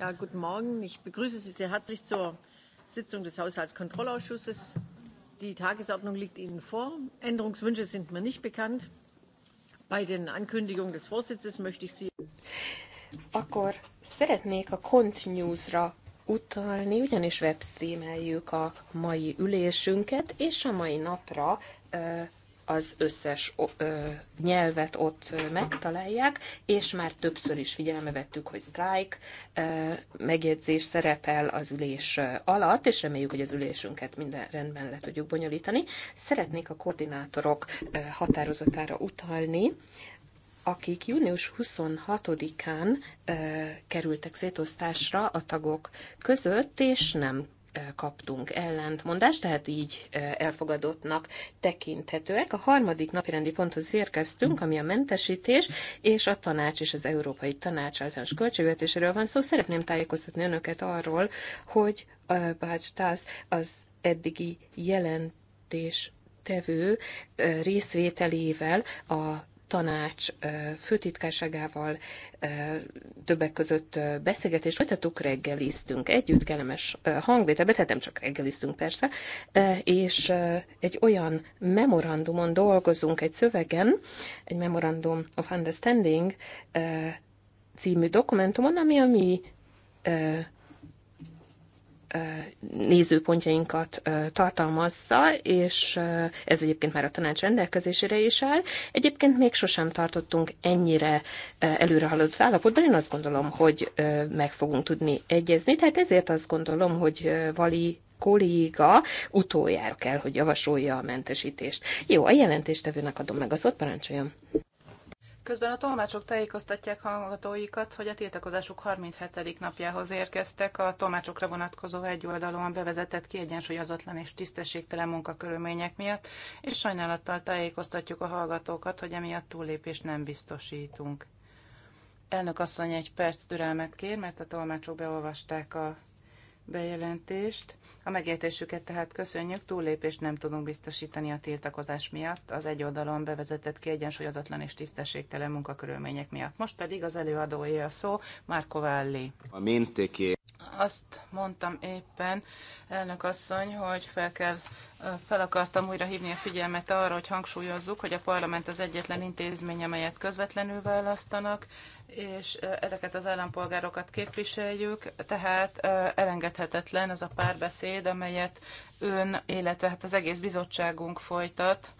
Ja, guten Morgen. Ich begrüße Sie sehr herzlich zur Sitzung des Haushaltskontrollausschusses. Die Tagesordnung liegt Ihnen vor. Änderungswünsche sind mir nicht bekannt. Bei den Ankündigungen des Vorsitzes möchte ich Sie. Akkor szeretnék a Kont News-ra utalni, ugyanis webstreameljük a mai ülésünket, és a mai napra uh, az összes nyelvet ott megtalálják, és már többször is figyelembe vettük, hogy strike megjegyzés szerepel az ülés alatt, és reméljük, hogy az ülésünket minden rendben le tudjuk bonyolítani. Szeretnék a koordinátorok határozatára utalni, akik június 26-án kerültek szétosztásra a tagok között, és nem kaptunk ellentmondást, tehát így elfogadottnak tekinthetőek. A harmadik napirendi ponthoz érkeztünk, ami a mentesítés, és a tanács és az Európai Tanács általános költségvetéséről van szó. Szóval szeretném tájékoztatni önöket arról, hogy Bács az eddigi jelentés tevő részvételével a tanács főtitkárságával többek között beszélgetés folytattuk, reggeliztünk együtt, kellemes hangvételbe, tehát nem csak reggeliztünk persze, és egy olyan memorandumon dolgozunk, egy szövegen, egy Memorandum of Understanding című dokumentumon, ami a mi nézőpontjainkat tartalmazza, és ez egyébként már a tanács rendelkezésére is áll. Egyébként még sosem tartottunk ennyire előrehaladott állapotban, én azt gondolom, hogy meg fogunk tudni egyezni, tehát ezért azt gondolom, hogy Vali kolléga utoljára kell, hogy javasolja a mentesítést. Jó, a jelentéstevőnek adom meg az ott parancsoljon. Közben a tolmácsok tájékoztatják hallgatóikat, hogy a tiltakozásuk 37. napjához érkeztek a tolmácsokra vonatkozó egyoldalúan bevezetett kiegyensúlyozatlan és tisztességtelen munkakörülmények miatt, és sajnálattal tájékoztatjuk a hallgatókat, hogy emiatt túllépést nem biztosítunk. Elnök asszony egy perc türelmet kér, mert a tolmácsok beolvasták a bejelentést. A megértésüket tehát köszönjük, túllépést nem tudunk biztosítani a tiltakozás miatt, az egy oldalon bevezetett kiegyensúlyozatlan és tisztességtelen munkakörülmények miatt. Most pedig az előadója a szó, Márko Válli. A mintéki azt mondtam éppen, elnök asszony, hogy fel kell, fel akartam újra hívni a figyelmet arra, hogy hangsúlyozzuk, hogy a parlament az egyetlen intézmény, amelyet közvetlenül választanak, és ezeket az állampolgárokat képviseljük, tehát elengedhetetlen az a párbeszéd, amelyet ön, illetve hát az egész bizottságunk folytat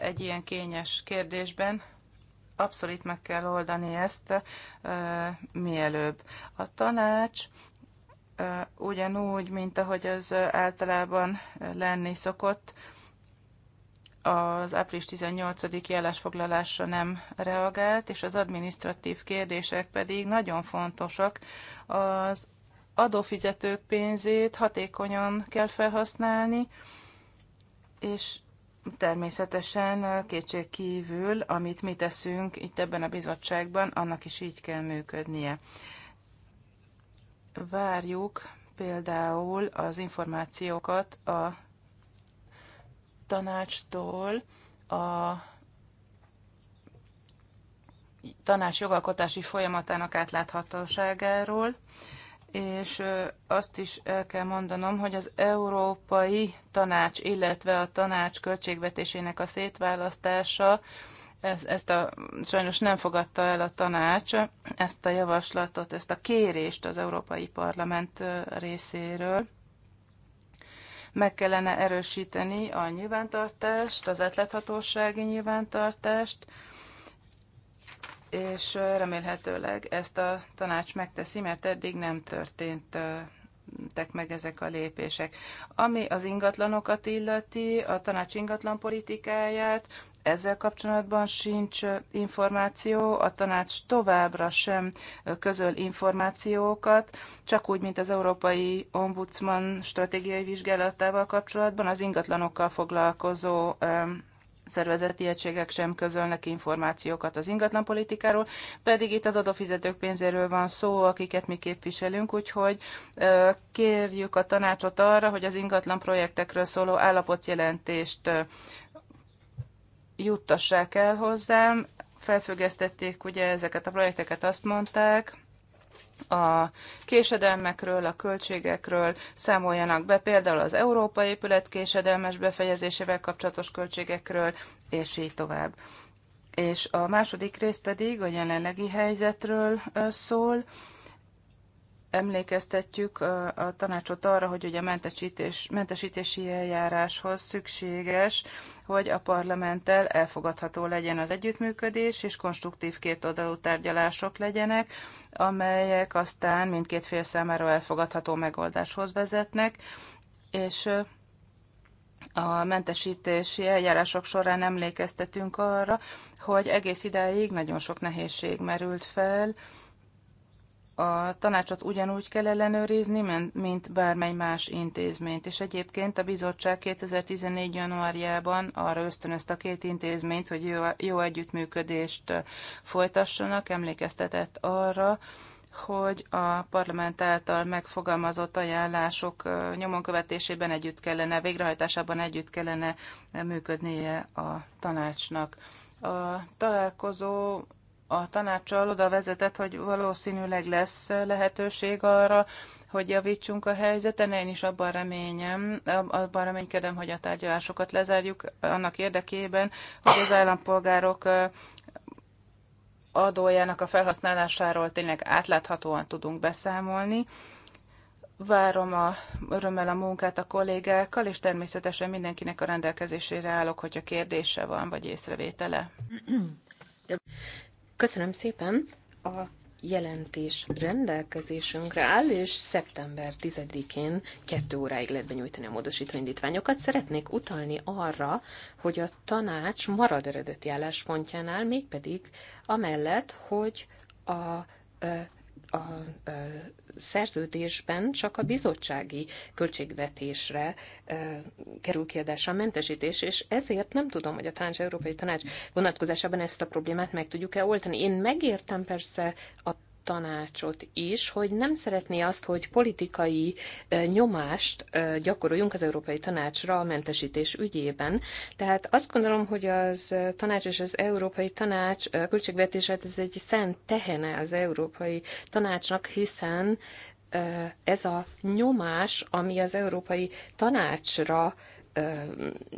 egy ilyen kényes kérdésben, abszolút meg kell oldani ezt uh, mielőbb. A tanács ugyanúgy, mint ahogy az általában lenni szokott, az április 18-i állásfoglalásra nem reagált, és az adminisztratív kérdések pedig nagyon fontosak. Az adófizetők pénzét hatékonyan kell felhasználni, és természetesen kétség kívül, amit mi teszünk itt ebben a bizottságban, annak is így kell működnie várjuk például az információkat a tanácstól, a tanács jogalkotási folyamatának átláthatóságáról, és azt is el kell mondanom, hogy az Európai Tanács, illetve a tanács költségvetésének a szétválasztása ezt a, sajnos nem fogadta el a tanács ezt a javaslatot, ezt a kérést az Európai Parlament részéről. Meg kellene erősíteni a nyilvántartást, az átláthatósági nyilvántartást, és remélhetőleg ezt a tanács megteszi, mert eddig nem történt meg ezek a lépések. Ami az ingatlanokat illeti, a tanács ingatlan politikáját, ezzel kapcsolatban sincs információ, a tanács továbbra sem közöl információkat, csak úgy, mint az Európai Ombudsman stratégiai vizsgálatával kapcsolatban, az ingatlanokkal foglalkozó szervezeti egységek sem közölnek információkat az ingatlanpolitikáról, pedig itt az adófizetők pénzéről van szó, akiket mi képviselünk, úgyhogy kérjük a tanácsot arra, hogy az ingatlan projektekről szóló állapotjelentést juttassák el hozzám. Felfüggesztették ugye ezeket a projekteket, azt mondták, a késedelmekről, a költségekről számoljanak be, például az Európa épület késedelmes befejezésével kapcsolatos költségekről, és így tovább. És a második rész pedig a jelenlegi helyzetről szól, emlékeztetjük a tanácsot arra, hogy ugye mentesítés, mentesítési eljáráshoz szükséges, hogy a parlamenttel elfogadható legyen az együttműködés, és konstruktív kétoldalú tárgyalások legyenek, amelyek aztán mindkét fél számára elfogadható megoldáshoz vezetnek, és a mentesítési eljárások során emlékeztetünk arra, hogy egész idáig nagyon sok nehézség merült fel, a tanácsot ugyanúgy kell ellenőrizni, mint bármely más intézményt. És egyébként a bizottság 2014. januárjában arra ösztönözte a két intézményt, hogy jó, jó együttműködést folytassanak, emlékeztetett arra, hogy a parlament által megfogalmazott ajánlások nyomon követésében együtt kellene, végrehajtásában együtt kellene működnie a tanácsnak. A találkozó a tanácssal oda vezetett, hogy valószínűleg lesz lehetőség arra, hogy javítsunk a helyzeten. Én is abban reményem, abban reménykedem, hogy a tárgyalásokat lezárjuk annak érdekében, hogy az állampolgárok adójának a felhasználásáról tényleg átláthatóan tudunk beszámolni. Várom a örömmel a munkát a kollégákkal, és természetesen mindenkinek a rendelkezésére állok, hogyha kérdése van, vagy észrevétele. Köszönöm szépen a jelentés rendelkezésünkre áll, és szeptember 10-én 2 óráig lehet benyújtani a módosító indítványokat. Szeretnék utalni arra, hogy a tanács marad eredeti álláspontjánál, mégpedig amellett, hogy a a szerződésben csak a bizottsági költségvetésre kerül kiadásra a mentesítés, és ezért nem tudom, hogy a Tanács Európai Tanács vonatkozásában ezt a problémát meg tudjuk-e oldani. Én megértem persze a tanácsot is, hogy nem szeretné azt, hogy politikai nyomást gyakoroljunk az Európai Tanácsra a mentesítés ügyében. Tehát azt gondolom, hogy az tanács és az Európai Tanács költségvetését hát ez egy szent tehene az Európai Tanácsnak, hiszen ez a nyomás, ami az Európai Tanácsra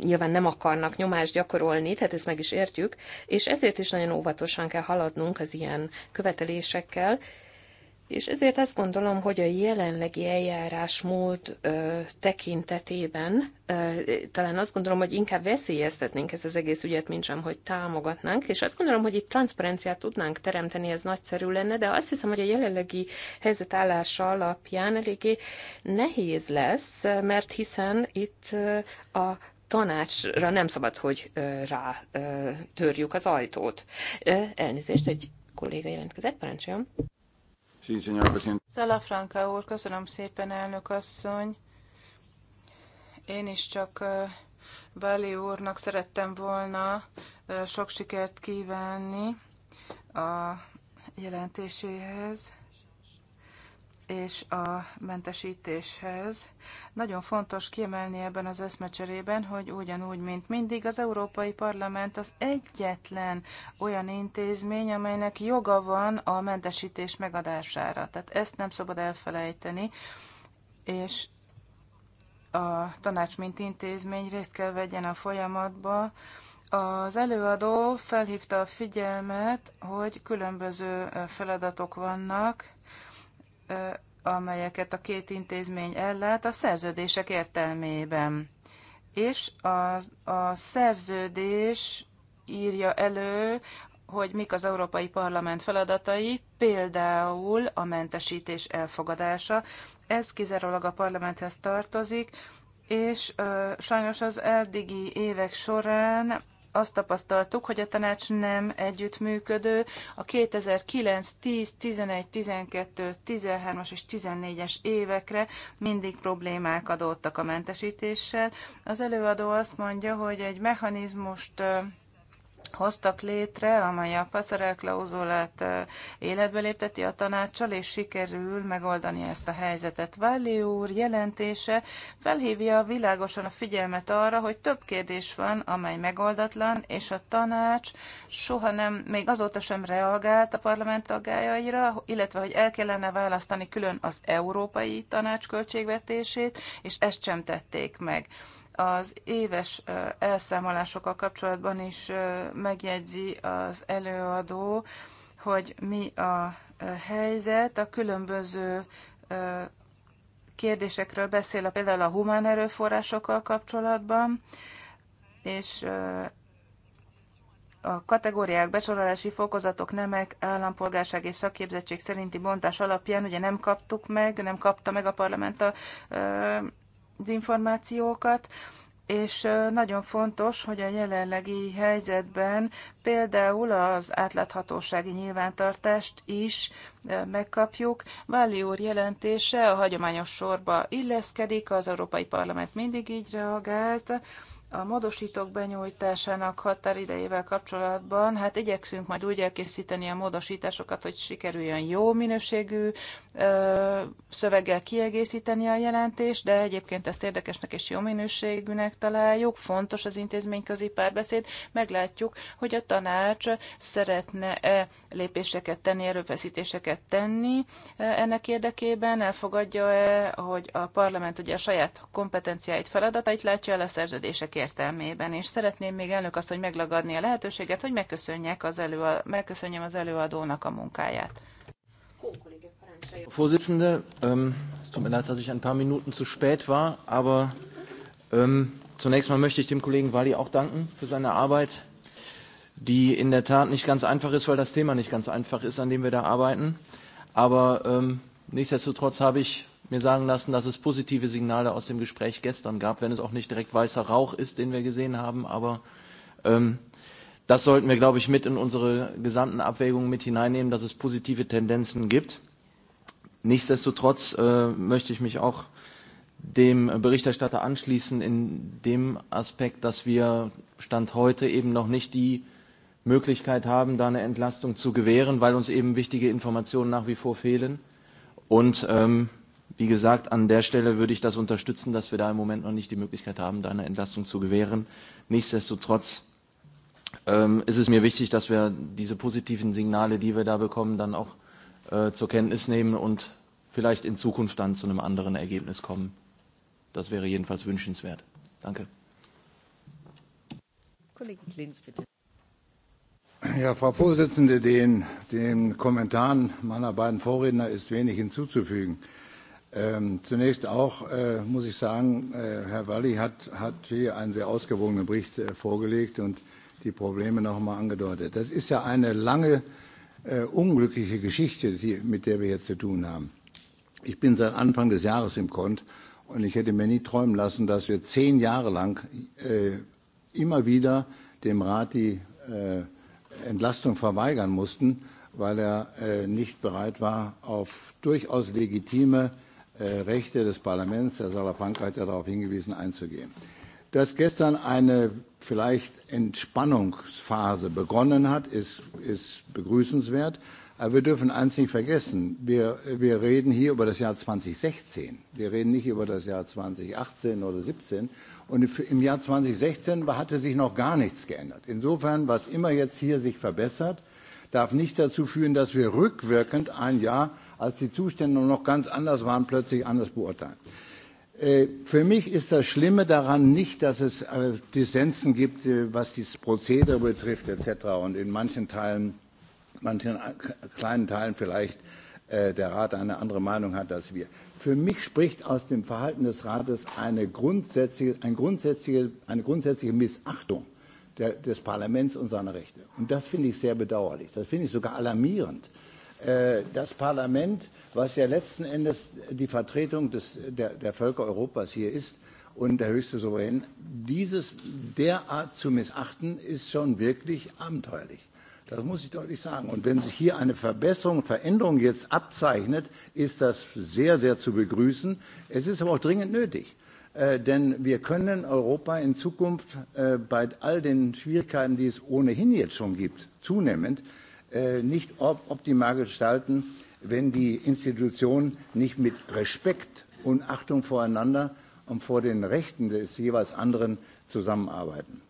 nyilván nem akarnak nyomást gyakorolni, tehát ezt meg is értjük, és ezért is nagyon óvatosan kell haladnunk az ilyen követelésekkel, és ezért azt gondolom, hogy a jelenlegi eljárásmód ö, tekintetében ö, talán azt gondolom, hogy inkább veszélyeztetnénk ezt az egész ügyet, mint sem, hogy támogatnánk. És azt gondolom, hogy itt transzparenciát tudnánk teremteni, ez nagyszerű lenne, de azt hiszem, hogy a jelenlegi helyzet állása alapján eléggé nehéz lesz, mert hiszen itt a tanácsra nem szabad, hogy rá törjük az ajtót. Elnézést, egy kolléga jelentkezett, parancsoljon. Sí, Salafranca úr, köszönöm szépen, elnök asszony. Én is csak Bali úrnak szerettem volna sok sikert kívánni a jelentéséhez és a mentesítéshez. Nagyon fontos kiemelni ebben az eszmecserében, hogy ugyanúgy, mint mindig, az Európai Parlament az egyetlen olyan intézmény, amelynek joga van a mentesítés megadására. Tehát ezt nem szabad elfelejteni, és a tanács, mint intézmény részt kell vegyen a folyamatba, az előadó felhívta a figyelmet, hogy különböző feladatok vannak, amelyeket a két intézmény ellát a szerződések értelmében. És a, a szerződés írja elő, hogy mik az Európai Parlament feladatai, például a mentesítés elfogadása. Ez kizárólag a parlamenthez tartozik, és ö, sajnos az eddigi évek során azt tapasztaltuk, hogy a tanács nem együttműködő. A 2009, 10, 11, 12, 13-as és 14-es évekre mindig problémák adódtak a mentesítéssel. Az előadó azt mondja, hogy egy mechanizmust hoztak létre, amely a passerel klauzulát életbe lépteti a tanácssal, és sikerül megoldani ezt a helyzetet. Váli úr jelentése felhívja világosan a figyelmet arra, hogy több kérdés van, amely megoldatlan, és a tanács soha nem, még azóta sem reagált a parlament tagjaira, illetve hogy el kellene választani külön az európai tanács költségvetését, és ezt sem tették meg az éves elszámolásokkal kapcsolatban is megjegyzi az előadó, hogy mi a helyzet, a különböző kérdésekről beszél, például a humán erőforrásokkal kapcsolatban, és a kategóriák, besorolási fokozatok, nemek, állampolgárság és szakképzettség szerinti bontás alapján ugye nem kaptuk meg, nem kapta meg a parlament a az információkat, és nagyon fontos, hogy a jelenlegi helyzetben például az átláthatósági nyilvántartást is megkapjuk. Váli úr jelentése a hagyományos sorba illeszkedik, az Európai Parlament mindig így reagált, a módosítók benyújtásának határidejével kapcsolatban, hát igyekszünk majd úgy elkészíteni a módosításokat, hogy sikerüljön jó minőségű szöveggel kiegészíteni a jelentést, de egyébként ezt érdekesnek és jó minőségűnek találjuk. Fontos az intézményközi párbeszéd. Meglátjuk, hogy a tanács szeretne-e lépéseket tenni, erőfeszítéseket tenni ennek érdekében, elfogadja-e, hogy a parlament ugye a saját kompetenciáit, feladatait látja el a szerződések értelmében. És szeretném még elnök azt, hogy meglagadni a lehetőséget, hogy megköszönjek az elő, megköszönjem az előadónak a munkáját. Kókolé. Vorsitzende, ähm, es tut mir leid, dass ich ein paar Minuten zu spät war, aber ähm, zunächst mal möchte ich dem Kollegen Walli auch danken für seine Arbeit, die in der Tat nicht ganz einfach ist, weil das Thema nicht ganz einfach ist, an dem wir da arbeiten. Aber ähm, nichtsdestotrotz habe ich mir sagen lassen, dass es positive Signale aus dem Gespräch gestern gab, wenn es auch nicht direkt weißer Rauch ist, den wir gesehen haben. Aber ähm, das sollten wir, glaube ich, mit in unsere gesamten Abwägungen mit hineinnehmen, dass es positive Tendenzen gibt. Nichtsdestotrotz äh, möchte ich mich auch dem Berichterstatter anschließen in dem Aspekt, dass wir Stand heute eben noch nicht die Möglichkeit haben, da eine Entlastung zu gewähren, weil uns eben wichtige Informationen nach wie vor fehlen. Und ähm, wie gesagt, an der Stelle würde ich das unterstützen, dass wir da im Moment noch nicht die Möglichkeit haben, da eine Entlastung zu gewähren. Nichtsdestotrotz ähm, ist es mir wichtig, dass wir diese positiven Signale, die wir da bekommen, dann auch äh, zur Kenntnis nehmen und vielleicht in Zukunft dann zu einem anderen Ergebnis kommen. Das wäre jedenfalls wünschenswert. Danke. Kollege Klins, bitte. Ja, Frau Vorsitzende, den, den Kommentaren meiner beiden Vorredner ist wenig hinzuzufügen. Ähm, zunächst auch äh, muss ich sagen, äh, Herr Walli hat, hat hier einen sehr ausgewogenen Bericht äh, vorgelegt und die Probleme noch einmal angedeutet. Das ist ja eine lange, äh, unglückliche Geschichte, die, mit der wir jetzt zu tun haben. Ich bin seit Anfang des Jahres im Kont und ich hätte mir nie träumen lassen, dass wir zehn Jahre lang äh, immer wieder dem Rat die äh, Entlastung verweigern mussten, weil er äh, nicht bereit war, auf durchaus legitime äh, Rechte des Parlaments, der Salafranca hat ja darauf hingewiesen, einzugehen. Dass gestern eine vielleicht Entspannungsphase begonnen hat, ist, ist begrüßenswert. Aber wir dürfen eins nicht vergessen. Wir, wir reden hier über das Jahr 2016. Wir reden nicht über das Jahr 2018 oder 2017. Und im Jahr 2016 hatte sich noch gar nichts geändert. Insofern, was immer jetzt hier sich verbessert, darf nicht dazu führen, dass wir rückwirkend ein Jahr, als die Zustände noch ganz anders waren, plötzlich anders beurteilen. Äh, für mich ist das Schlimme daran nicht, dass es äh, Dissensen gibt, äh, was das Prozedere betrifft etc. und in manchen Teilen manchen kleinen Teilen vielleicht äh, der Rat eine andere Meinung hat als wir. Für mich spricht aus dem Verhalten des Rates eine grundsätzliche, eine grundsätzliche, eine grundsätzliche Missachtung der, des Parlaments und seiner Rechte. Und das finde ich sehr bedauerlich. Das finde ich sogar alarmierend. Äh, das Parlament, was ja letzten Endes die Vertretung des, der, der Völker Europas hier ist, und der höchste Souverän. Dieses derart zu missachten, ist schon wirklich abenteuerlich. Das muss ich deutlich sagen. Und wenn sich hier eine Verbesserung, Veränderung jetzt abzeichnet, ist das sehr, sehr zu begrüßen. Es ist aber auch dringend nötig. Äh, denn wir können Europa in Zukunft äh, bei all den Schwierigkeiten, die es ohnehin jetzt schon gibt, zunehmend äh, nicht op optimal gestalten, wenn die Institutionen nicht mit Respekt und Achtung voreinander und vor den Rechten des jeweils anderen zusammenarbeiten.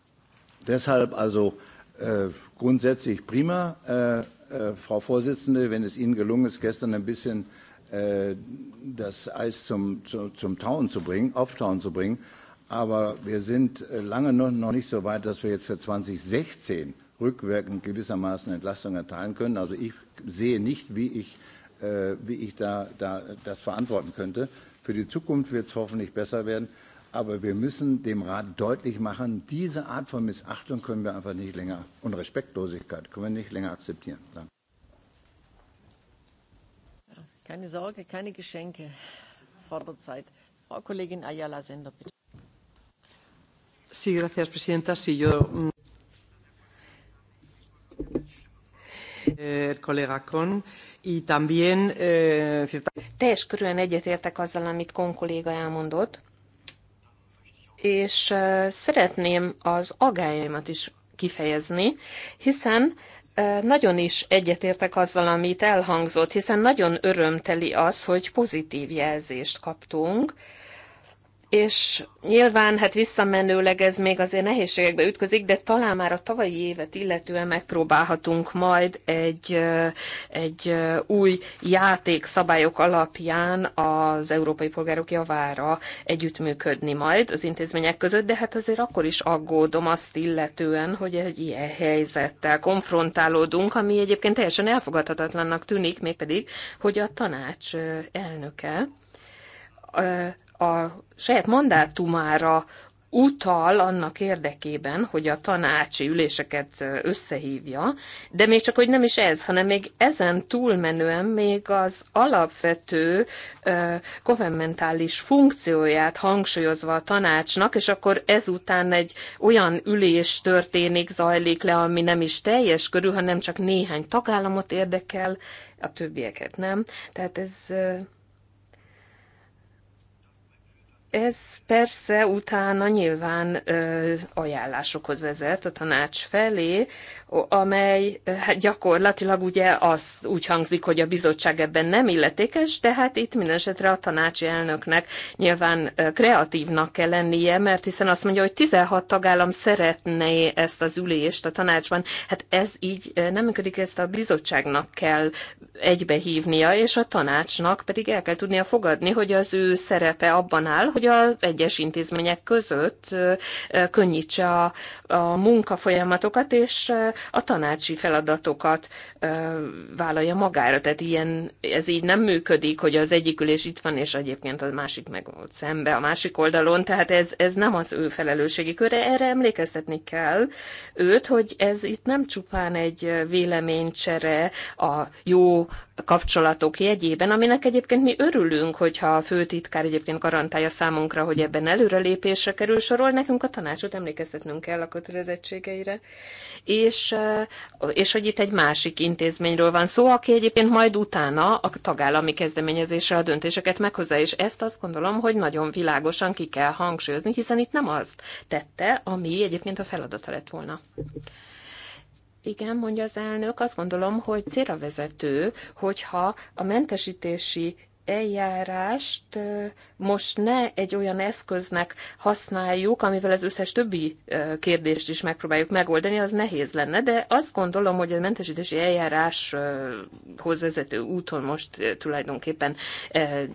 Deshalb also äh, Äh, grundsätzlich prima, äh, äh, Frau Vorsitzende, wenn es Ihnen gelungen ist, gestern ein bisschen äh, das Eis zum, zu, zum Tauen zu bringen, auftauen zu bringen. Aber wir sind äh, lange noch, noch nicht so weit, dass wir jetzt für 2016 rückwirkend gewissermaßen Entlastung erteilen können. Also ich sehe nicht, wie ich, äh, wie ich da, da das verantworten könnte. Für die Zukunft wird es hoffentlich besser werden. Aber wir müssen dem Rat deutlich machen, diese Art von Missachtung können wir einfach nicht länger und Respektlosigkeit können wir nicht länger akzeptieren. Danke. Keine Sorge, keine Geschenke vor der Zeit. Frau Kollegin Ayala Sender, bitte. Sí, gracias, Presidenta. Sí, yo. Mm, el colega Con, y también. Eh, cierta... Teljes körülön egyetértek azzal, amit Kon kolléga elmondott és szeretném az agályaimat is kifejezni, hiszen nagyon is egyetértek azzal, amit elhangzott, hiszen nagyon örömteli az, hogy pozitív jelzést kaptunk, és nyilván hát visszamenőleg ez még azért nehézségekbe ütközik, de talán már a tavalyi évet illetően megpróbálhatunk majd egy, egy új játékszabályok alapján az európai polgárok javára együttműködni majd az intézmények között, de hát azért akkor is aggódom azt illetően, hogy egy ilyen helyzettel konfrontálódunk, ami egyébként teljesen elfogadhatatlannak tűnik, mégpedig, hogy a tanács elnöke a saját mandátumára utal annak érdekében, hogy a tanácsi üléseket összehívja, de még csak, hogy nem is ez, hanem még ezen túlmenően még az alapvető kovenmentális funkcióját hangsúlyozva a tanácsnak, és akkor ezután egy olyan ülés történik, zajlik le, ami nem is teljes körül, hanem csak néhány tagállamot érdekel, a többieket nem. Tehát ez ez persze utána nyilván ö, ajánlásokhoz vezet a tanács felé, amely hát gyakorlatilag ugye az úgy hangzik, hogy a bizottság ebben nem illetékes, de hát itt minden esetre a tanácsi elnöknek nyilván kreatívnak kell lennie, mert hiszen azt mondja, hogy 16 tagállam szeretné ezt az ülést a tanácsban, hát ez így nem működik, ezt a bizottságnak kell egybehívnia, és a tanácsnak pedig el kell tudnia fogadni, hogy az ő szerepe abban áll, hogy az egyes intézmények között könnyítse a, a munkafolyamatokat, és a tanácsi feladatokat vállalja magára. Tehát ilyen, ez így nem működik, hogy az egyik ülés itt van, és egyébként a másik meg ott szembe, a másik oldalon, tehát ez, ez nem az ő felelősségi köre, erre emlékeztetni kell őt, hogy ez itt nem csupán egy véleménycsere a jó kapcsolatok jegyében, aminek egyébként mi örülünk, hogyha a főtitkár egyébként garantálja számára, számunkra, hogy ebben előrelépésre kerül sorol, nekünk a tanácsot emlékeztetnünk kell a kötelezettségeire. És, eh, és hogy itt egy másik intézményről van szó, aki egyébként majd utána a tagállami kezdeményezésre a döntéseket meghozza, és ezt azt gondolom, hogy nagyon világosan ki kell hangsúlyozni, hiszen itt nem az tette, ami egyébként a feladata lett volna. Igen, mondja az elnök, azt gondolom, hogy célra vezető, hogyha a mentesítési eljárást most ne egy olyan eszköznek használjuk, amivel az összes többi kérdést is megpróbáljuk megoldani, az nehéz lenne, de azt gondolom, hogy a mentesítési eljáráshoz vezető úton most tulajdonképpen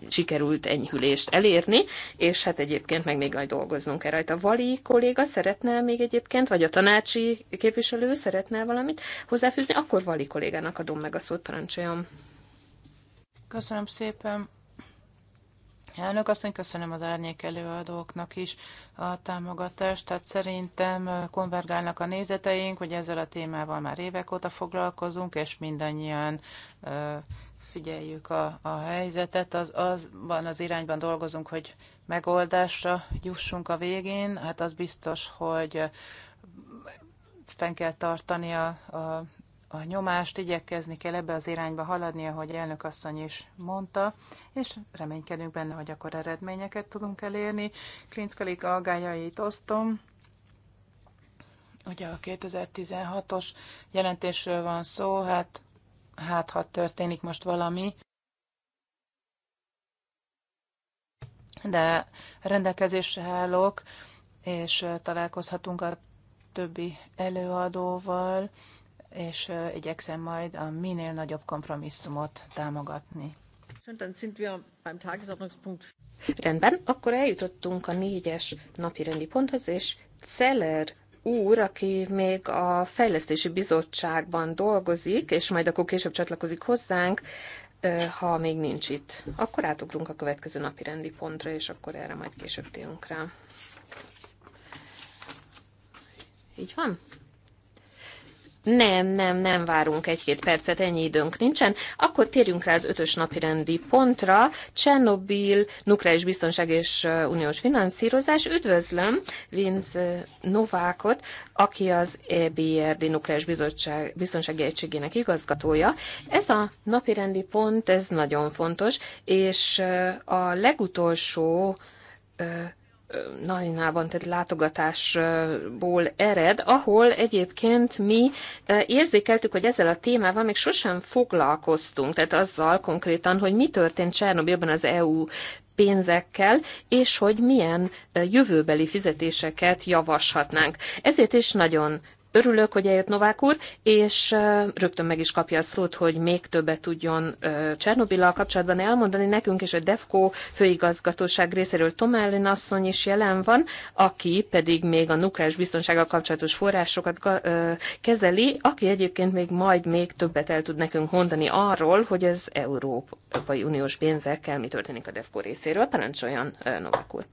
sikerült enyhülést elérni, és hát egyébként meg még majd dolgoznunk kell rajta. Vali kolléga szeretne még egyébként, vagy a tanácsi képviselő szeretne valamit hozzáfűzni, akkor Vali kollégának adom meg a szót, parancsoljon. Köszönöm szépen. Elnök asszony, köszönöm az árnyék előadóknak is a támogatást. Tehát szerintem konvergálnak a nézeteink, hogy ezzel a témával már évek óta foglalkozunk, és mindannyian figyeljük a, a helyzetet, az, azban az irányban dolgozunk, hogy megoldásra jussunk a végén. Hát az biztos, hogy fenn kell tartani a, a a nyomást, igyekezni kell ebbe az irányba haladni, ahogy elnök asszony is mondta, és reménykedünk benne, hogy akkor eredményeket tudunk elérni. Klinckalik algájait osztom. Ugye a 2016-os jelentésről van szó, hát, hát ha történik most valami, de rendelkezésre állok, és találkozhatunk a többi előadóval, és igyekszem majd a minél nagyobb kompromisszumot támogatni. Rendben, akkor eljutottunk a négyes napi rendi ponthoz, és Celler úr, aki még a Fejlesztési Bizottságban dolgozik, és majd akkor később csatlakozik hozzánk, ha még nincs itt. Akkor átugrunk a következő napi rendi pontra, és akkor erre majd később térünk rá. Így van? Nem, nem, nem várunk egy-két percet, ennyi időnk nincsen. Akkor térjünk rá az ötös napi rendi pontra. Csernobil, nukleáris biztonság és uniós finanszírozás. Üdvözlöm Vince Novákot, aki az EBRD Nukleáris Bizottság, Biztonsági Egységének igazgatója. Ez a napi rendi pont, ez nagyon fontos, és a legutolsó Nalinában, tehát látogatásból ered, ahol egyébként mi eh, érzékeltük, hogy ezzel a témával még sosem foglalkoztunk, tehát azzal konkrétan, hogy mi történt Csernobilban az EU pénzekkel, és hogy milyen eh, jövőbeli fizetéseket javashatnánk. Ezért is nagyon Örülök, hogy eljött Novák úr, és rögtön meg is kapja a szót, hogy még többet tudjon Csernobillal kapcsolatban elmondani nekünk, és a DEFCO főigazgatóság részéről Tomálin asszony is jelen van, aki pedig még a nukleáris biztonsággal kapcsolatos forrásokat kezeli, aki egyébként még majd még többet el tud nekünk mondani arról, hogy az Európai Uniós pénzekkel mi történik a DEFCO részéről. Parancsoljon, Novák úr!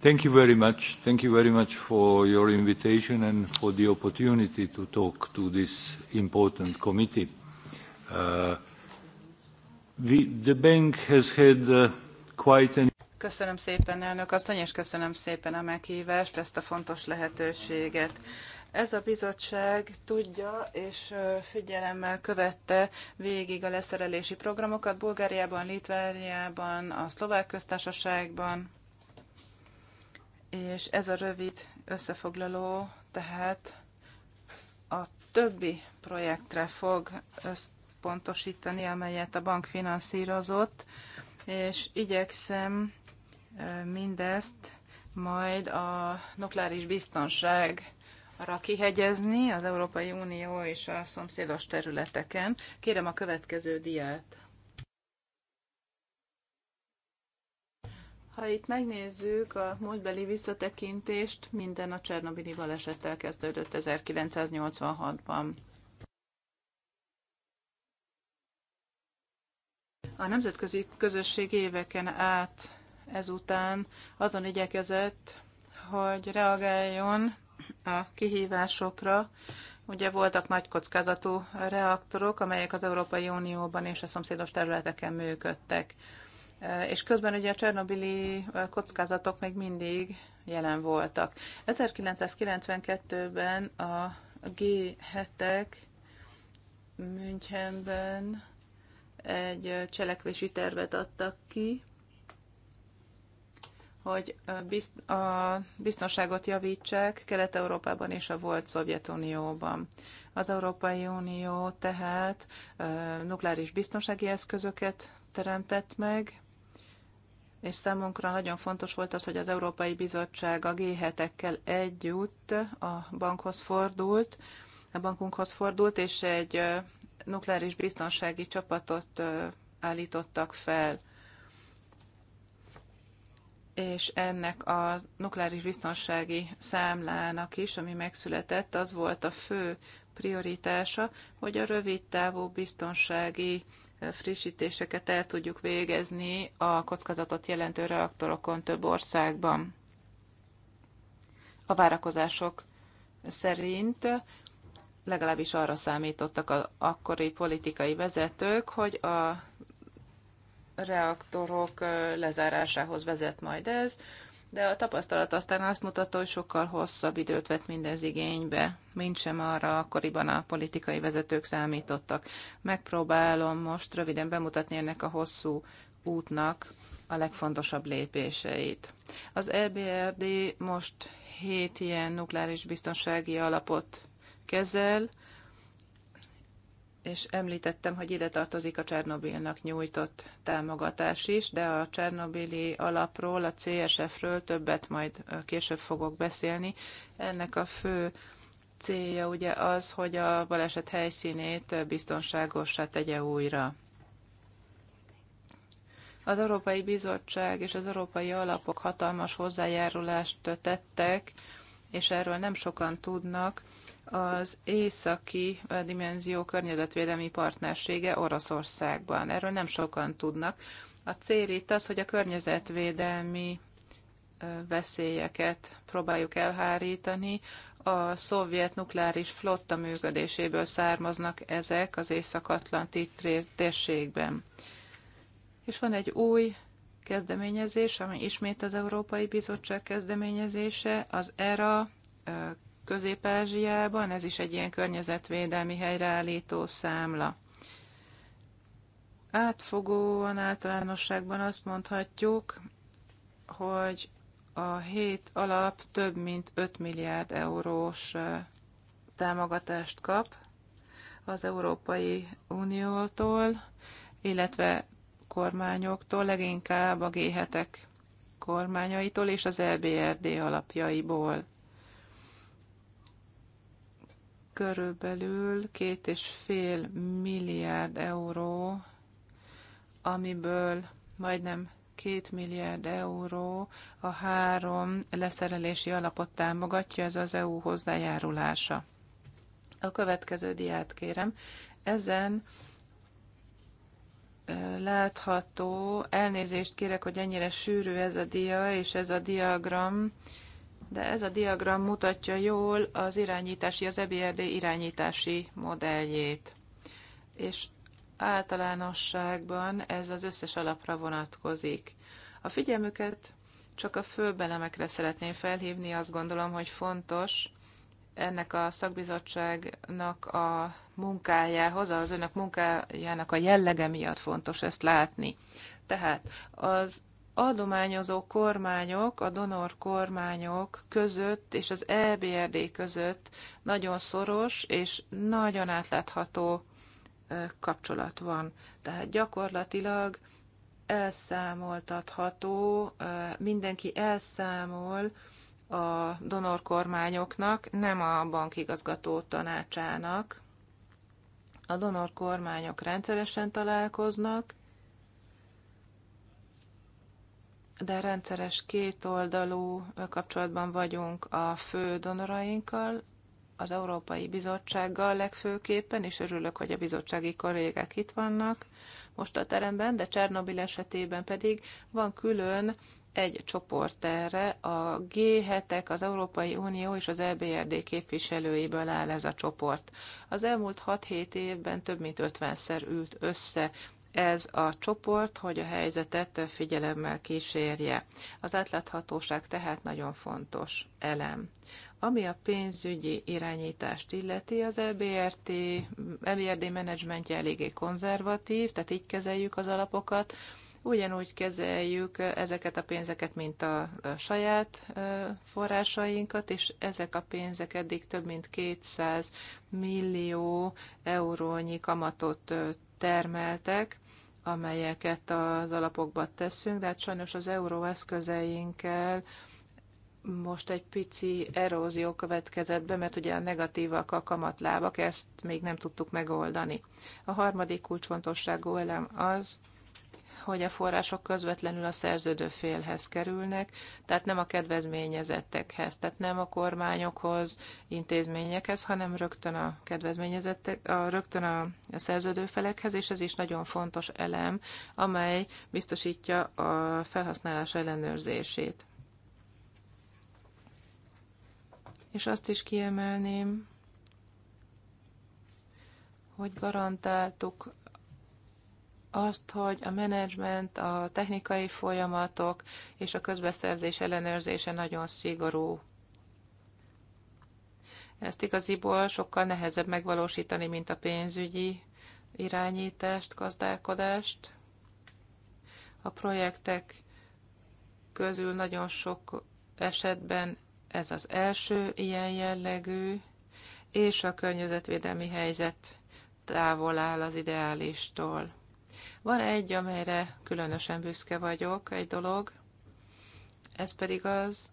Thank you very much. Thank you very much for your invitation and for the opportunity to talk to this important committee. Uh, we, the bank has had uh, quite an Köszönöm szépen, elnök asszony, és köszönöm szépen a meghívást, ezt a fontos lehetőséget. Ez a bizottság tudja és figyelemmel követte végig a leszerelési programokat Bulgáriában, Litvániában, a Szlovák köztársaságban, és ez a rövid összefoglaló tehát a többi projektre fog összpontosítani, amelyet a bank finanszírozott, és igyekszem mindezt majd a nukleáris biztonság arra kihegyezni az Európai Unió és a szomszédos területeken. Kérem a következő diát. Ha itt megnézzük a múltbeli visszatekintést, minden a Csernobili balesettel kezdődött 1986-ban. A nemzetközi közösség éveken át ezután azon igyekezett, hogy reagáljon a kihívásokra. Ugye voltak nagy kockázatú reaktorok, amelyek az Európai Unióban és a szomszédos területeken működtek. Eh, és közben ugye a csernobili eh, kockázatok még mindig jelen voltak. 1992-ben a G7-ek Münchenben egy eh, cselekvési tervet adtak ki, hogy a biztonságot javítsák Kelet-Európában és a volt Szovjetunióban. Az Európai Unió tehát nukleáris biztonsági eszközöket teremtett meg, és számunkra nagyon fontos volt az, hogy az Európai Bizottság a G7-ekkel együtt a bankhoz fordult, a bankunkhoz fordult, és egy nukleáris biztonsági csapatot állítottak fel. És ennek a nukleáris biztonsági számlának is, ami megszületett, az volt a fő prioritása, hogy a rövid távú biztonsági frissítéseket el tudjuk végezni a kockázatot jelentő reaktorokon több országban. A várakozások szerint legalábbis arra számítottak az akkori politikai vezetők, hogy a reaktorok lezárásához vezet majd ez, de a tapasztalat aztán azt mutatta, hogy sokkal hosszabb időt vett mindez igénybe, mint sem arra akkoriban a politikai vezetők számítottak. Megpróbálom most röviden bemutatni ennek a hosszú útnak a legfontosabb lépéseit. Az EBRD most hét ilyen nukleáris biztonsági alapot kezel, és említettem, hogy ide tartozik a Csernobilnak nyújtott támogatás is, de a Csernobili alapról, a CSF-ről többet majd később fogok beszélni. Ennek a fő célja ugye az, hogy a baleset helyszínét biztonságosá tegye újra. Az Európai Bizottság és az Európai Alapok hatalmas hozzájárulást tettek, és erről nem sokan tudnak, az északi eh, dimenzió környezetvédelmi partnersége Oroszországban. Erről nem sokan tudnak. A cél itt az, hogy a környezetvédelmi eh, veszélyeket próbáljuk elhárítani. A szovjet nukleáris flotta működéséből származnak ezek az Észak-Atlanti térségben. És van egy új kezdeményezés, ami ismét az Európai Bizottság kezdeményezése, az ERA eh, Közép-Ázsiában, ez is egy ilyen környezetvédelmi helyreállító számla. Átfogóan általánosságban azt mondhatjuk, hogy a hét alap több mint 5 milliárd eurós támogatást kap az Európai Uniótól, illetve kormányoktól, leginkább a G7-ek kormányaitól és az EBRD alapjaiból körülbelül két és fél milliárd euró, amiből majdnem két milliárd euró a három leszerelési alapot támogatja, ez az EU hozzájárulása. A következő diát kérem. Ezen látható, elnézést kérek, hogy ennyire sűrű ez a dia, és ez a diagram, de ez a diagram mutatja jól az irányítási, az EBRD irányítási modelljét. És általánosságban ez az összes alapra vonatkozik. A figyelmüket csak a főbelemekre szeretném felhívni, azt gondolom, hogy fontos ennek a szakbizottságnak a munkájához, az önök munkájának a jellege miatt fontos ezt látni. Tehát az adományozó kormányok, a donor kormányok között és az EBRD között nagyon szoros és nagyon átlátható kapcsolat van. Tehát gyakorlatilag elszámoltatható, mindenki elszámol a donor kormányoknak, nem a bankigazgató tanácsának. A donor kormányok rendszeresen találkoznak, de rendszeres kétoldalú kapcsolatban vagyunk a fő donorainkkal, az Európai Bizottsággal legfőképpen, és örülök, hogy a bizottsági kollégák itt vannak most a teremben, de Csernobil esetében pedig van külön egy csoport erre, a G7-ek, az Európai Unió és az EBRD képviselőiből áll ez a csoport. Az elmúlt 6-7 évben több mint 50-szer ült össze ez a csoport, hogy a helyzetet figyelemmel kísérje. Az átláthatóság tehát nagyon fontos elem. Ami a pénzügyi irányítást illeti, az EBRT, EBRD menedzsmentje eléggé konzervatív, tehát így kezeljük az alapokat, ugyanúgy kezeljük ezeket a pénzeket, mint a saját forrásainkat, és ezek a pénzek eddig több mint 200 millió eurónyi kamatot termeltek, amelyeket az alapokba teszünk, de hát sajnos az euró eszközeinkkel most egy pici erózió következett be, mert ugye a negatívak a kamatlábak, ezt még nem tudtuk megoldani. A harmadik kulcsfontosságú elem az, hogy a források közvetlenül a szerződő félhez kerülnek, tehát nem a kedvezményezettekhez, tehát nem a kormányokhoz, intézményekhez, hanem rögtön a kedvezményezettek, a, rögtön a, a szerződő felekhez, és ez is nagyon fontos elem, amely biztosítja a felhasználás ellenőrzését. És azt is kiemelném, hogy garantáltuk azt, hogy a menedzsment, a technikai folyamatok és a közbeszerzés ellenőrzése nagyon szigorú. Ezt igaziból sokkal nehezebb megvalósítani, mint a pénzügyi irányítást, gazdálkodást. A projektek közül nagyon sok esetben ez az első ilyen jellegű, és a környezetvédelmi helyzet távol áll az ideálistól. Van egy, amelyre különösen büszke vagyok, egy dolog, ez pedig az,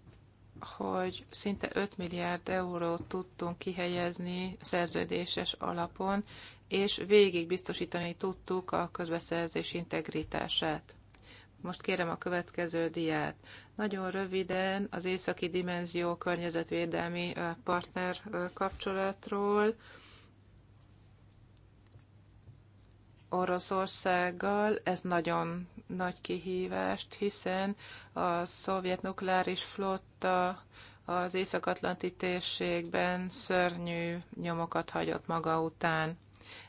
hogy szinte 5 milliárd eurót tudtunk kihelyezni szerződéses alapon, és végig biztosítani tudtuk a közbeszerzés integritását. Most kérem a következő diát. Nagyon röviden az északi dimenzió környezetvédelmi partner kapcsolatról Oroszországgal ez nagyon nagy kihívást, hiszen a szovjet nukleáris flotta az Észak-Atlanti térségben szörnyű nyomokat hagyott maga után.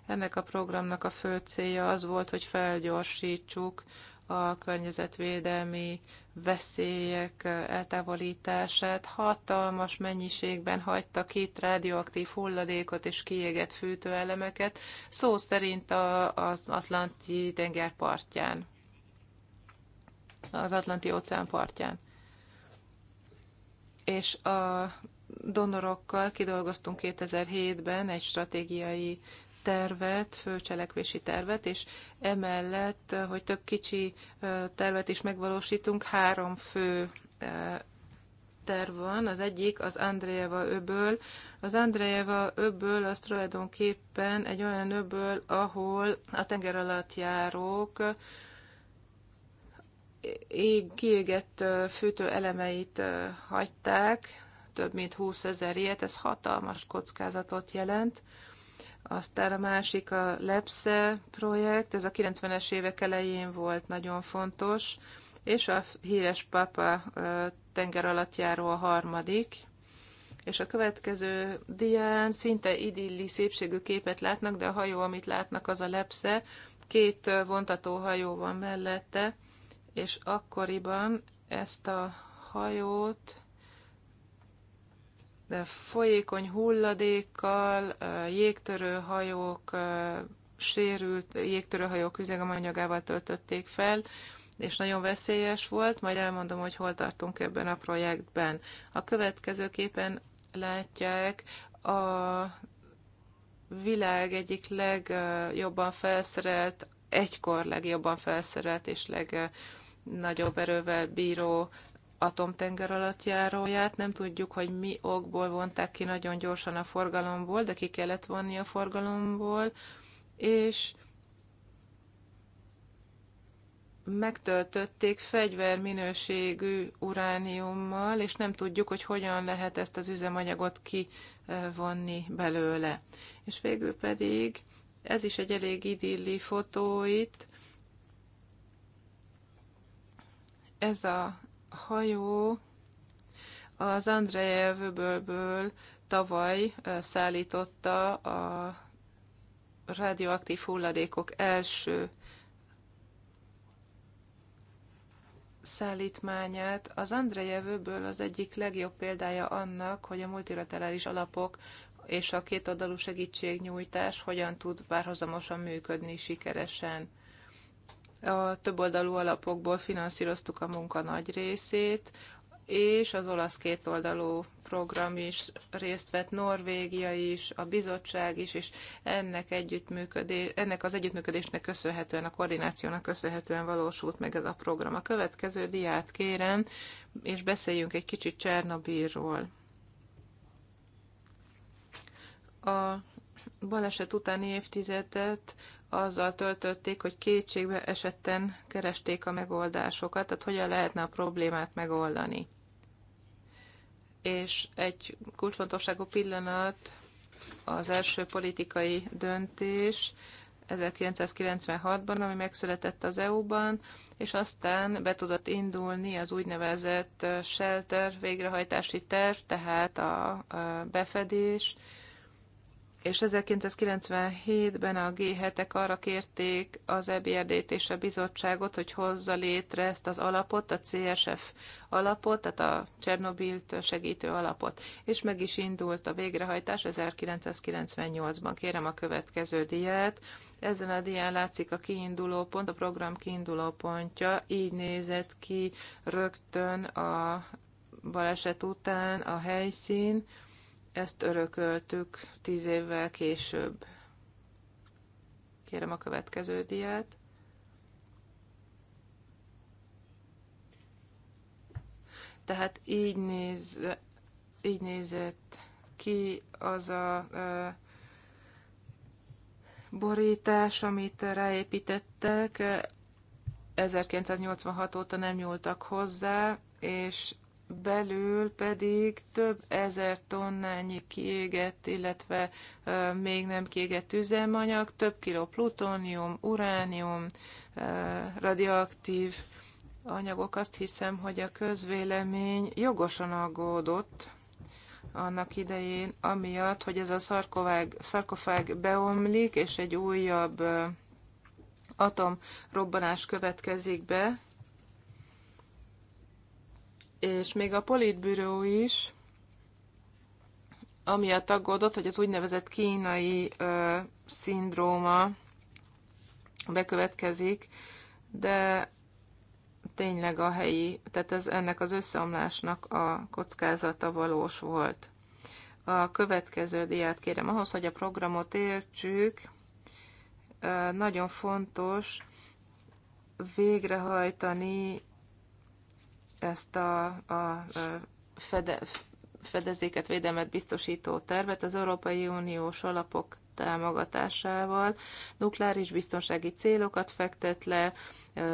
Ennek a programnak a fő célja az volt, hogy felgyorsítsuk a környezetvédelmi veszélyek eltávolítását. Hatalmas mennyiségben hagyta két radioaktív hulladékot és kiégett fűtőelemeket, szó szerint az Atlanti tenger partján, az Atlanti óceán partján. És a donorokkal kidolgoztunk 2007-ben egy stratégiai tervet, főcselekvési tervet, és emellett, hogy több kicsi tervet is megvalósítunk, három fő terv van. Az egyik az Andrejeva öböl. Az Andrejeva öböl az tulajdonképpen egy olyan öböl, ahol a tenger alatt járók ég, kiégett fűtő elemeit hagyták, több mint 20 ezer ilyet, ez hatalmas kockázatot jelent aztán a másik a LEPSE projekt, ez a 90-es évek elején volt nagyon fontos, és a híres papa tenger járó a harmadik, és a következő dián szinte idilli szépségű képet látnak, de a hajó, amit látnak, az a Lepse, Két vontatóhajó van mellette, és akkoriban ezt a hajót folyékony hulladékkal, jégtörőhajók, sérült jégtörőhajók üzemanyagával töltötték fel, és nagyon veszélyes volt, majd elmondom, hogy hol tartunk ebben a projektben. A következőképpen látják a világ egyik legjobban felszerelt, egykor legjobban felszerelt és legnagyobb erővel bíró atomtenger járóját. Nem tudjuk, hogy mi okból vonták ki nagyon gyorsan a forgalomból, de ki kellett vonni a forgalomból, és megtöltötték fegyver minőségű urániummal, és nem tudjuk, hogy hogyan lehet ezt az üzemanyagot kivonni belőle. És végül pedig ez is egy elég idilli fotó itt. Ez a hajó az Andrejev öbölből tavaly szállította a radioaktív hulladékok első szállítmányát. Az Andrejev öböl az egyik legjobb példája annak, hogy a multilaterális alapok és a kétoldalú segítségnyújtás hogyan tud párhuzamosan működni sikeresen a többoldalú alapokból finanszíroztuk a munka nagy részét, és az olasz kétoldalú program is részt vett, Norvégia is, a bizottság is, és ennek, együttműködés, ennek az együttműködésnek köszönhetően, a koordinációnak köszönhetően valósult meg ez a program. A következő diát kérem, és beszéljünk egy kicsit Csernobírról. A baleset utáni évtizedet azzal töltötték, hogy kétségbe esetten keresték a megoldásokat, tehát hogyan lehetne a problémát megoldani. És egy kulcsfontosságú pillanat az első politikai döntés 1996-ban, ami megszületett az EU-ban, és aztán be tudott indulni az úgynevezett shelter végrehajtási terv, tehát a befedés, és 1997-ben a G7-ek arra kérték az EBRD-t és a bizottságot, hogy hozza létre ezt az alapot, a CSF alapot, tehát a Csernobilt segítő alapot. És meg is indult a végrehajtás 1998-ban. Kérem a következő diát. Ezen a dián látszik a kiinduló pont, a program kiinduló pontja. Így nézett ki rögtön a baleset után a helyszín ezt örököltük tíz évvel később. Kérem a következő diát. Tehát így, néz, így nézett ki az a ö, borítás, amit ráépítettek. 1986 óta nem nyúltak hozzá, és belül pedig több ezer tonnányi kiégett, illetve e, még nem kiégett üzemanyag, több kiló plutónium, uránium, e, radioaktív anyagok. Azt hiszem, hogy a közvélemény jogosan aggódott annak idején, amiatt, hogy ez a szarkovág szarkofág beomlik, és egy újabb atomrobbanás következik be, és még a politbüró is amiatt aggódott, hogy az úgynevezett kínai ö, szindróma bekövetkezik, de tényleg a helyi, tehát ez ennek az összeomlásnak a kockázata valós volt. A következő diát kérem, ahhoz, hogy a programot értsük, nagyon fontos végrehajtani ezt a, a fede, fedezéket, védelmet biztosító tervet az Európai Uniós alapok támogatásával, nukleáris biztonsági célokat fektet le,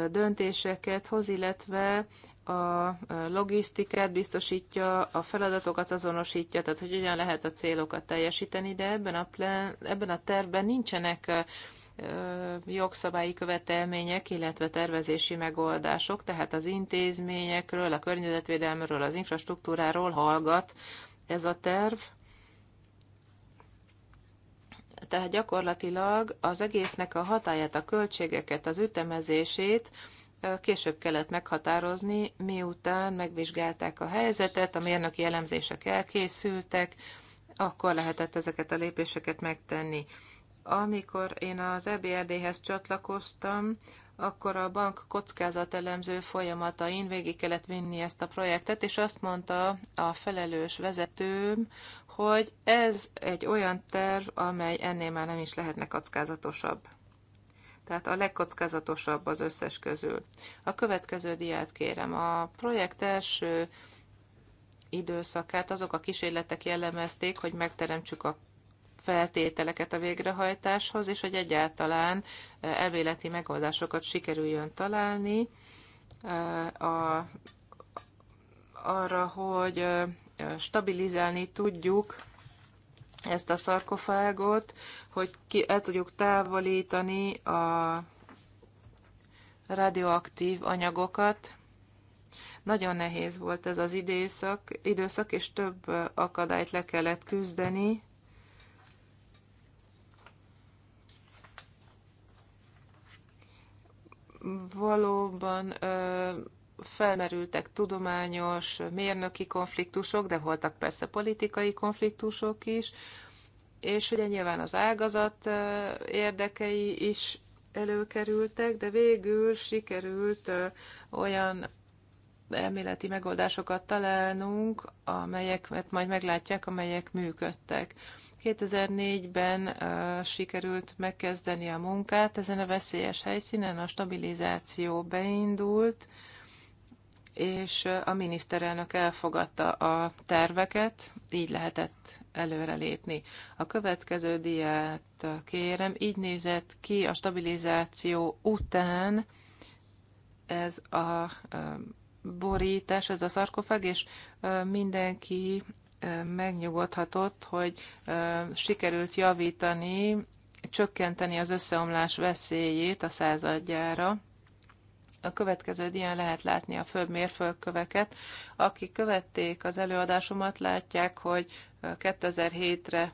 döntéseket hoz, illetve a logisztikát biztosítja, a feladatokat azonosítja, tehát hogy hogyan lehet a célokat teljesíteni, de ebben a, plen, ebben a tervben nincsenek jogszabályi követelmények, illetve tervezési megoldások, tehát az intézményekről, a környezetvédelmről, az infrastruktúráról hallgat ez a terv. Tehát gyakorlatilag az egésznek a hatáját, a költségeket, az ütemezését később kellett meghatározni, miután megvizsgálták a helyzetet, a mérnöki elemzések elkészültek, akkor lehetett ezeket a lépéseket megtenni. Amikor én az EBRD-hez csatlakoztam, akkor a bank kockázatelemző folyamatain végig kellett vinni ezt a projektet, és azt mondta a felelős vezetőm, hogy ez egy olyan terv, amely ennél már nem is lehetne kockázatosabb. Tehát a legkockázatosabb az összes közül. A következő diát kérem. A projekt első időszakát azok a kísérletek jellemezték, hogy megteremtsük a feltételeket a végrehajtáshoz, és hogy egyáltalán elvéleti megoldásokat sikerüljön találni a, arra, hogy stabilizálni tudjuk ezt a szarkofágot, hogy ki, el tudjuk távolítani a radioaktív anyagokat. Nagyon nehéz volt ez az időszak, időszak és több akadályt le kellett küzdeni, valóban felmerültek tudományos, mérnöki konfliktusok, de voltak persze politikai konfliktusok is, és ugye nyilván az ágazat érdekei is előkerültek, de végül sikerült olyan elméleti megoldásokat találnunk, amelyeket majd meglátják, amelyek működtek. 2004-ben sikerült megkezdeni a munkát ezen a veszélyes helyszínen, a stabilizáció beindult, és a miniszterelnök elfogadta a terveket, így lehetett előrelépni. A következő diát kérem, így nézett ki a stabilizáció után ez a borítás, ez a szarkofág, és mindenki megnyugodhatott, hogy sikerült javítani, csökkenteni az összeomlás veszélyét a századjára. A következő ilyen lehet látni a föld mérföldköveket. Akik követték az előadásomat, látják, hogy 2007-re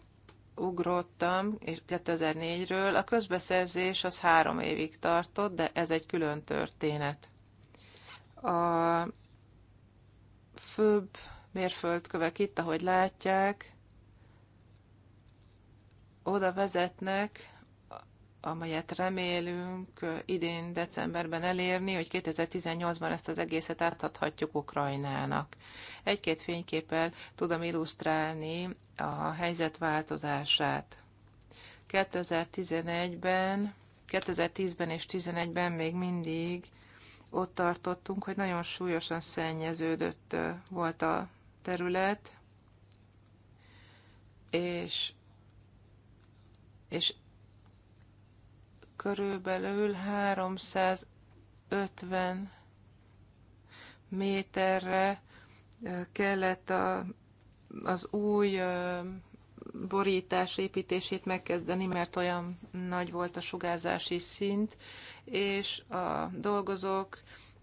ugrottam, és 2004-ről. A közbeszerzés az három évig tartott, de ez egy külön történet. A főbb mérföldkövek itt, ahogy látják, oda vezetnek, amelyet remélünk idén decemberben elérni, hogy 2018-ban ezt az egészet átadhatjuk Ukrajnának. Egy-két fényképpel tudom illusztrálni a helyzet változását. 2011-ben, 2010-ben és 2011-ben még mindig ott tartottunk, hogy nagyon súlyosan szennyeződött volt a terület, és, és körülbelül 350 méterre kellett a, az új borítás építését megkezdeni, mert olyan nagy volt a sugárzási szint, és a dolgozók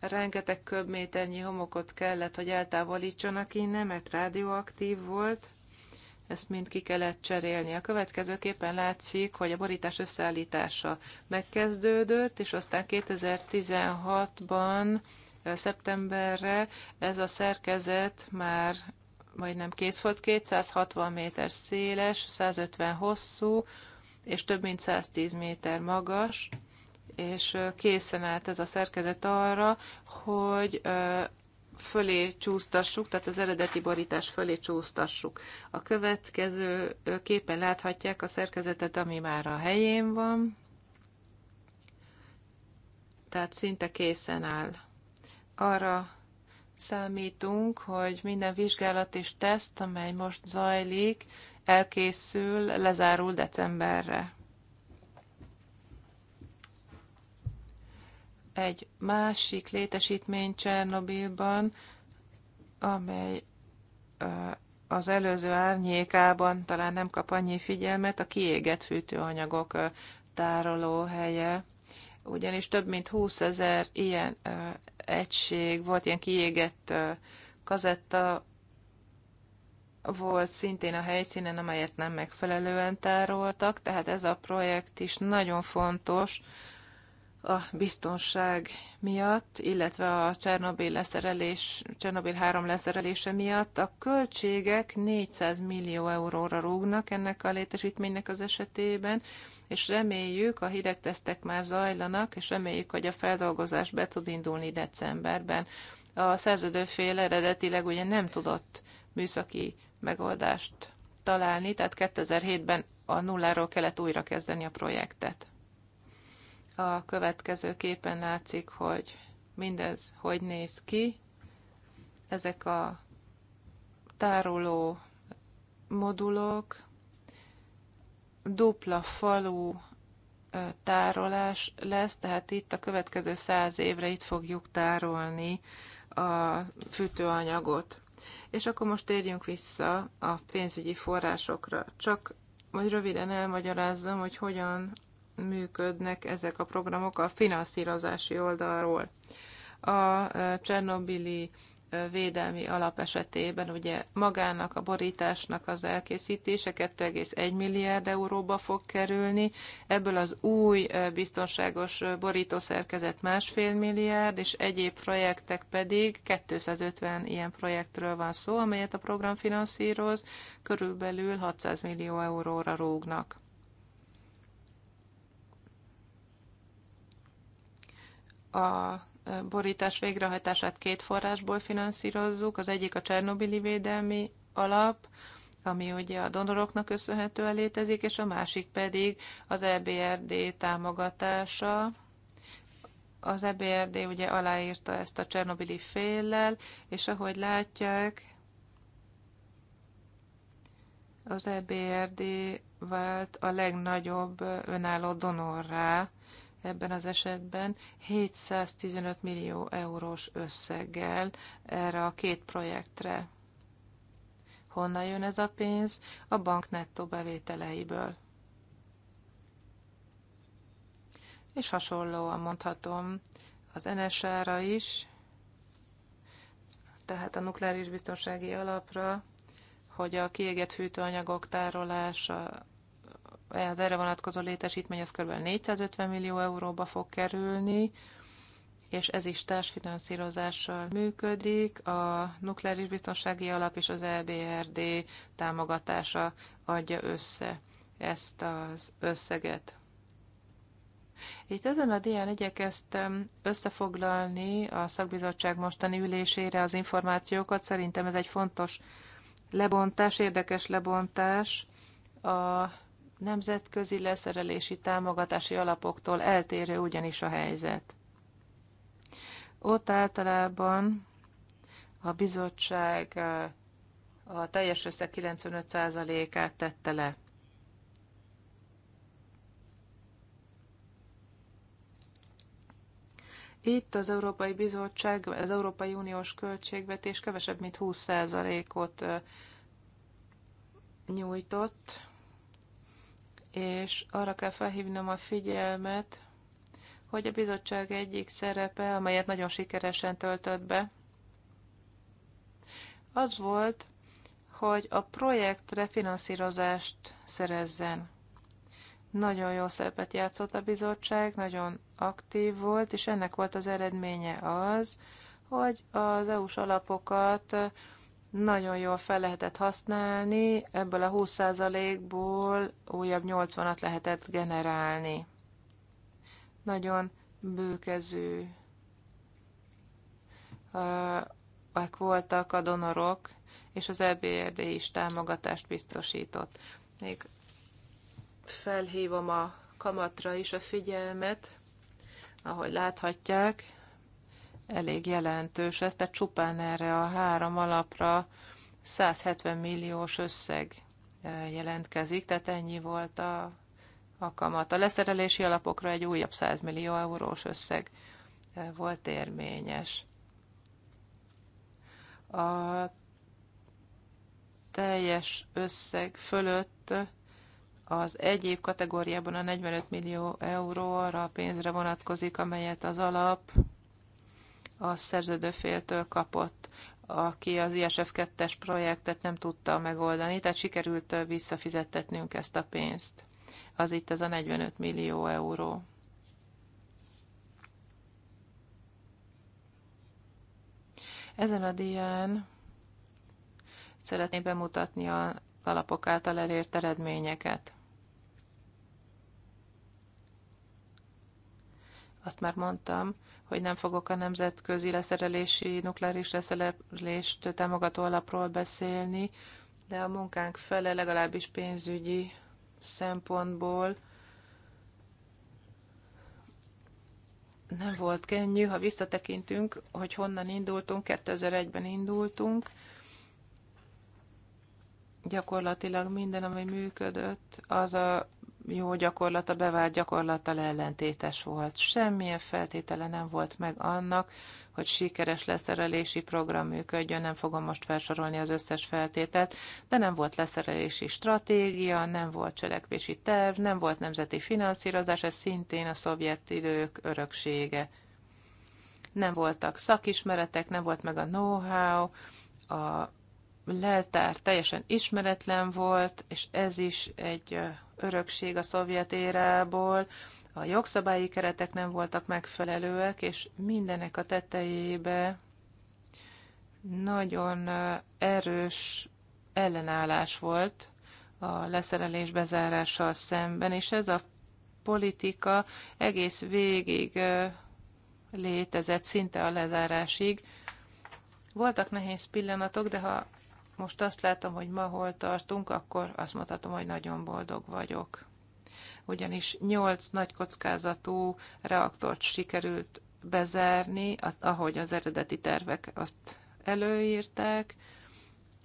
rengeteg köbméternyi homokot kellett, hogy eltávolítsanak innen, mert rádióaktív volt, ezt mind ki kellett cserélni. A következőképpen látszik, hogy a borítás összeállítása megkezdődött, és aztán 2016-ban szeptemberre ez a szerkezet már majdnem kész volt, 260 méter széles, 150 hosszú, és több mint 110 méter magas, és készen állt ez a szerkezet arra, hogy fölé csúsztassuk, tehát az eredeti borítás fölé csúsztassuk. A következő képen láthatják a szerkezetet, ami már a helyén van, tehát szinte készen áll. Arra számítunk, hogy minden vizsgálat és teszt, amely most zajlik, elkészül, lezárul decemberre. egy másik létesítmény Csernobilban, amely az előző árnyékában talán nem kap annyi figyelmet, a kiégett fűtőanyagok helye, ugyanis több mint 20 ezer ilyen egység volt, ilyen kiégett kazetta volt szintén a helyszínen, amelyet nem megfelelően tároltak, tehát ez a projekt is nagyon fontos, a biztonság miatt, illetve a Csernobil, leszerelés, Csernobil 3 leszerelése miatt a költségek 400 millió euróra rúgnak ennek a létesítménynek az esetében, és reméljük, a hidegtesztek már zajlanak, és reméljük, hogy a feldolgozás be tud indulni decemberben. A szerződőfél eredetileg ugye nem tudott műszaki megoldást találni, tehát 2007-ben a nulláról kellett újra kezdeni a projektet. A következő képen látszik, hogy mindez hogy néz ki. Ezek a tároló modulok, dupla falu tárolás lesz, tehát itt a következő száz évre itt fogjuk tárolni a fűtőanyagot. És akkor most térjünk vissza a pénzügyi forrásokra. Csak hogy röviden elmagyarázzam, hogy hogyan működnek ezek a programok a finanszírozási oldalról. A e, Csernobili e, védelmi alap esetében ugye magának a borításnak az elkészítése 2,1 milliárd euróba fog kerülni, ebből az új e, biztonságos borítószerkezet másfél milliárd, és egyéb projektek pedig 250 ilyen projektről van szó, amelyet a program finanszíroz, körülbelül 600 millió euróra rúgnak. a borítás végrehajtását két forrásból finanszírozzuk. Az egyik a Csernobili Védelmi Alap, ami ugye a donoroknak köszönhetően létezik, és a másik pedig az EBRD támogatása. Az EBRD ugye aláírta ezt a Csernobili féllel, és ahogy látják, az EBRD vált a legnagyobb önálló donorrá ebben az esetben 715 millió eurós összeggel erre a két projektre. Honnan jön ez a pénz? A bank nettó bevételeiből. És hasonlóan mondhatom az NSA-ra is, tehát a nukleáris biztonsági alapra, hogy a kiégett fűtőanyagok tárolása az erre vonatkozó létesítmény az kb. 450 millió euróba fog kerülni, és ez is társfinanszírozással működik. A Nukleáris Biztonsági Alap és az EBRD támogatása adja össze ezt az összeget. Itt ezen a dián igyekeztem összefoglalni a szakbizottság mostani ülésére az információkat. Szerintem ez egy fontos lebontás, érdekes lebontás a nemzetközi leszerelési támogatási alapoktól eltérő ugyanis a helyzet. Ott általában a bizottság eh, a teljes összeg 95%-át tette le. Itt az Európai Bizottság, az Európai Uniós költségvetés kevesebb, mint 20%-ot eh, nyújtott és arra kell felhívnom a figyelmet, hogy a bizottság egyik szerepe, amelyet nagyon sikeresen töltött be, az volt, hogy a projektre finanszírozást szerezzen. Nagyon jó szerepet játszott a bizottság, nagyon aktív volt, és ennek volt az eredménye az, hogy az EU-s alapokat nagyon jól fel lehetett használni, ebből a 20%-ból újabb 80-at lehetett generálni. Nagyon bőkező ek voltak a donorok, és az EBRD is támogatást biztosított. Még felhívom a kamatra is a figyelmet, ahogy láthatják elég jelentős ez, tehát csupán erre a három alapra 170 milliós összeg e, jelentkezik, tehát ennyi volt a, a kamat. A leszerelési alapokra egy újabb 100 millió eurós összeg e, volt érményes. A teljes összeg fölött az egyéb kategóriában a 45 millió euróra a pénzre vonatkozik, amelyet az alap a szerződő féltől kapott, aki az ISF 2-es projektet nem tudta megoldani, tehát sikerült visszafizettetnünk ezt a pénzt. Az itt az a 45 millió euró. Ezen a dián szeretném bemutatni a alapok által elért eredményeket. Azt már mondtam, hogy nem fogok a nemzetközi leszerelési, nukleáris leszerelést támogató alapról beszélni, de a munkánk fele legalábbis pénzügyi szempontból nem volt könnyű. Ha visszatekintünk, hogy honnan indultunk, 2001-ben indultunk, gyakorlatilag minden, ami működött, az a jó gyakorlat a bevált gyakorlattal ellentétes volt. Semmilyen feltétele nem volt meg annak, hogy sikeres leszerelési program működjön, nem fogom most felsorolni az összes feltételt, de nem volt leszerelési stratégia, nem volt cselekvési terv, nem volt nemzeti finanszírozás, ez szintén a szovjet idők öröksége. Nem voltak szakismeretek, nem volt meg a know-how, a leltár teljesen ismeretlen volt, és ez is egy örökség a szovjet érából, a jogszabályi keretek nem voltak megfelelőek, és mindenek a tetejébe nagyon erős ellenállás volt a leszerelés bezárással szemben, és ez a politika egész végig létezett, szinte a lezárásig. Voltak nehéz pillanatok, de ha most azt látom, hogy ma hol tartunk, akkor azt mondhatom, hogy nagyon boldog vagyok. Ugyanis 8 nagy kockázatú reaktort sikerült bezárni, ahogy az eredeti tervek azt előírták,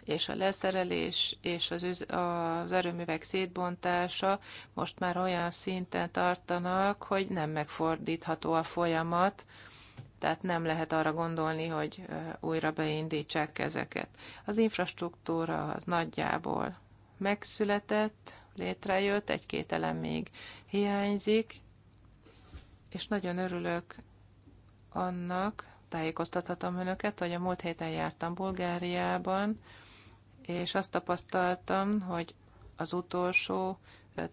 és a leszerelés és az, az erőművek szétbontása most már olyan szinten tartanak, hogy nem megfordítható a folyamat, tehát nem lehet arra gondolni, hogy újra beindítsák ezeket. Az infrastruktúra az nagyjából megszületett, létrejött, egy-két elem még hiányzik, és nagyon örülök annak, tájékoztathatom önöket, hogy a múlt héten jártam Bulgáriában, és azt tapasztaltam, hogy az utolsó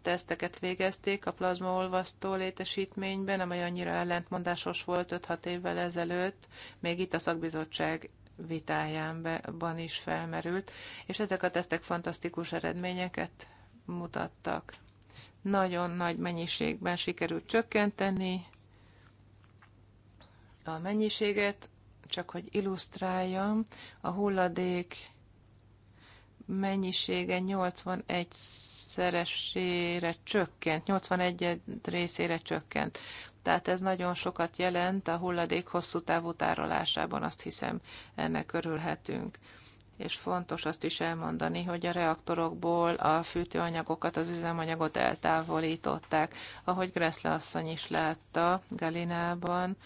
teszteket végezték a plazmaolvasztó létesítményben, amely annyira ellentmondásos volt 5-6 évvel ezelőtt, még itt a szakbizottság vitájánban is felmerült, és ezek a tesztek fantasztikus eredményeket mutattak. Nagyon nagy mennyiségben sikerült csökkenteni a mennyiséget, csak hogy illusztráljam, a hulladék mennyisége 81 szeresére csökkent, 81 részére csökkent. Tehát ez nagyon sokat jelent a hulladék hosszú távú tárolásában, azt hiszem ennek örülhetünk. És fontos azt is elmondani, hogy a reaktorokból a fűtőanyagokat, az üzemanyagot eltávolították. Ahogy Gressle asszony is látta Galinában,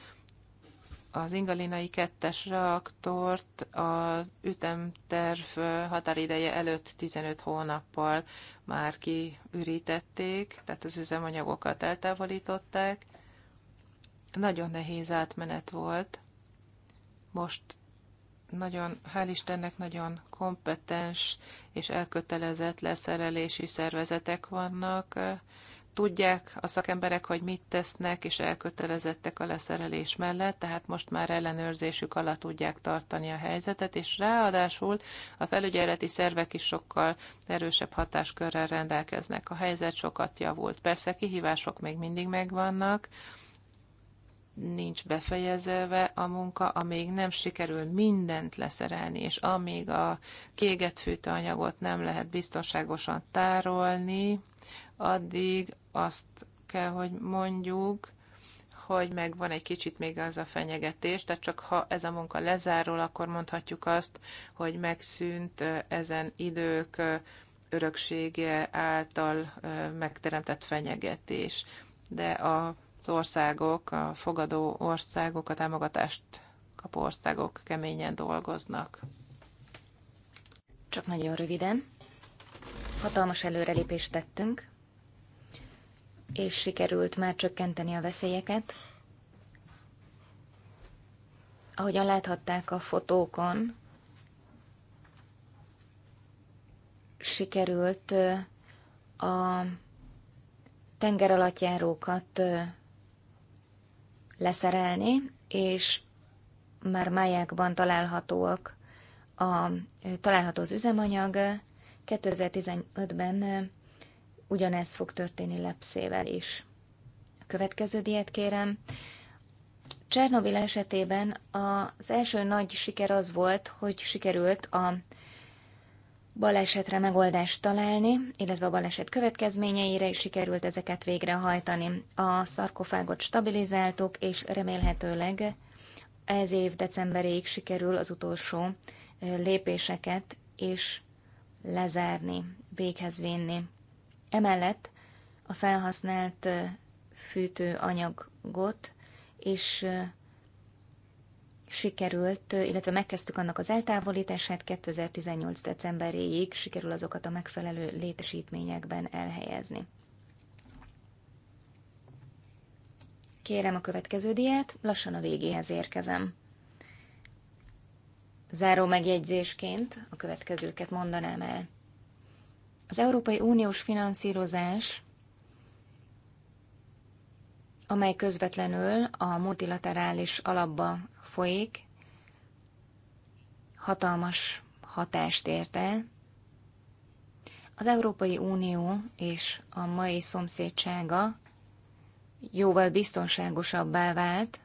az ingalinai kettes reaktort az ütemterv határideje előtt 15 hónappal már kiürítették, tehát az üzemanyagokat eltávolították. Nagyon nehéz átmenet volt. Most nagyon, hál' Istennek nagyon kompetens és elkötelezett leszerelési szervezetek vannak, tudják a szakemberek, hogy mit tesznek, és elkötelezettek a leszerelés mellett, tehát most már ellenőrzésük alatt tudják tartani a helyzetet, és ráadásul a felügyeleti szervek is sokkal erősebb hatáskörrel rendelkeznek. A helyzet sokat javult. Persze kihívások még mindig megvannak, nincs befejezve a munka, amíg nem sikerül mindent leszerelni, és amíg a kéget fűtőanyagot nem lehet biztonságosan tárolni, addig azt kell, hogy mondjuk, hogy megvan egy kicsit még az a fenyegetés, tehát csak ha ez a munka lezárul, akkor mondhatjuk azt, hogy megszűnt ezen idők öröksége által megteremtett fenyegetés. De az országok, a fogadó országok, a támogatást kapó országok keményen dolgoznak. Csak nagyon röviden. Hatalmas előrelépést tettünk, és sikerült már csökkenteni a veszélyeket. Ahogyan láthatták a fotókon, sikerült a tenger alattjárókat leszerelni, és már májákban találhatóak a, található az üzemanyag. 2015-ben Ugyanez fog történni Lepszével is. A következő diét kérem. Csernobil esetében az első nagy siker az volt, hogy sikerült a balesetre megoldást találni, illetve a baleset következményeire is sikerült ezeket végrehajtani. A szarkofágot stabilizáltuk, és remélhetőleg ez év decemberéig sikerül az utolsó lépéseket és lezárni, véghez vinni. Emellett a felhasznált fűtőanyagot és sikerült, illetve megkezdtük annak az eltávolítását, 2018. decemberéig sikerül azokat a megfelelő létesítményekben elhelyezni. Kérem a következő diát, lassan a végéhez érkezem. Záró megjegyzésként a következőket mondanám el. Az Európai Uniós finanszírozás, amely közvetlenül a multilaterális alapba folyik, hatalmas hatást ért el. Az Európai Unió és a mai szomszédsága jóval biztonságosabbá vált,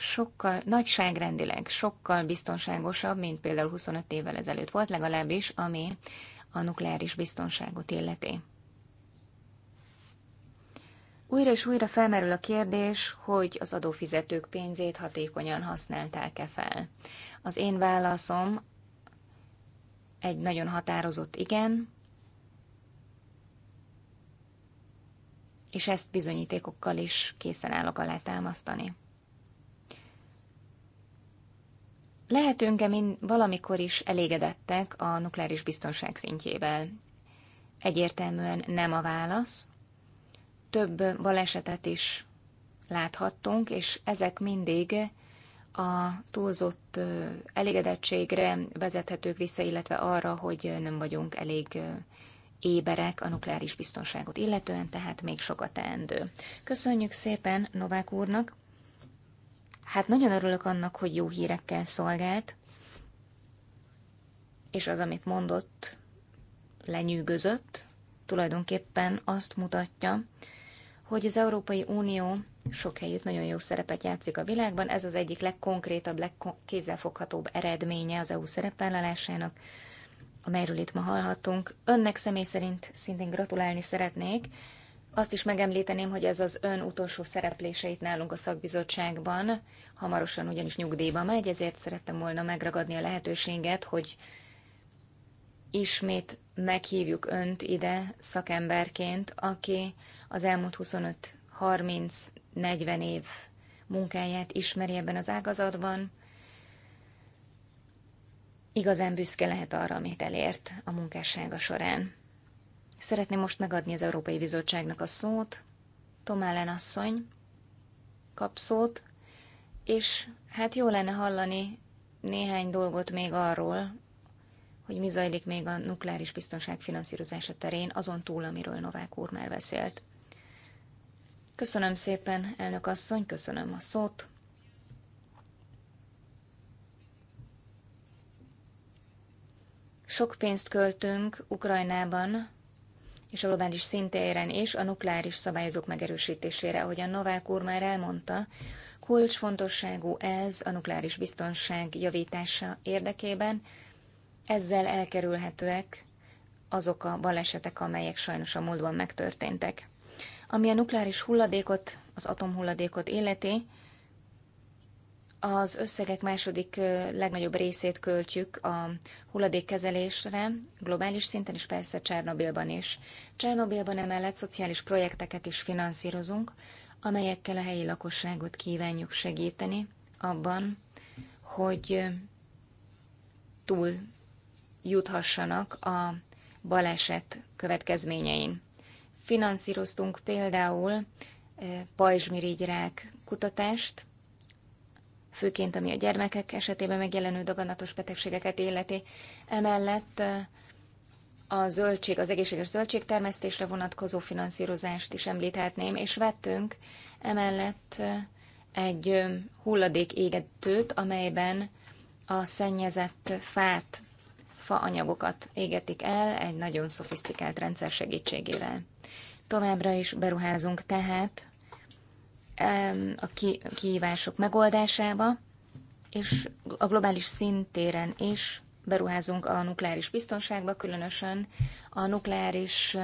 sokkal, nagyságrendileg sokkal biztonságosabb, mint például 25 évvel ezelőtt volt, legalábbis ami a nukleáris biztonságot illeti. Újra és újra felmerül a kérdés, hogy az adófizetők pénzét hatékonyan használták-e fel. Az én válaszom egy nagyon határozott igen, és ezt bizonyítékokkal is készen állok alá támasztani. lehetünk-e mind valamikor is elégedettek a nukleáris biztonság szintjével? Egyértelműen nem a válasz. Több balesetet is láthattunk, és ezek mindig a túlzott elégedettségre vezethetők vissza, illetve arra, hogy nem vagyunk elég éberek a nukleáris biztonságot illetően, tehát még sokat teendő. Köszönjük szépen Novák úrnak! Hát nagyon örülök annak, hogy jó hírekkel szolgált, és az, amit mondott, lenyűgözött, tulajdonképpen azt mutatja, hogy az Európai Unió sok helyütt nagyon jó szerepet játszik a világban. Ez az egyik legkonkrétabb, legkézzelfoghatóbb eredménye az EU szerepvállalásának, amelyről itt ma hallhattunk. Önnek személy szerint szintén gratulálni szeretnék, azt is megemlíteném, hogy ez az ön utolsó szerepléseit nálunk a szakbizottságban, hamarosan ugyanis nyugdíjba megy, ezért szerettem volna megragadni a lehetőséget, hogy ismét meghívjuk önt ide szakemberként, aki az elmúlt 25-30-40 év munkáját ismeri ebben az ágazatban. Igazán büszke lehet arra, amit elért a munkássága során. Szeretném most megadni az Európai Bizottságnak a szót. Ellen asszony kap szót, és hát jó lenne hallani néhány dolgot még arról, hogy mi zajlik még a nukleáris biztonság finanszírozása terén, azon túl, amiről Novák úr már beszélt. Köszönöm szépen, elnök asszony, köszönöm a szót. Sok pénzt költünk Ukrajnában és a globális szintéren és a nukleáris szabályozók megerősítésére, a Novák úr már elmondta, kulcsfontosságú ez a nukleáris biztonság javítása érdekében, ezzel elkerülhetőek azok a balesetek, amelyek sajnos a múltban megtörténtek. Ami a nukleáris hulladékot, az atomhulladékot illeti, az összegek második legnagyobb részét költjük a hulladékkezelésre, globális szinten is, persze Csernobilban is. Csernobilban emellett szociális projekteket is finanszírozunk, amelyekkel a helyi lakosságot kívánjuk segíteni abban, hogy túl juthassanak a baleset következményein. Finanszíroztunk például pajzsmirigyrák kutatást, főként ami a gyermekek esetében megjelenő daganatos betegségeket illeti. Emellett eh, a zöldség, az egészséges zöldségtermesztésre vonatkozó finanszírozást is említhetném, és vettünk emellett eh, egy eh, hulladék égetőt, amelyben a szennyezett fát, faanyagokat égetik el egy nagyon szofisztikált rendszer segítségével. Továbbra is beruházunk tehát a kihívások megoldásába, és a globális szintéren is beruházunk a nukleáris biztonságba, különösen a nukleáris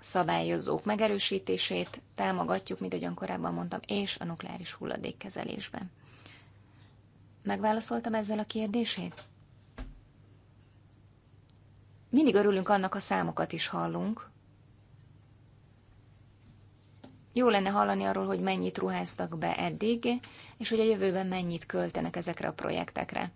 szabályozók megerősítését támogatjuk, mint ahogyan korábban mondtam, és a nukleáris hulladékkezelésben. Megválaszoltam ezzel a kérdését? Mindig örülünk annak, a számokat is hallunk, jó lenne hallani arról, hogy mennyit ruháztak be eddig, és hogy a jövőben mennyit költenek ezekre a projektekre.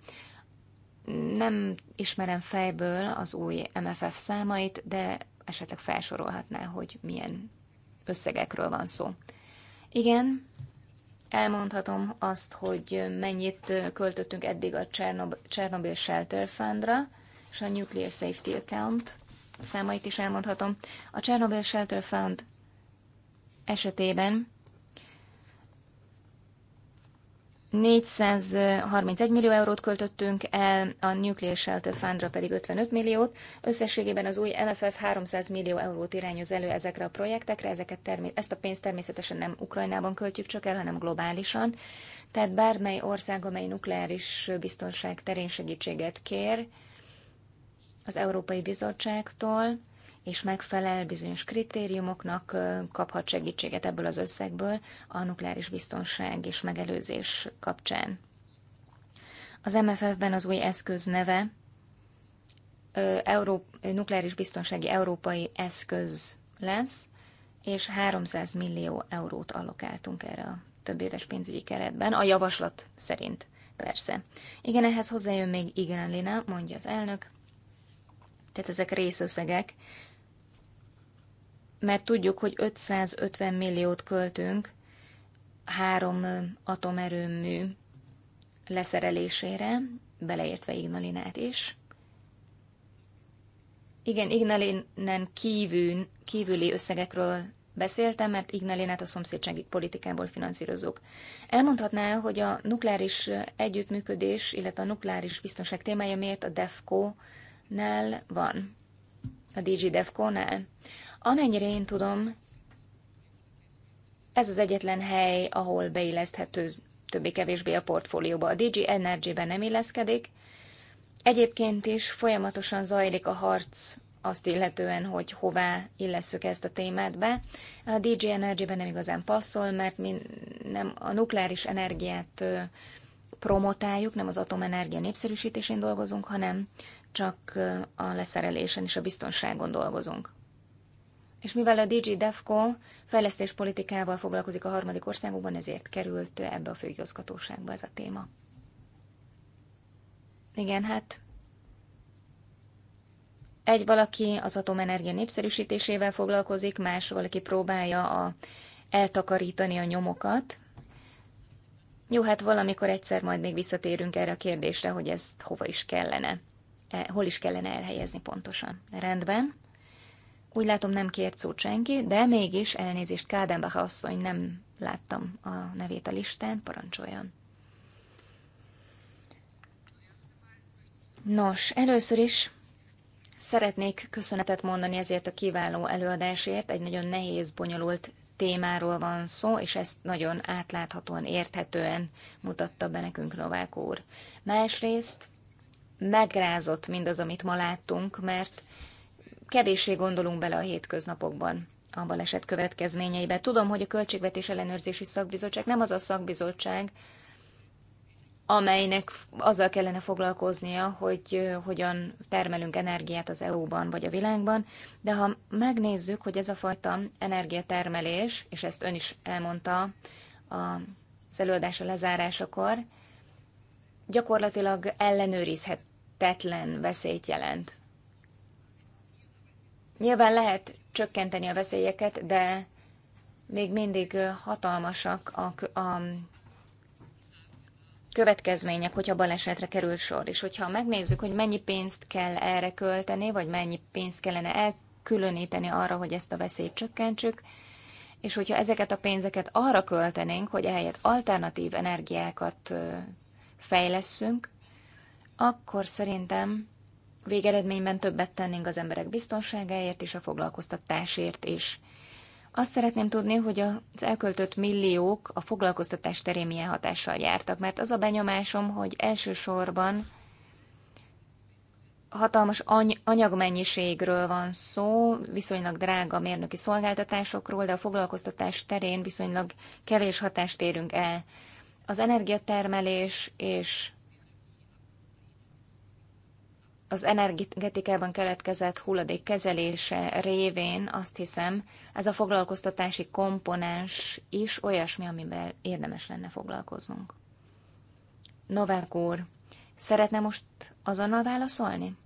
Nem ismerem fejből az új MFF számait, de esetleg felsorolhatná, hogy milyen összegekről van szó. Igen, elmondhatom azt, hogy mennyit költöttünk eddig a Csernob- Chernobyl Shelter Fundra és a Nuclear Safety Account számait is elmondhatom. A Chernobyl Shelter Fund esetében 431 millió eurót költöttünk el, a Nuclear Shelter Fundra pedig 55 milliót. Összességében az új MFF 300 millió eurót irányoz elő ezekre a projektekre, ezeket termé- ezt a pénzt természetesen nem Ukrajnában költjük csak el, hanem globálisan. Tehát bármely ország, amely nukleáris biztonság terén segítséget kér az Európai Bizottságtól, és megfelel bizonyos kritériumoknak, kaphat segítséget ebből az összegből a nukleáris biztonság és megelőzés kapcsán. Az MFF-ben az új eszköz neve Euró- nukleáris biztonsági európai eszköz lesz, és 300 millió eurót allokáltunk erre a több éves pénzügyi keretben, a javaslat szerint persze. Igen, ehhez hozzájön még igen, Lina, mondja az elnök. Tehát ezek részösszegek, mert tudjuk, hogy 550 milliót költünk három atomerőmű leszerelésére, beleértve Ignalinát is. Igen, Ignalinen kívül, kívüli összegekről beszéltem, mert Ignalinát a szomszédsági politikából finanszírozok. Elmondhatná, hogy a nukleáris együttműködés, illetve a nukleáris biztonság témája miért a DEFCO-nál van? A DG DEFCO-nál? Amennyire én tudom, ez az egyetlen hely, ahol beilleszthető többé-kevésbé a portfólióba. A DG Energy-ben nem illeszkedik. Egyébként is folyamatosan zajlik a harc azt illetően, hogy hová illesszük ezt a témát be. A DG Energy-ben nem igazán passzol, mert mi nem a nukleáris energiát promotáljuk, nem az atomenergia népszerűsítésén dolgozunk, hanem csak a leszerelésen és a biztonságon dolgozunk. És mivel a DG DEFCO fejlesztéspolitikával foglalkozik a harmadik országokban, ezért került ebbe a főigazgatóságba ez a téma. Igen, hát egy valaki az atomenergia népszerűsítésével foglalkozik, más valaki próbálja a, eltakarítani a nyomokat. Jó, hát valamikor egyszer majd még visszatérünk erre a kérdésre, hogy ezt hova is kellene, e, hol is kellene elhelyezni pontosan. Rendben. Úgy látom, nem kért szót senki, de mégis elnézést Kádenbach asszony, nem láttam a nevét a listán, parancsoljon. Nos, először is szeretnék köszönetet mondani ezért a kiváló előadásért. Egy nagyon nehéz, bonyolult témáról van szó, és ezt nagyon átláthatóan, érthetően mutatta be nekünk Novák úr. Másrészt megrázott mindaz, amit ma láttunk, mert kevéssé gondolunk bele a hétköznapokban a baleset következményeibe. Tudom, hogy a Költségvetés Ellenőrzési Szakbizottság nem az a szakbizottság, amelynek azzal kellene foglalkoznia, hogy hogyan termelünk energiát az EU-ban vagy a világban, de ha megnézzük, hogy ez a fajta energiatermelés, és ezt ön is elmondta az előadása lezárásakor, gyakorlatilag ellenőrizhetetlen veszélyt jelent. Nyilván lehet csökkenteni a veszélyeket, de még mindig hatalmasak a, a következmények, hogyha balesetre kerül sor. És hogyha megnézzük, hogy mennyi pénzt kell erre költeni, vagy mennyi pénzt kellene elkülöníteni arra, hogy ezt a veszélyt csökkentsük, és hogyha ezeket a pénzeket arra költenénk, hogy ehelyett alternatív energiákat fejlesszünk, akkor szerintem Végeredményben többet tennénk az emberek biztonságáért és a foglalkoztatásért is. Azt szeretném tudni, hogy az elköltött milliók a foglalkoztatás terén milyen hatással jártak, mert az a benyomásom, hogy elsősorban hatalmas any- anyagmennyiségről van szó, viszonylag drága mérnöki szolgáltatásokról, de a foglalkoztatás terén viszonylag kevés hatást érünk el. Az energiatermelés és az energetikában keletkezett hulladék kezelése révén azt hiszem, ez a foglalkoztatási komponens is olyasmi, amivel érdemes lenne foglalkoznunk. Novák úr, szeretne most azonnal válaszolni?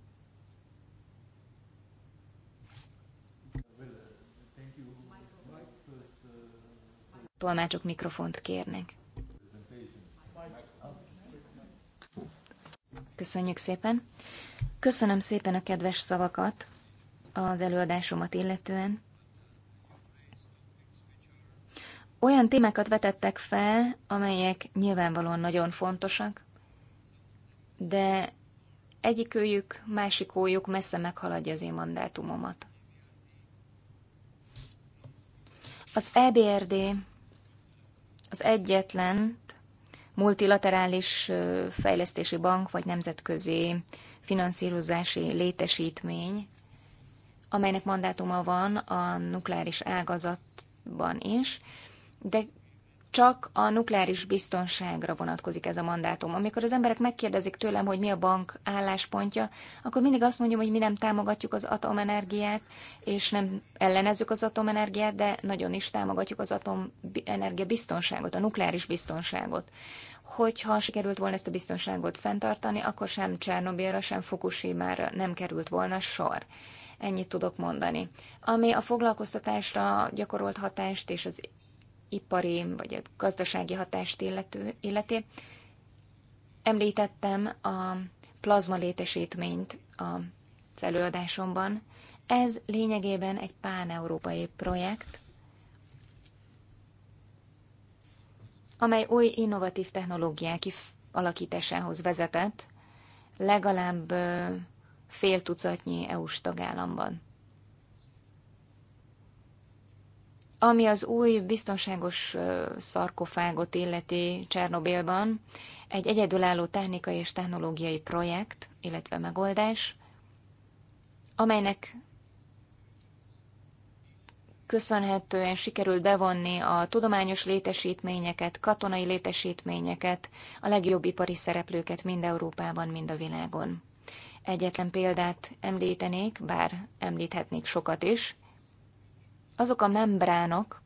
Tolmácsok mikrofont kérnek. Köszönjük szépen. Köszönöm szépen a kedves szavakat az előadásomat illetően. Olyan témákat vetettek fel, amelyek nyilvánvalóan nagyon fontosak, de egyikőjük, másikójuk messze meghaladja az én mandátumomat. Az EBRD az egyetlen multilaterális fejlesztési bank vagy nemzetközi finanszírozási létesítmény, amelynek mandátuma van a nukleáris ágazatban is, de csak a nukleáris biztonságra vonatkozik ez a mandátum. Amikor az emberek megkérdezik tőlem, hogy mi a bank álláspontja, akkor mindig azt mondjam, hogy mi nem támogatjuk az atomenergiát, és nem ellenezzük az atomenergiát, de nagyon is támogatjuk az atomenergia biztonságot, a nukleáris biztonságot. Hogyha sikerült volna ezt a biztonságot fenntartani, akkor sem Csernobilra, sem Fukushima-ra nem került volna sor. Ennyit tudok mondani. Ami a foglalkoztatásra gyakorolt hatást és az ipari vagy a gazdasági hatást illető, illeti. Említettem a plazma létesítményt az előadásomban. Ez lényegében egy pán-európai projekt, amely új innovatív technológiák alakításához vezetett legalább fél tucatnyi EU-s tagállamban. Ami az új biztonságos szarkofágot illeti Csernobélban, egy egyedülálló technikai és technológiai projekt, illetve megoldás, amelynek köszönhetően sikerült bevonni a tudományos létesítményeket, katonai létesítményeket, a legjobb ipari szereplőket mind Európában, mind a világon. Egyetlen példát említenék, bár említhetnék sokat is, azok a membránok,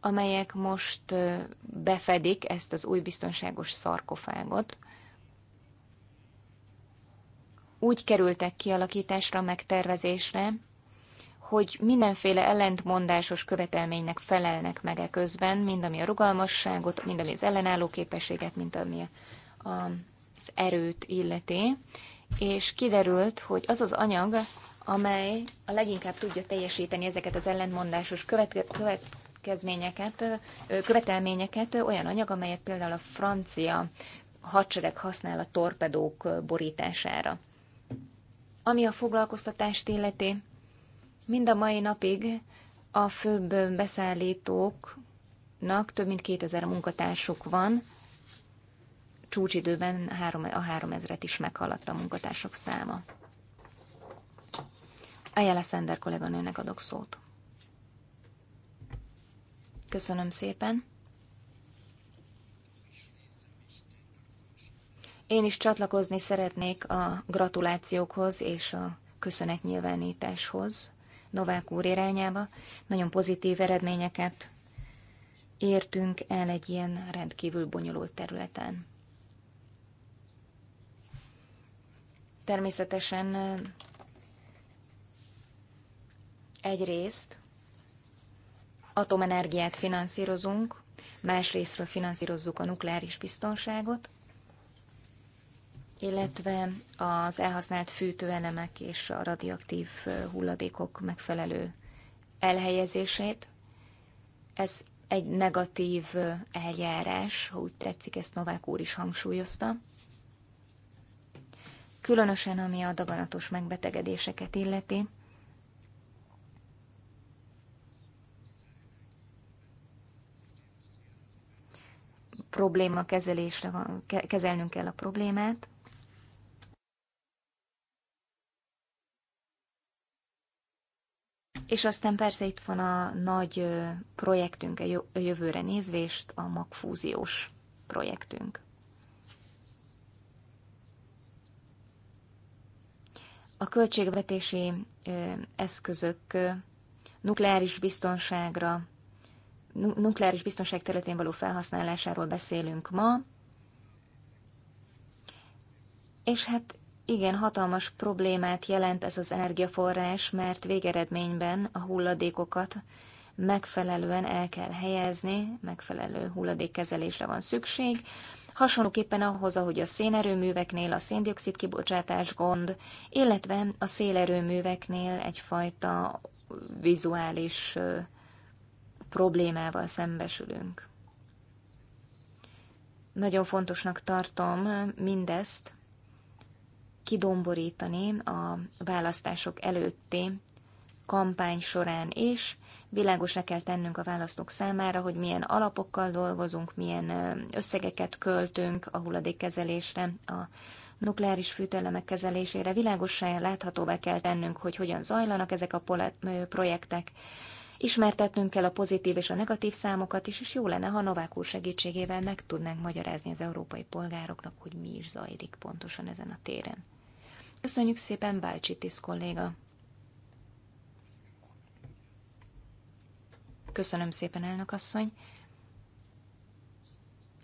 amelyek most befedik ezt az új biztonságos szarkofágot, úgy kerültek kialakításra, megtervezésre, hogy mindenféle ellentmondásos követelménynek felelnek meg e közben, mind ami a rugalmasságot, mind ami az ellenálló képességet, mind ami az erőt illeti, és kiderült, hogy az az anyag, amely a leginkább tudja teljesíteni ezeket az ellentmondásos követke, következményeket, követelményeket, olyan anyag, amelyet például a francia hadsereg használ a torpedók borítására. Ami a foglalkoztatást illeti, mind a mai napig a főbb beszállítóknak több mint 2000 munkatársuk van, csúcsidőben a 3000-et is meghaladta a munkatársak száma. Ejjele Szender kolléganőnek adok szót. Köszönöm szépen. Én is csatlakozni szeretnék a gratulációkhoz és a köszönetnyilvánításhoz Novák úr irányába. Nagyon pozitív eredményeket értünk el egy ilyen rendkívül bonyolult területen. Természetesen Egyrészt atomenergiát finanszírozunk, másrésztről finanszírozzuk a nukleáris biztonságot, illetve az elhasznált fűtőelemek és a radioaktív hulladékok megfelelő elhelyezését. Ez egy negatív eljárás, ha úgy tetszik, ezt Novák úr is hangsúlyozta. Különösen ami a daganatos megbetegedéseket illeti, probléma kezelésre van, kezelnünk kell a problémát. És aztán persze itt van a nagy projektünk a jövőre nézvést, a magfúziós projektünk. A költségvetési eszközök nukleáris biztonságra, nukleáris biztonság területén való felhasználásáról beszélünk ma, és hát igen, hatalmas problémát jelent ez az energiaforrás, mert végeredményben a hulladékokat megfelelően el kell helyezni, megfelelő hulladékkezelésre van szükség. Hasonlóképpen ahhoz, ahogy a szénerőműveknél a széndiokszid kibocsátás gond, illetve a szélerőműveknél egyfajta vizuális problémával szembesülünk. Nagyon fontosnak tartom mindezt kidomborítani a választások előtti kampány során is. Világosra kell tennünk a választók számára, hogy milyen alapokkal dolgozunk, milyen összegeket költünk a hulladékkezelésre, a nukleáris fűtelemek kezelésére. Világosra láthatóvá kell tennünk, hogy hogyan zajlanak ezek a projektek, Ismertetnünk kell a pozitív és a negatív számokat is, és jó lenne, ha Novák úr segítségével meg tudnánk magyarázni az európai polgároknak, hogy mi is zajlik pontosan ezen a téren. Köszönjük szépen, tisz kolléga! Köszönöm szépen, elnök asszony!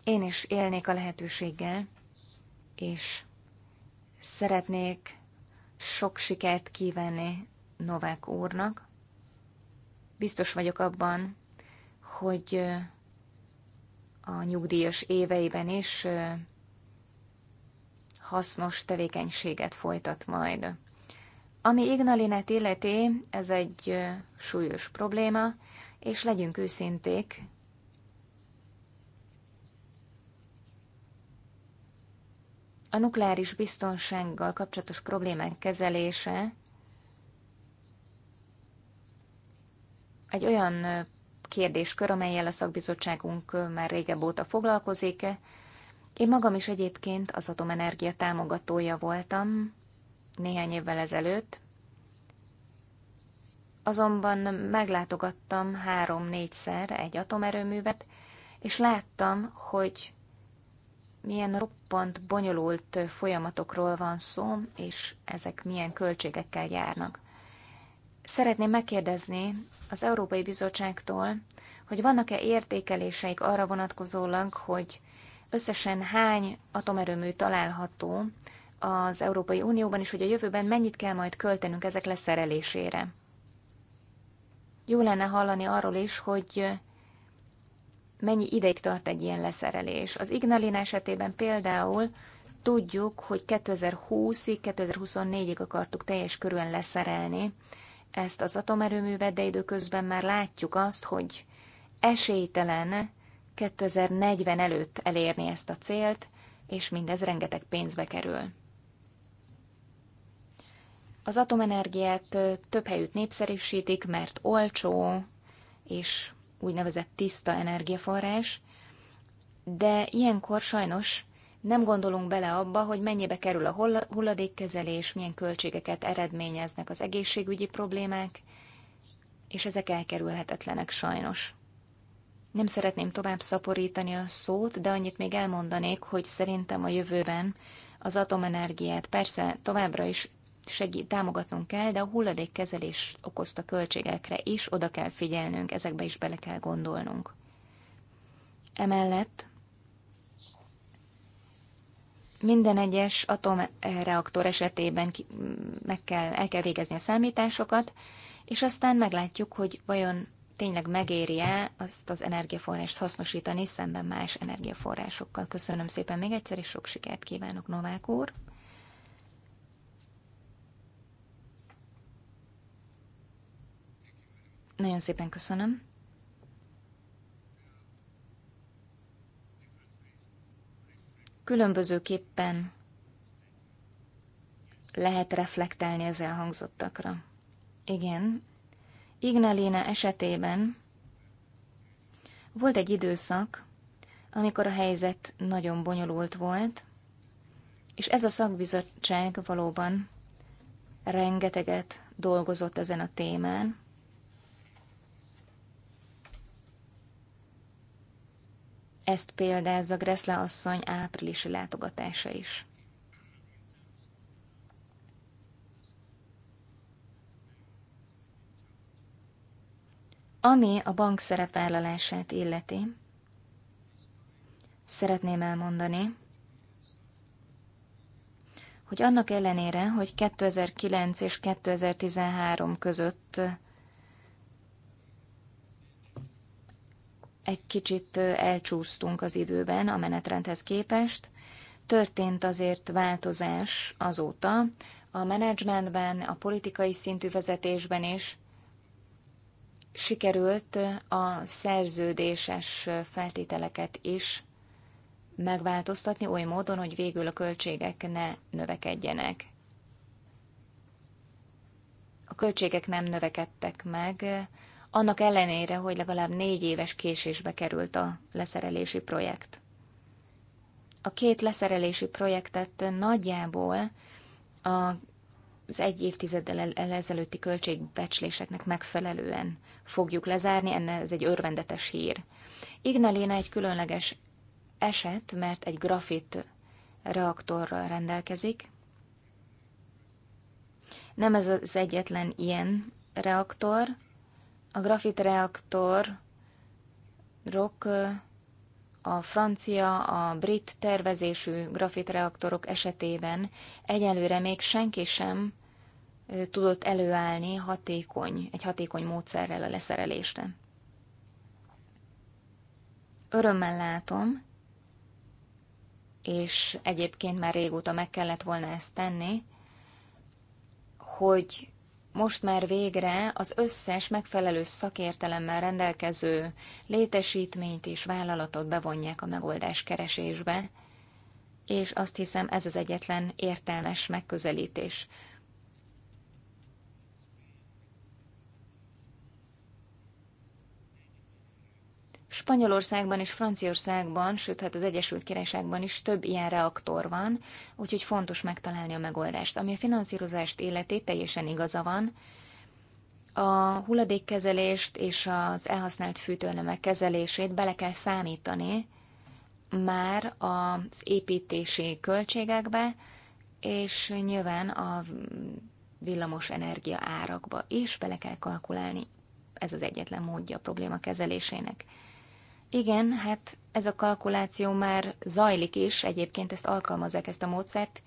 Én is élnék a lehetőséggel, és szeretnék sok sikert kívánni Novák úrnak, Biztos vagyok abban, hogy a nyugdíjas éveiben is hasznos tevékenységet folytat majd. Ami Ignalinet illeti, ez egy súlyos probléma, és legyünk őszinték, a nukleáris biztonsággal kapcsolatos problémák kezelése egy olyan kérdéskör, amelyel a szakbizottságunk már régebb óta foglalkozik. Én magam is egyébként az atomenergia támogatója voltam néhány évvel ezelőtt, azonban meglátogattam három-négyszer egy atomerőművet, és láttam, hogy milyen roppant, bonyolult folyamatokról van szó, és ezek milyen költségekkel járnak. Szeretném megkérdezni az Európai Bizottságtól, hogy vannak-e értékeléseik arra vonatkozólag, hogy összesen hány atomerőmű található az Európai Unióban, és hogy a jövőben mennyit kell majd költenünk ezek leszerelésére. Jó lenne hallani arról is, hogy mennyi ideig tart egy ilyen leszerelés. Az Ignalin esetében például tudjuk, hogy 2020-ig, 2024-ig akartuk teljes körűen leszerelni ezt az atomerőművet, de időközben már látjuk azt, hogy esélytelen 2040 előtt elérni ezt a célt, és mindez rengeteg pénzbe kerül. Az atomenergiát több helyütt népszerűsítik, mert olcsó és úgynevezett tiszta energiaforrás, de ilyenkor sajnos nem gondolunk bele abba, hogy mennyibe kerül a hulladékkezelés, milyen költségeket eredményeznek az egészségügyi problémák, és ezek elkerülhetetlenek sajnos. Nem szeretném tovább szaporítani a szót, de annyit még elmondanék, hogy szerintem a jövőben az atomenergiát persze továbbra is segít, támogatnunk kell, de a hulladékkezelés okozta költségekre is oda kell figyelnünk, ezekbe is bele kell gondolnunk. Emellett minden egyes atomreaktor esetében meg kell, el kell végezni a számításokat, és aztán meglátjuk, hogy vajon tényleg megéri-e azt az energiaforrást hasznosítani szemben más energiaforrásokkal. Köszönöm szépen még egyszer, és sok sikert kívánok, Novák úr! Nagyon szépen köszönöm. különbözőképpen lehet reflektálni az elhangzottakra. Igen, Ignalina esetében volt egy időszak, amikor a helyzet nagyon bonyolult volt, és ez a szakbizottság valóban rengeteget dolgozott ezen a témán, Ezt példázza Greszle asszony áprilisi látogatása is. Ami a bank szerepvállalását illeti, szeretném elmondani, hogy annak ellenére, hogy 2009 és 2013 között egy kicsit elcsúsztunk az időben a menetrendhez képest. Történt azért változás azóta, a menedzsmentben, a politikai szintű vezetésben is sikerült a szerződéses feltételeket is megváltoztatni oly módon, hogy végül a költségek ne növekedjenek. A költségek nem növekedtek meg, annak ellenére, hogy legalább négy éves késésbe került a leszerelési projekt. A két leszerelési projektet nagyjából a az egy évtizeddel ezelőtti költségbecsléseknek megfelelően fogjuk lezárni, ennek ez egy örvendetes hír. Ignalina egy különleges eset, mert egy grafit reaktorral rendelkezik. Nem ez az egyetlen ilyen reaktor, a grafitreaktorok a francia, a brit tervezésű grafitreaktorok esetében egyelőre még senki sem tudott előállni hatékony, egy hatékony módszerrel a leszerelésre. Örömmel látom, és egyébként már régóta meg kellett volna ezt tenni, hogy most már végre az összes megfelelő szakértelemmel rendelkező létesítményt és vállalatot bevonják a megoldás keresésbe, és azt hiszem ez az egyetlen értelmes megközelítés. Spanyolországban és Franciaországban, sőt, hát az Egyesült Királyságban is több ilyen reaktor van, úgyhogy fontos megtalálni a megoldást. Ami a finanszírozást életé teljesen igaza van. A hulladékkezelést és az elhasznált fűtőelemek kezelését bele kell számítani már az építési költségekbe, és nyilván a villamos energia árakba is bele kell kalkulálni. Ez az egyetlen módja a probléma kezelésének. Igen, hát ez a kalkuláció már zajlik is, egyébként ezt alkalmazzák, ezt a módszert,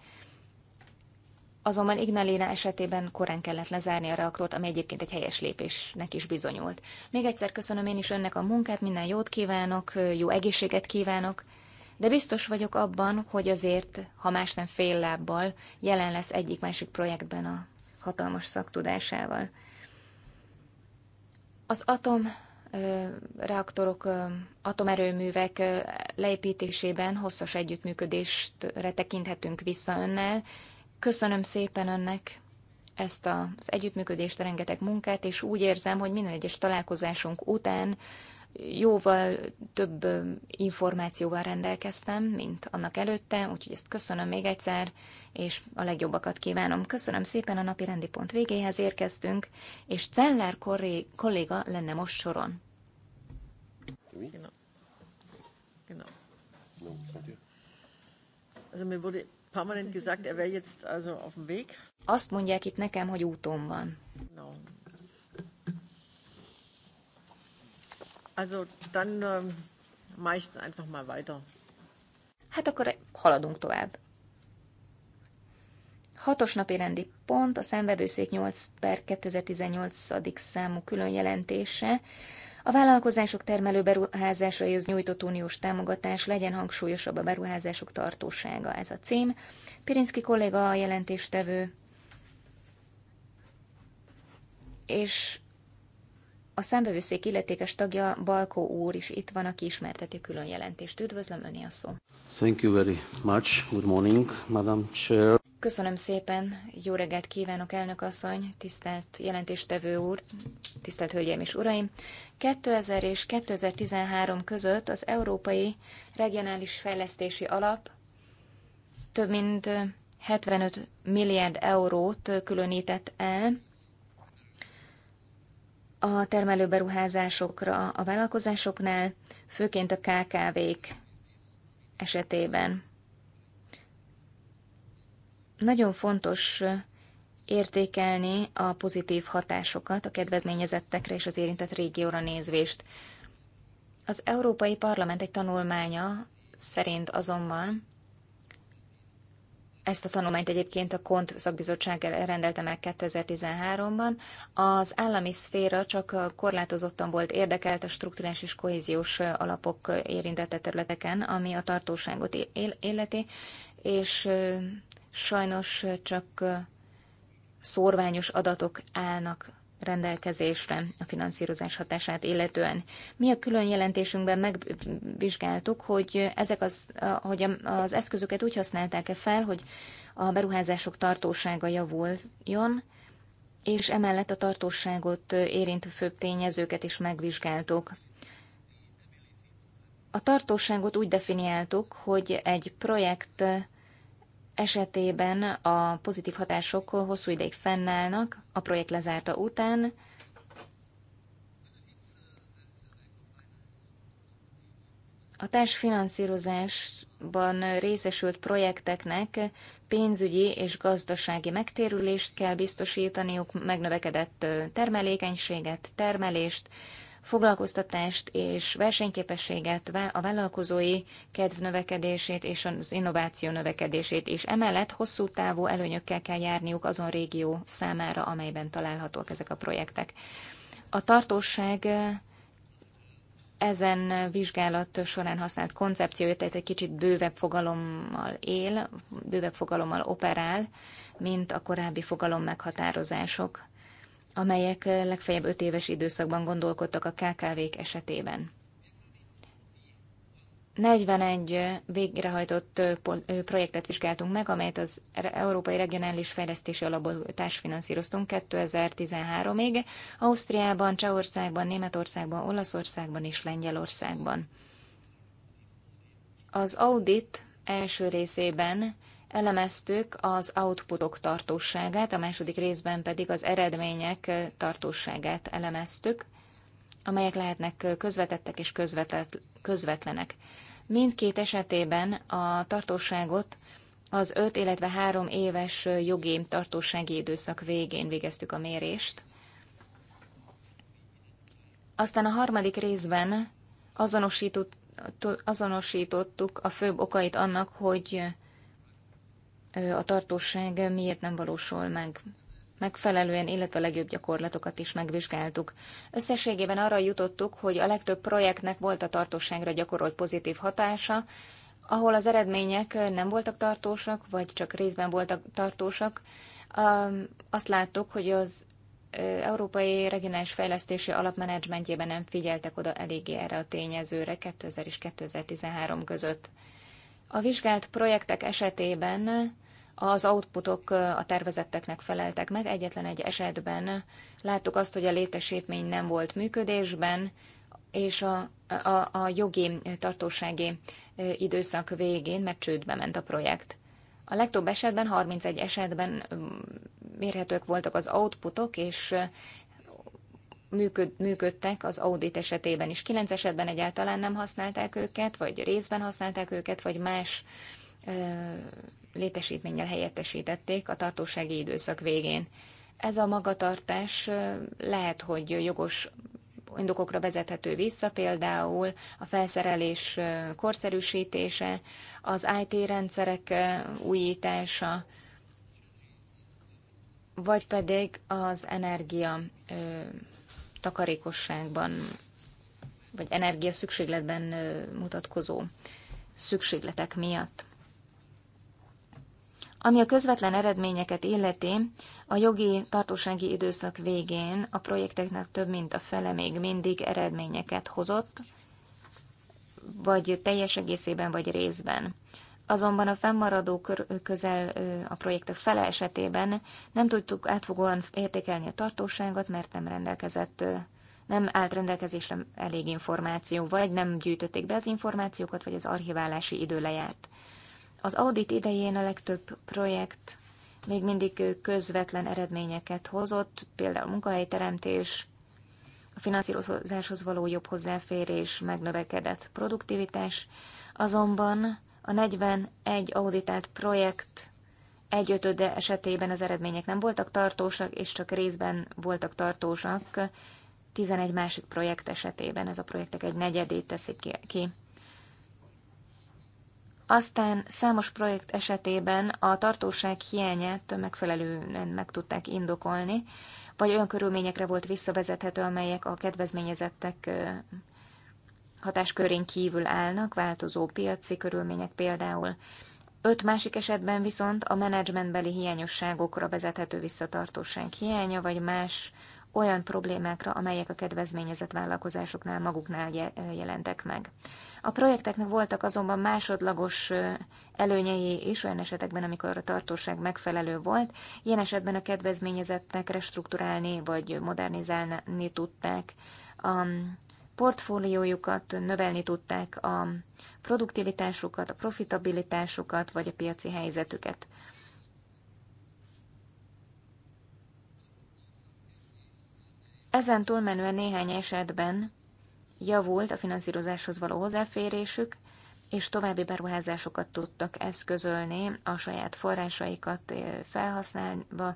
azonban Ignalina esetében korán kellett lezárni a reaktort, ami egyébként egy helyes lépésnek is bizonyult. Még egyszer köszönöm én is önnek a munkát, minden jót kívánok, jó egészséget kívánok, de biztos vagyok abban, hogy azért, ha más nem fél lábbal, jelen lesz egyik-másik projektben a hatalmas szaktudásával. Az atom reaktorok, atomerőművek leépítésében hosszas együttműködésre tekinthetünk vissza önnel. Köszönöm szépen önnek ezt az együttműködést, rengeteg munkát, és úgy érzem, hogy minden egyes találkozásunk után jóval több információval rendelkeztem, mint annak előtte, úgyhogy ezt köszönöm még egyszer, és a legjobbakat kívánom. Köszönöm szépen, a napi rendi pont végéhez érkeztünk, és Cellár kolléga lenne most soron. permanent gesagt, er jetzt also auf dem Weg. Azt mondják itt nekem, hogy úton van. Also dann uh, ähm, mache ich es einfach mal weiter. Hát akkor haladunk tovább. Hatos napi rendi pont, a szemvevőszék 8 per 2018. számú külön jelentése. A vállalkozások termelő beruházásaihoz nyújtott uniós támogatás legyen hangsúlyosabb a beruházások tartósága. Ez a cím. Pirinszki kolléga a jelentéstevő, és a számbevőszék illetékes tagja Balkó úr is itt van, aki ismerteti külön jelentést. Üdvözlöm, öné a szó. Thank you very much. Good morning, Madam Chair. Köszönöm szépen, jó reggelt kívánok, elnök asszony, tisztelt jelentéstevő úr, tisztelt hölgyeim és uraim. 2000 és 2013 között az Európai Regionális Fejlesztési Alap több mint 75 milliárd eurót különített el a termelőberuházásokra a vállalkozásoknál, főként a KKV-k esetében. Nagyon fontos értékelni a pozitív hatásokat a kedvezményezettekre és az érintett régióra nézvést. Az Európai Parlament egy tanulmánya szerint azonban ezt a tanulmányt egyébként a KONT szakbizottság rendelte meg 2013-ban. Az állami szféra csak korlátozottan volt érdekelt a struktúrás és kohéziós alapok érintette területeken, ami a tartóságot illeti, és sajnos csak szorványos adatok állnak rendelkezésre a finanszírozás hatását illetően. Mi a külön jelentésünkben megvizsgáltuk, hogy ezek az, hogy az eszközöket úgy használták-e fel, hogy a beruházások tartósága javuljon, és emellett a tartóságot érintő főbb tényezőket is megvizsgáltuk. A tartóságot úgy definiáltuk, hogy egy projekt esetében a pozitív hatások hosszú ideig fennállnak a projekt lezárta után, A társfinanszírozásban részesült projekteknek pénzügyi és gazdasági megtérülést kell biztosítaniuk, megnövekedett termelékenységet, termelést, foglalkoztatást és versenyképességet, a vállalkozói kedv növekedését és az innováció növekedését, és emellett hosszú távú előnyökkel kell járniuk azon régió számára, amelyben találhatók ezek a projektek. A tartóság ezen vizsgálat során használt koncepciója, tehát egy kicsit bővebb fogalommal él, bővebb fogalommal operál, mint a korábbi fogalom meghatározások amelyek eh, legfeljebb öt éves időszakban gondolkodtak a KKV-k esetében. 41 eh, végrehajtott eh, projektet vizsgáltunk meg, amelyet az Európai Regionális Fejlesztési Alapból társfinanszíroztunk 2013-ig, Ausztriában, Csehországban, Németországban, Olaszországban és Lengyelországban. Az audit első részében elemeztük az outputok tartóságát, a második részben pedig az eredmények tartóságát elemeztük, amelyek lehetnek közvetettek és közvetet, közvetlenek. Mindkét esetében a tartóságot az 5, illetve 3 éves jogi tartósági időszak végén végeztük a mérést. Aztán a harmadik részben azonosított, azonosítottuk a főbb okait annak, hogy a tartóság miért nem valósul meg. Megfelelően, illetve a legjobb gyakorlatokat is megvizsgáltuk. Összességében arra jutottuk, hogy a legtöbb projektnek volt a tartóságra gyakorolt pozitív hatása, ahol az eredmények nem voltak tartósak, vagy csak részben voltak tartósak, azt láttuk, hogy az Európai Regionális Fejlesztési Alapmenedzsmentjében nem figyeltek oda eléggé erre a tényezőre 2000 és 2013 között. A vizsgált projektek esetében az outputok a tervezetteknek feleltek meg. Egyetlen egy esetben láttuk azt, hogy a létesítmény nem volt működésben, és a, a, a jogi tartósági időszak végén, mert csődbe ment a projekt. A legtöbb esetben, 31 esetben mérhetők voltak az outputok, és működ, működtek az audit esetében is. Kilenc esetben egyáltalán nem használták őket, vagy részben használták őket, vagy más létesítménnyel helyettesítették a tartósági időszak végén. Ez a magatartás lehet, hogy jogos indokokra vezethető vissza, például a felszerelés korszerűsítése, az IT rendszerek újítása, vagy pedig az energia takarékosságban, vagy energia szükségletben mutatkozó szükségletek miatt. Ami a közvetlen eredményeket illeti, a jogi tartósági időszak végén a projekteknek több mint a fele még mindig eredményeket hozott, vagy teljes egészében, vagy részben. Azonban a fennmaradó közel a projektek fele esetében nem tudtuk átfogóan értékelni a tartóságot, mert nem rendelkezett nem állt rendelkezésre elég információ, vagy nem gyűjtötték be az információkat, vagy az archiválási idő lejárt. Az audit idején a legtöbb projekt még mindig közvetlen eredményeket hozott, például munkahelyteremtés, a finanszírozáshoz való jobb hozzáférés, megnövekedett produktivitás, azonban a 41 auditált projekt egyötöde esetében az eredmények nem voltak tartósak, és csak részben voltak tartósak 11 másik projekt esetében. Ez a projektek egy negyedét teszik ki. Aztán számos projekt esetében a tartóság hiányát megfelelően meg tudták indokolni, vagy olyan körülményekre volt visszavezethető, amelyek a kedvezményezettek hatáskörén kívül állnak, változó piaci körülmények például. Öt másik esetben viszont a menedzsmentbeli hiányosságokra vezethető visszatartóság hiánya, vagy más olyan problémákra, amelyek a kedvezményezett vállalkozásoknál maguknál jelentek meg. A projekteknek voltak azonban másodlagos előnyei is olyan esetekben, amikor a tartóság megfelelő volt. Ilyen esetben a kedvezményezettek restruktúrálni vagy modernizálni tudták a portfóliójukat, növelni tudták a produktivitásukat, a profitabilitásukat vagy a piaci helyzetüket. Ezen túlmenően néhány esetben javult a finanszírozáshoz való hozzáférésük, és további beruházásokat tudtak eszközölni a saját forrásaikat eh, felhasználva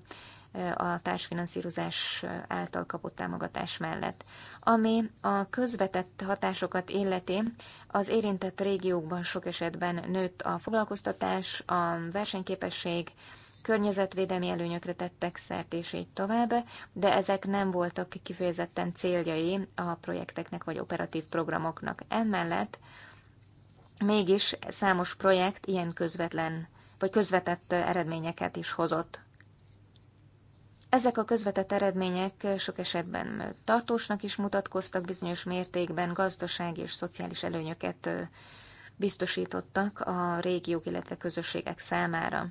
eh, a társfinanszírozás által kapott támogatás mellett. Ami a közvetett hatásokat illeti, az érintett régiókban sok esetben nőtt a foglalkoztatás, a versenyképesség, környezetvédelmi előnyökre tettek szert, és így tovább, de ezek nem voltak kifejezetten céljai a projekteknek vagy operatív programoknak. Emellett mégis számos projekt ilyen közvetlen vagy közvetett eredményeket is hozott. Ezek a közvetett eredmények sok esetben tartósnak is mutatkoztak, bizonyos mértékben gazdasági és szociális előnyöket biztosítottak a régiók, illetve közösségek számára.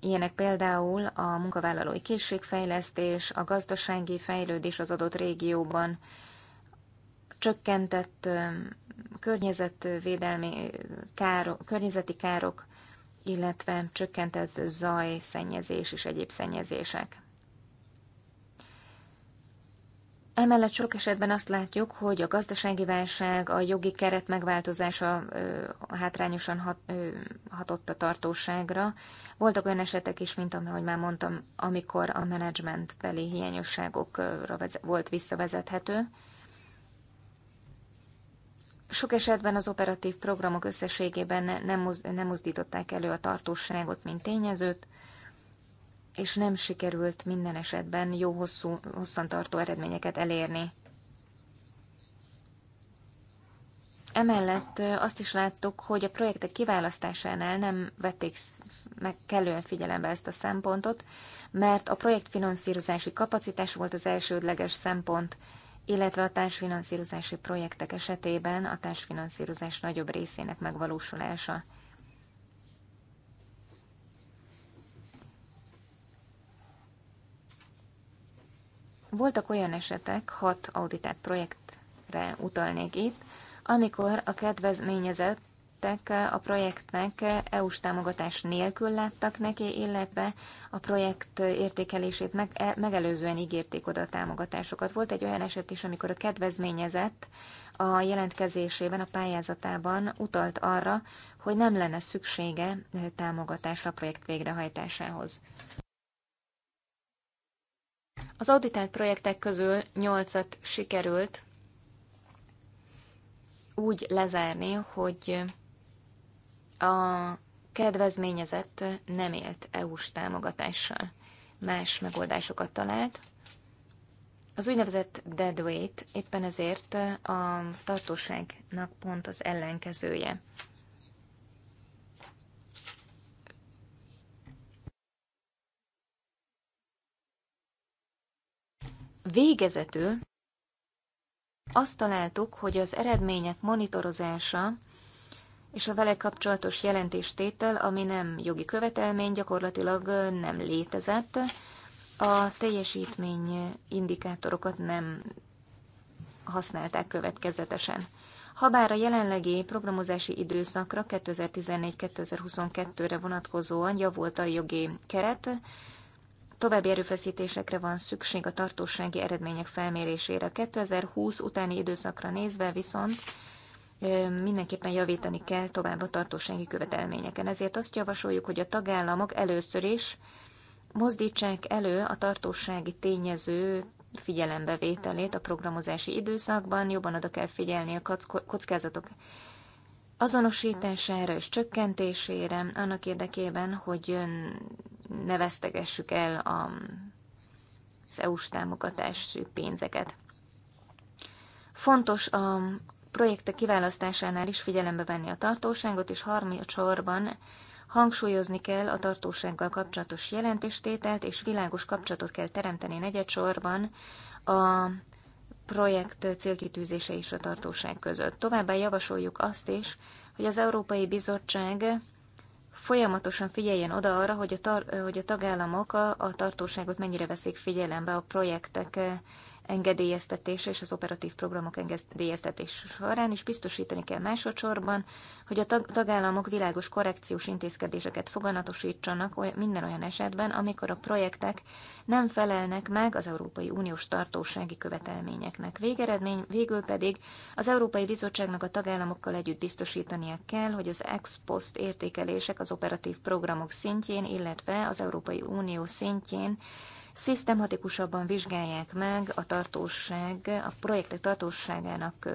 Ilyenek például a munkavállalói készségfejlesztés, a gazdasági fejlődés az adott régióban, csökkentett környezetvédelmi károk, környezeti károk, illetve csökkentett zaj, szennyezés és egyéb szennyezések. Emellett sok esetben azt látjuk, hogy a gazdasági válság, a jogi keret megváltozása hátrányosan hat, hatott a tartóságra. Voltak olyan esetek is, mint ahogy már mondtam, amikor a menedzsment beli hiányosságokra volt visszavezethető. Sok esetben az operatív programok összességében nem, nem mozdították elő a tartóságot, mint tényezőt, és nem sikerült minden esetben jó hosszú, hosszantartó eredményeket elérni. Emellett azt is láttuk, hogy a projektek kiválasztásánál nem vették meg kellően figyelembe ezt a szempontot, mert a projektfinanszírozási kapacitás volt az elsődleges szempont, illetve a társfinanszírozási projektek esetében a társfinanszírozás nagyobb részének megvalósulása. Voltak olyan esetek, hat auditált projektre utalnék itt, amikor a kedvezményezettek a projektnek EU-s támogatás nélkül láttak neki, illetve a projekt értékelését meg, e, megelőzően ígérték oda a támogatásokat. Volt egy olyan eset is, amikor a kedvezményezett a jelentkezésében, a pályázatában utalt arra, hogy nem lenne szüksége támogatásra a projekt végrehajtásához. Az auditált projektek közül 8-at sikerült úgy lezárni, hogy a kedvezményezett nem élt EU-s támogatással. Más megoldásokat talált. Az úgynevezett deadweight éppen ezért a tartóságnak pont az ellenkezője. Végezetül azt találtuk, hogy az eredmények monitorozása és a vele kapcsolatos jelentéstétel, ami nem jogi követelmény, gyakorlatilag nem létezett. A teljesítmény indikátorokat nem használták következetesen. Habár a jelenlegi programozási időszakra 2014-2022-re vonatkozóan javult a jogi keret, További erőfeszítésekre van szükség a tartósági eredmények felmérésére. 2020 utáni időszakra nézve viszont mindenképpen javítani kell tovább a tartósági követelményeken. Ezért azt javasoljuk, hogy a tagállamok először is mozdítsák elő a tartósági tényező figyelembevételét a programozási időszakban, jobban oda kell figyelni a kockázatok azonosítására és csökkentésére, annak érdekében, hogy ne vesztegessük el a, az EU-s támogatású pénzeket. Fontos a projektek kiválasztásánál is figyelembe venni a tartóságot, és harmadsorban hangsúlyozni kell a tartósággal kapcsolatos jelentéstételt, és világos kapcsolatot kell teremteni negyedsorban a projekt célkitűzése és a tartóság között. Továbbá javasoljuk azt is, hogy az Európai Bizottság folyamatosan figyeljen oda arra, hogy a, tar- hogy a tagállamok a, a tartóságot mennyire veszik figyelembe a projektek engedélyeztetése és az operatív programok engedélyeztetése során is biztosítani kell másodszorban, hogy a tagállamok világos korrekciós intézkedéseket foganatosítsanak minden olyan esetben, amikor a projektek nem felelnek meg az Európai Uniós tartósági követelményeknek. Végeredmény végül pedig az Európai Bizottságnak a tagállamokkal együtt biztosítania kell, hogy az ex post értékelések az operatív programok szintjén, illetve az Európai Unió szintjén szisztematikusabban vizsgálják meg a tartóság, a projektek tartóságának,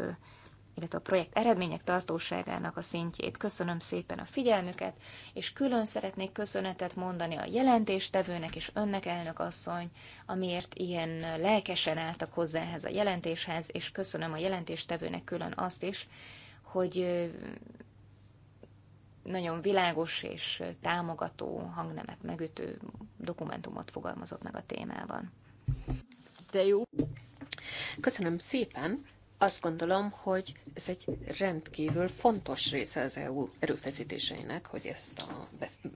illetve a projekt eredmények tartóságának a szintjét. Köszönöm szépen a figyelmüket, és külön szeretnék köszönetet mondani a jelentéstevőnek és önnek, elnök asszony, amiért ilyen lelkesen álltak hozzá ehhez a jelentéshez, és köszönöm a jelentéstevőnek külön azt is, hogy nagyon világos és támogató hangnemet megütő dokumentumot fogalmazott meg a témában. De jó. Köszönöm szépen. Azt gondolom, hogy ez egy rendkívül fontos része az EU erőfeszítéseinek, hogy ezt a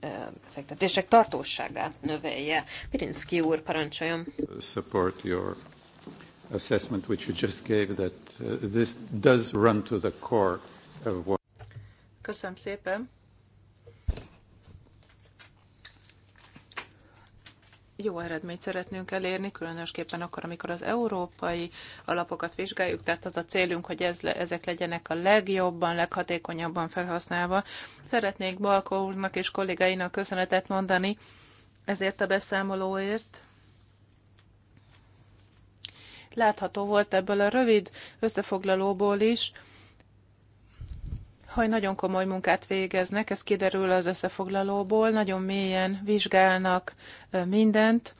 e, befektetések tartóságát növelje. Pirinszki úr, parancsoljon. Support your assessment which you just gave that uh, this does run to the core of what Köszönöm szépen. jó eredményt szeretnénk elérni, különösképpen akkor, amikor az európai alapokat vizsgáljuk, tehát az a célunk, hogy ez, ezek legyenek a legjobban, leghatékonyabban felhasználva. Szeretnék Balkó úrnak és kollégáinak köszönetet mondani ezért a beszámolóért. Látható volt ebből a rövid összefoglalóból is, hogy nagyon komoly munkát végeznek, ez kiderül az összefoglalóból, nagyon mélyen vizsgálnak mindent,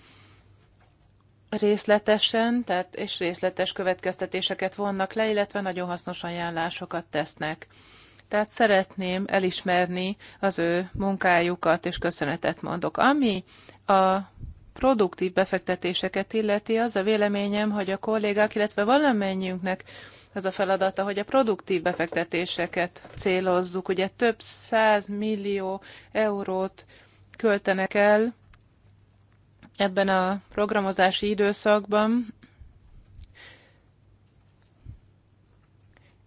részletesen, tehát és részletes következtetéseket vonnak le, illetve nagyon hasznos ajánlásokat tesznek. Tehát szeretném elismerni az ő munkájukat, és köszönetet mondok. Ami a produktív befektetéseket illeti, az a véleményem, hogy a kollégák, illetve valamennyiünknek az a feladata, hogy a produktív befektetéseket célozzuk. Ugye több száz millió eurót költenek el ebben a programozási időszakban,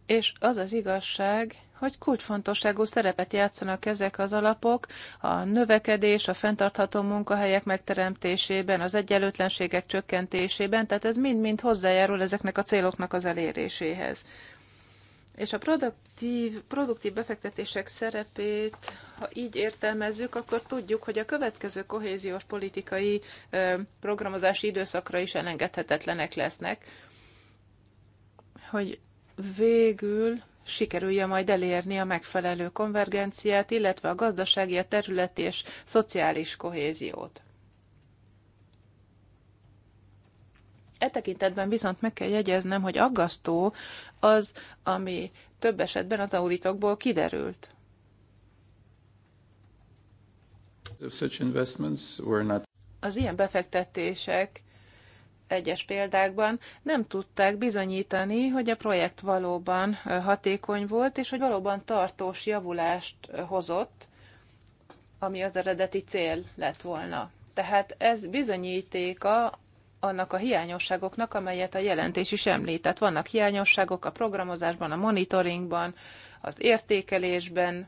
és az az igazság, hogy kulcsfontosságú szerepet játszanak ezek az alapok a növekedés, a fenntartható munkahelyek megteremtésében, az egyenlőtlenségek csökkentésében, tehát ez mind-mind hozzájárul ezeknek a céloknak az eléréséhez. És a produktív, produktív befektetések szerepét, ha így értelmezzük, akkor tudjuk, hogy a következő kohéziós politikai ö, programozási időszakra is elengedhetetlenek lesznek, hogy végül sikerülje majd elérni a megfelelő konvergenciát, illetve a gazdasági, a területi és szociális kohéziót. E tekintetben viszont meg kell jegyeznem, hogy aggasztó az, ami több esetben az auditokból kiderült. Az ilyen befektetések egyes példákban nem tudták bizonyítani, hogy a projekt valóban hatékony volt, és hogy valóban tartós javulást hozott, ami az eredeti cél lett volna. Tehát ez bizonyítéka annak a hiányosságoknak, amelyet a jelentés is említett. Vannak hiányosságok a programozásban, a monitoringban, az értékelésben,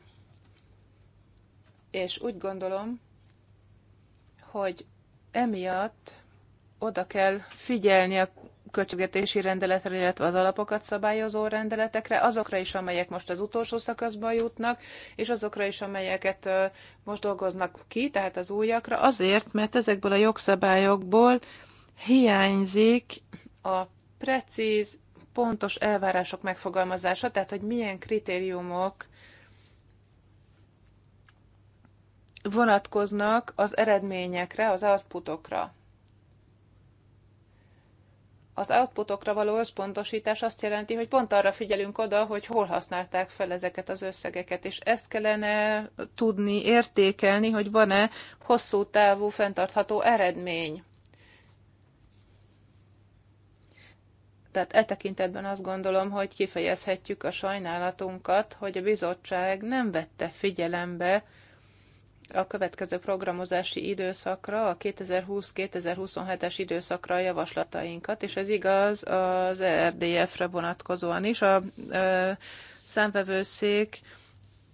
és úgy gondolom, hogy emiatt oda kell figyelni a költségvetési rendeletre, illetve az alapokat szabályozó rendeletekre, azokra is, amelyek most az utolsó szakaszba jutnak, és azokra is, amelyeket most dolgoznak ki, tehát az újakra, azért, mert ezekből a jogszabályokból hiányzik a precíz, pontos elvárások megfogalmazása, tehát hogy milyen kritériumok vonatkoznak az eredményekre, az outputokra. Az outputokra való összpontosítás azt jelenti, hogy pont arra figyelünk oda, hogy hol használták fel ezeket az összegeket, és ezt kellene tudni, értékelni, hogy van-e hosszú távú fenntartható eredmény. Tehát e tekintetben azt gondolom, hogy kifejezhetjük a sajnálatunkat, hogy a bizottság nem vette figyelembe a következő programozási időszakra, a 2020-2027-es időszakra a javaslatainkat, és ez igaz az ERDF-re vonatkozóan is. A ö, számvevőszék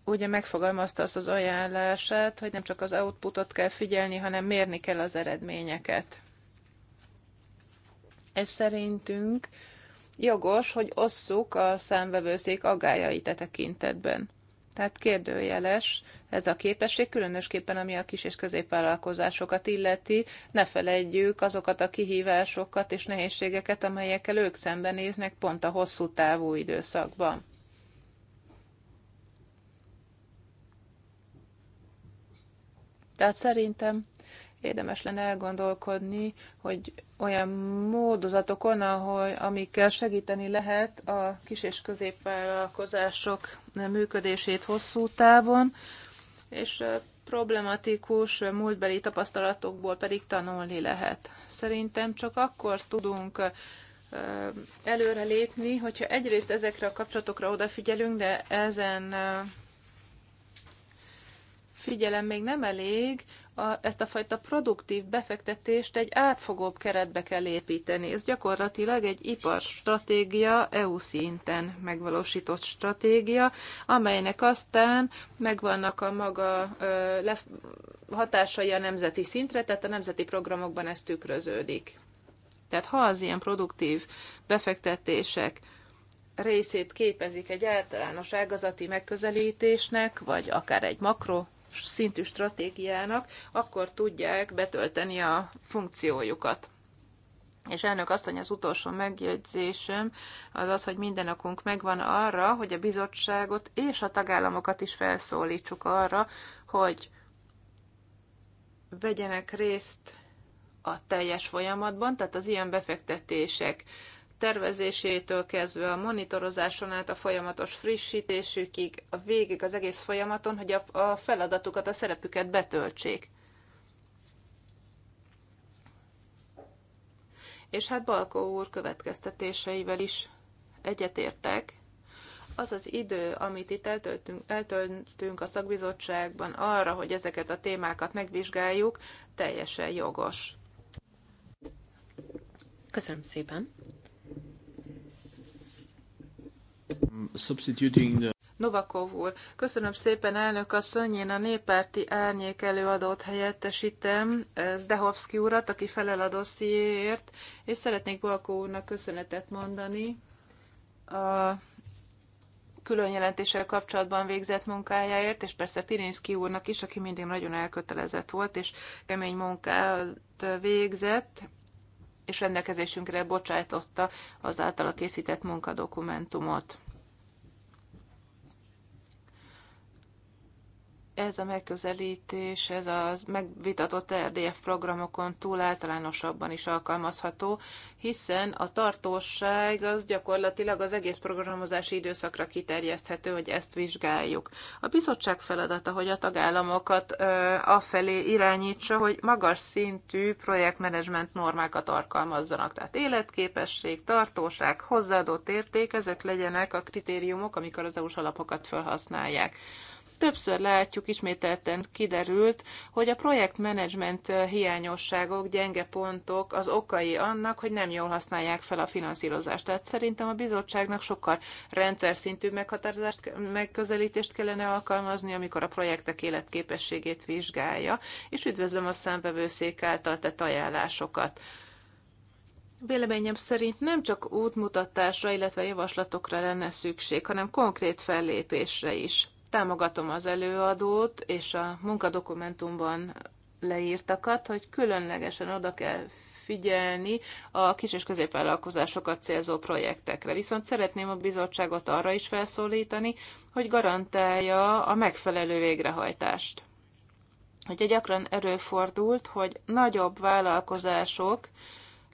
ugye megfogalmazta azt az ajánlását, hogy nem csak az outputot kell figyelni, hanem mérni kell az eredményeket. Ez szerintünk jogos, hogy osszuk a számvevőszék agályait a e tekintetben. Tehát kérdőjeles ez a képesség, különösképpen ami a kis és középvállalkozásokat illeti. Ne felejtjük azokat a kihívásokat és nehézségeket, amelyekkel ők szembenéznek pont a hosszú távú időszakban. Tehát szerintem érdemes lenne elgondolkodni, hogy olyan módozatokon, ahol, amikkel segíteni lehet a kis- és középvállalkozások működését hosszú távon, és problematikus múltbeli tapasztalatokból pedig tanulni lehet. Szerintem csak akkor tudunk előre lépni, hogyha egyrészt ezekre a kapcsolatokra odafigyelünk, de ezen figyelem még nem elég, a, ezt a fajta produktív befektetést egy átfogóbb keretbe kell építeni. Ez gyakorlatilag egy iparstratégia EU szinten megvalósított stratégia, amelynek aztán megvannak a maga ö, le, hatásai a nemzeti szintre, tehát a nemzeti programokban ez tükröződik. Tehát ha az ilyen produktív befektetések részét képezik egy általános ágazati megközelítésnek, vagy akár egy makro szintű stratégiának, akkor tudják betölteni a funkciójukat. És elnök mondja, az utolsó megjegyzésem az az, hogy minden okunk megvan arra, hogy a bizottságot és a tagállamokat is felszólítsuk arra, hogy vegyenek részt a teljes folyamatban, tehát az ilyen befektetések tervezésétől kezdve a monitorozáson át a folyamatos frissítésükig, a végig az egész folyamaton, hogy a, a feladatukat, a szerepüket betöltsék. És hát Balkó úr következtetéseivel is egyetértek. Az az idő, amit itt eltöltünk, eltöltünk a szakbizottságban arra, hogy ezeket a témákat megvizsgáljuk, teljesen jogos. Köszönöm szépen! substituting the... Novakov úr. Köszönöm szépen, elnök asszony, én a néppárti árnyék előadót helyettesítem, Zdehovszki urat, aki felel a dossziéért, és szeretnék Balkó úrnak köszönetet mondani a külön kapcsolatban végzett munkájáért, és persze Pirinszki úrnak is, aki mindig nagyon elkötelezett volt, és kemény munkát végzett, és rendelkezésünkre bocsájtotta az általa készített munkadokumentumot. ez a megközelítés, ez a megvitatott RDF programokon túl általánosabban is alkalmazható, hiszen a tartóság az gyakorlatilag az egész programozási időszakra kiterjeszthető, hogy ezt vizsgáljuk. A bizottság feladata, hogy a tagállamokat ö, afelé irányítsa, hogy magas szintű projektmenedzsment normákat alkalmazzanak. Tehát életképesség, tartóság, hozzáadott érték, ezek legyenek a kritériumok, amikor az EU-s alapokat felhasználják többször látjuk, ismételten kiderült, hogy a projektmenedzsment eh, hiányosságok, gyenge pontok az okai annak, hogy nem jól használják fel a finanszírozást. Tehát szerintem a bizottságnak sokkal rendszer szintű meghatározást, megközelítést kellene alkalmazni, amikor a projektek életképességét vizsgálja, és üdvözlöm a számbevőszék által tett ajánlásokat. Véleményem szerint nem csak útmutatásra, illetve javaslatokra lenne szükség, hanem konkrét fellépésre is támogatom az előadót és a munkadokumentumban leírtakat, hogy különlegesen oda kell figyelni a kis- és középvállalkozásokat célzó projektekre. Viszont szeretném a bizottságot arra is felszólítani, hogy garantálja a megfelelő végrehajtást. Ugye gyakran erőfordult, hogy nagyobb vállalkozások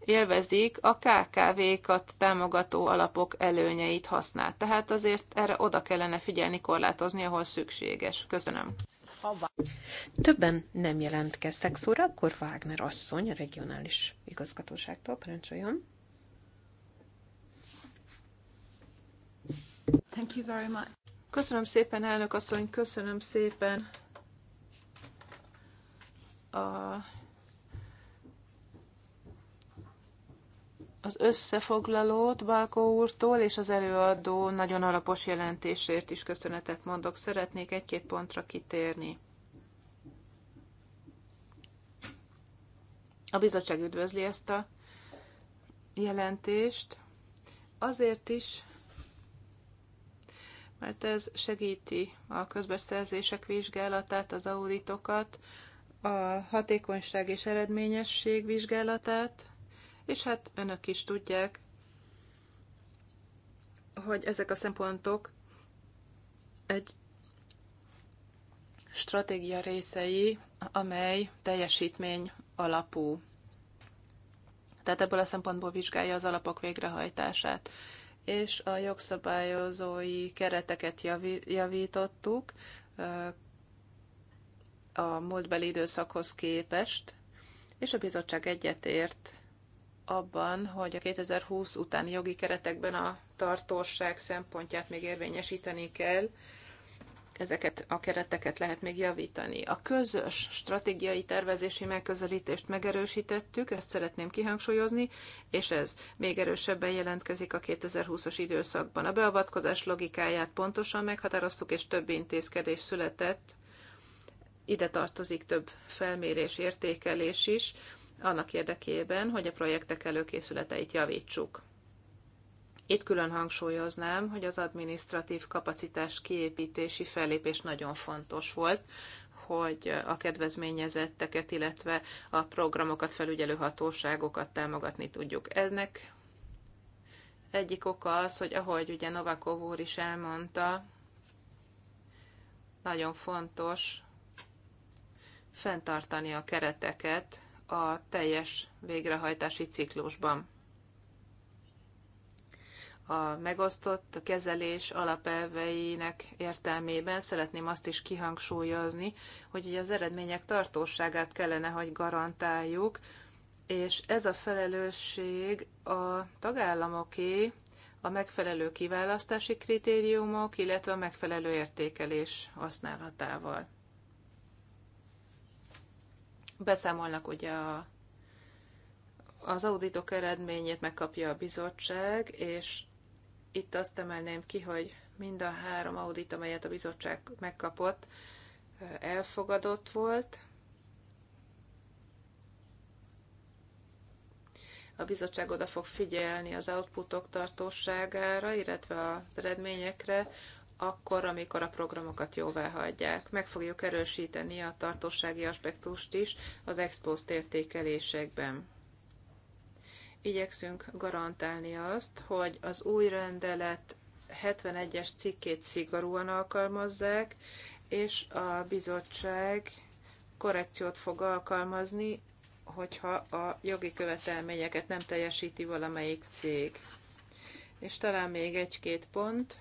élvezik a KKV-kat támogató alapok előnyeit használ. Tehát azért erre oda kellene figyelni, korlátozni, ahol szükséges. Köszönöm. Többen nem jelentkeztek szóra, akkor Wagner asszony a regionális igazgatóságtól parancsoljon. Thank you very much. Köszönöm szépen, elnök asszony, köszönöm szépen a az összefoglalót Balkó úrtól és az előadó nagyon alapos jelentésért is köszönetet mondok. Szeretnék egy-két pontra kitérni. A bizottság üdvözli ezt a jelentést. Azért is, mert ez segíti a közbeszerzések vizsgálatát, az auditokat, a hatékonyság és eredményesség vizsgálatát, és hát önök is tudják, hogy ezek a szempontok egy stratégia részei, amely teljesítmény alapú. Tehát ebből a szempontból vizsgálja az alapok végrehajtását. És a jogszabályozói kereteket javítottuk a múltbeli időszakhoz képest, és a bizottság egyetért abban, hogy a 2020 utáni jogi keretekben a tartóság szempontját még érvényesíteni kell, ezeket a kereteket lehet még javítani. A közös stratégiai tervezési megközelítést megerősítettük, ezt szeretném kihangsúlyozni, és ez még erősebben jelentkezik a 2020-as időszakban. A beavatkozás logikáját pontosan meghatároztuk, és több intézkedés született. Ide tartozik több felmérés, értékelés is, annak érdekében, hogy a projektek előkészületeit javítsuk. Itt külön hangsúlyoznám, hogy az administratív kapacitás kiépítési fellépés nagyon fontos volt, hogy a kedvezményezetteket, illetve a programokat felügyelő hatóságokat támogatni tudjuk. Ennek egyik oka az, hogy ahogy ugye Novakov úr is elmondta, nagyon fontos fenntartani a kereteket, a teljes végrehajtási ciklusban. A megosztott a kezelés alapelveinek értelmében szeretném azt is kihangsúlyozni, hogy az eredmények tartóságát kellene, hogy garantáljuk, és ez a felelősség a tagállamoké, a megfelelő kiválasztási kritériumok, illetve a megfelelő értékelés használatával beszámolnak ugye a, az auditok eredményét megkapja a bizottság, és itt azt emelném ki, hogy mind a három audit, amelyet a bizottság megkapott, elfogadott volt. A bizottság oda fog figyelni az outputok tartóságára, illetve az eredményekre, akkor, amikor a programokat jóvá hagyják. Meg fogjuk erősíteni a tartósági aspektust is az expost értékelésekben. Igyekszünk garantálni azt, hogy az új rendelet 71-es cikkét szigorúan alkalmazzák, és a bizottság korrekciót fog alkalmazni, hogyha a jogi követelményeket nem teljesíti valamelyik cég. És talán még egy-két pont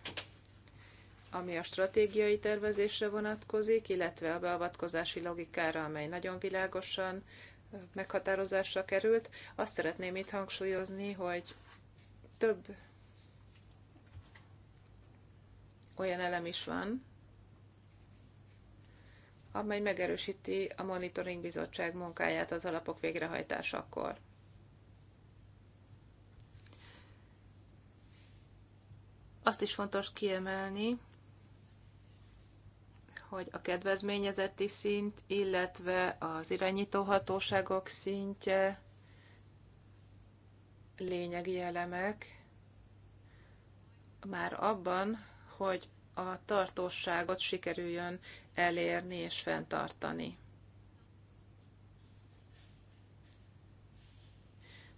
ami a stratégiai tervezésre vonatkozik, illetve a beavatkozási logikára, amely nagyon világosan meghatározásra került. Azt szeretném itt hangsúlyozni, hogy több olyan elem is van, amely megerősíti a Monitoring Bizottság munkáját az alapok végrehajtásakor. Azt is fontos kiemelni, hogy a kedvezményezeti szint, illetve az irányítóhatóságok szintje lényegi elemek már abban, hogy a tartóságot sikerüljön elérni és fenntartani.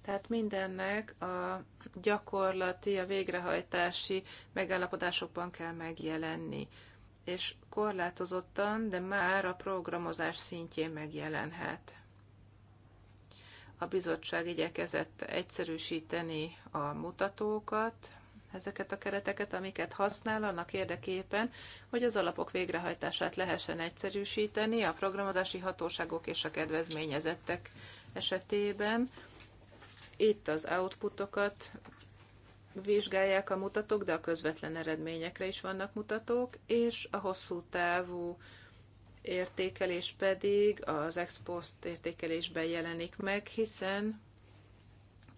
Tehát mindennek a gyakorlati, a végrehajtási megállapodásokban kell megjelenni. És korlátozottan, de már a programozás szintjén megjelenhet. A bizottság igyekezett egyszerűsíteni a mutatókat, ezeket a kereteket, amiket használ annak érdekében, hogy az alapok végrehajtását lehessen egyszerűsíteni a programozási hatóságok és a kedvezményezettek esetében. Itt az outputokat vizsgálják a mutatók, de a közvetlen eredményekre is vannak mutatók, és a hosszú távú értékelés pedig az ex post értékelésben jelenik meg, hiszen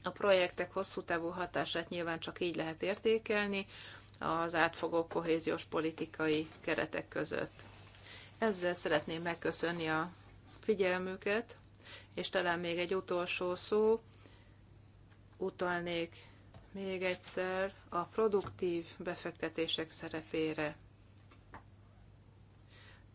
a projektek hosszú távú hatását nyilván csak így lehet értékelni az átfogó kohéziós politikai keretek között. Ezzel szeretném megköszönni a figyelmüket, és talán még egy utolsó szó utalnék még egyszer a produktív befektetések szerepére.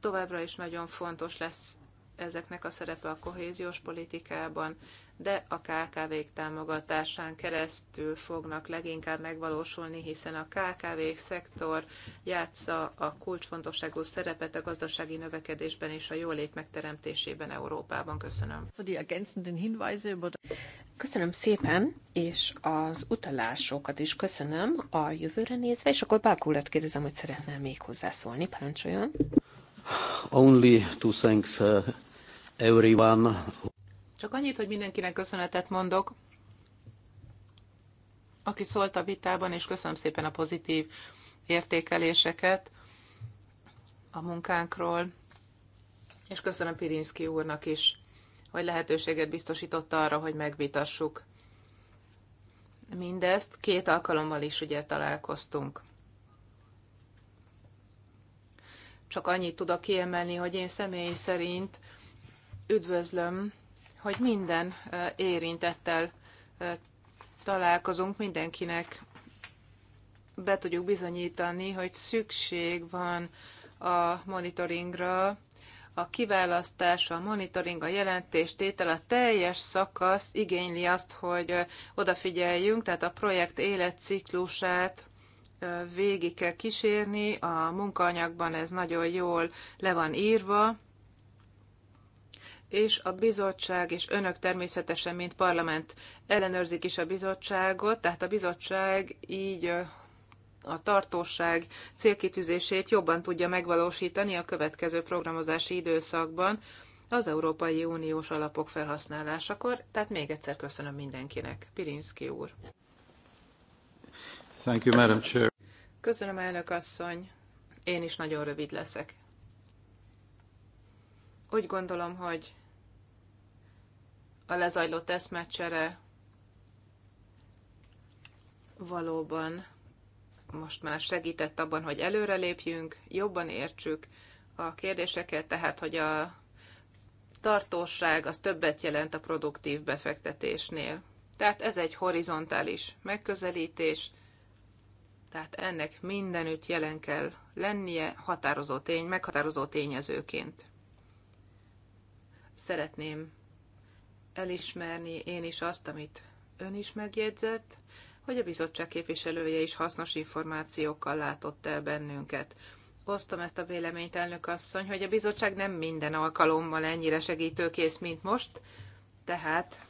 Továbbra is nagyon fontos lesz ezeknek a szerepe a kohéziós politikában, de a KKV-k támogatásán keresztül fognak leginkább megvalósulni, hiszen a KKV szektor játsza a kulcsfontosságú szerepet a gazdasági növekedésben és a jólét megteremtésében Európában. Köszönöm. Köszönöm szépen, és az utalásokat is köszönöm a jövőre nézve, és akkor Bákulat kérdezem, hogy szeretnél még hozzászólni, parancsoljon. Only to thanks uh, everyone. Csak annyit, hogy mindenkinek köszönetet mondok, aki szólt a vitában, és köszönöm szépen a pozitív értékeléseket a munkánkról, és köszönöm Pirinszki úrnak is, hogy lehetőséget biztosított arra, hogy megvitassuk mindezt. Két alkalommal is ugye találkoztunk. csak annyit tudok kiemelni, hogy én személy szerint üdvözlöm, hogy minden érintettel találkozunk, mindenkinek be tudjuk bizonyítani, hogy szükség van a monitoringra, a kiválasztás, a monitoring, a jelentéstétel, a teljes szakasz igényli azt, hogy odafigyeljünk, tehát a projekt életciklusát végig kell kísérni, a munkaanyagban ez nagyon jól le van írva, és a bizottság, és önök természetesen, mint parlament ellenőrzik is a bizottságot, tehát a bizottság így a tartóság célkitűzését jobban tudja megvalósítani a következő programozási időszakban az Európai Uniós alapok felhasználásakor. Tehát még egyszer köszönöm mindenkinek. Pirinszki úr. Thank you, Madam Chair. Köszönöm, elnök asszony. Én is nagyon rövid leszek. Úgy gondolom, hogy a lezajlott eszmecsere valóban most már segített abban, hogy előrelépjünk, jobban értsük a kérdéseket, tehát hogy a tartóság az többet jelent a produktív befektetésnél. Tehát ez egy horizontális megközelítés, tehát ennek mindenütt jelen kell lennie határozó tény, meghatározó tényezőként. Szeretném elismerni én is azt, amit ön is megjegyzett, hogy a bizottság képviselője is hasznos információkkal látott el bennünket. Osztom ezt a véleményt, elnök asszony, hogy a bizottság nem minden alkalommal ennyire segítőkész, mint most, tehát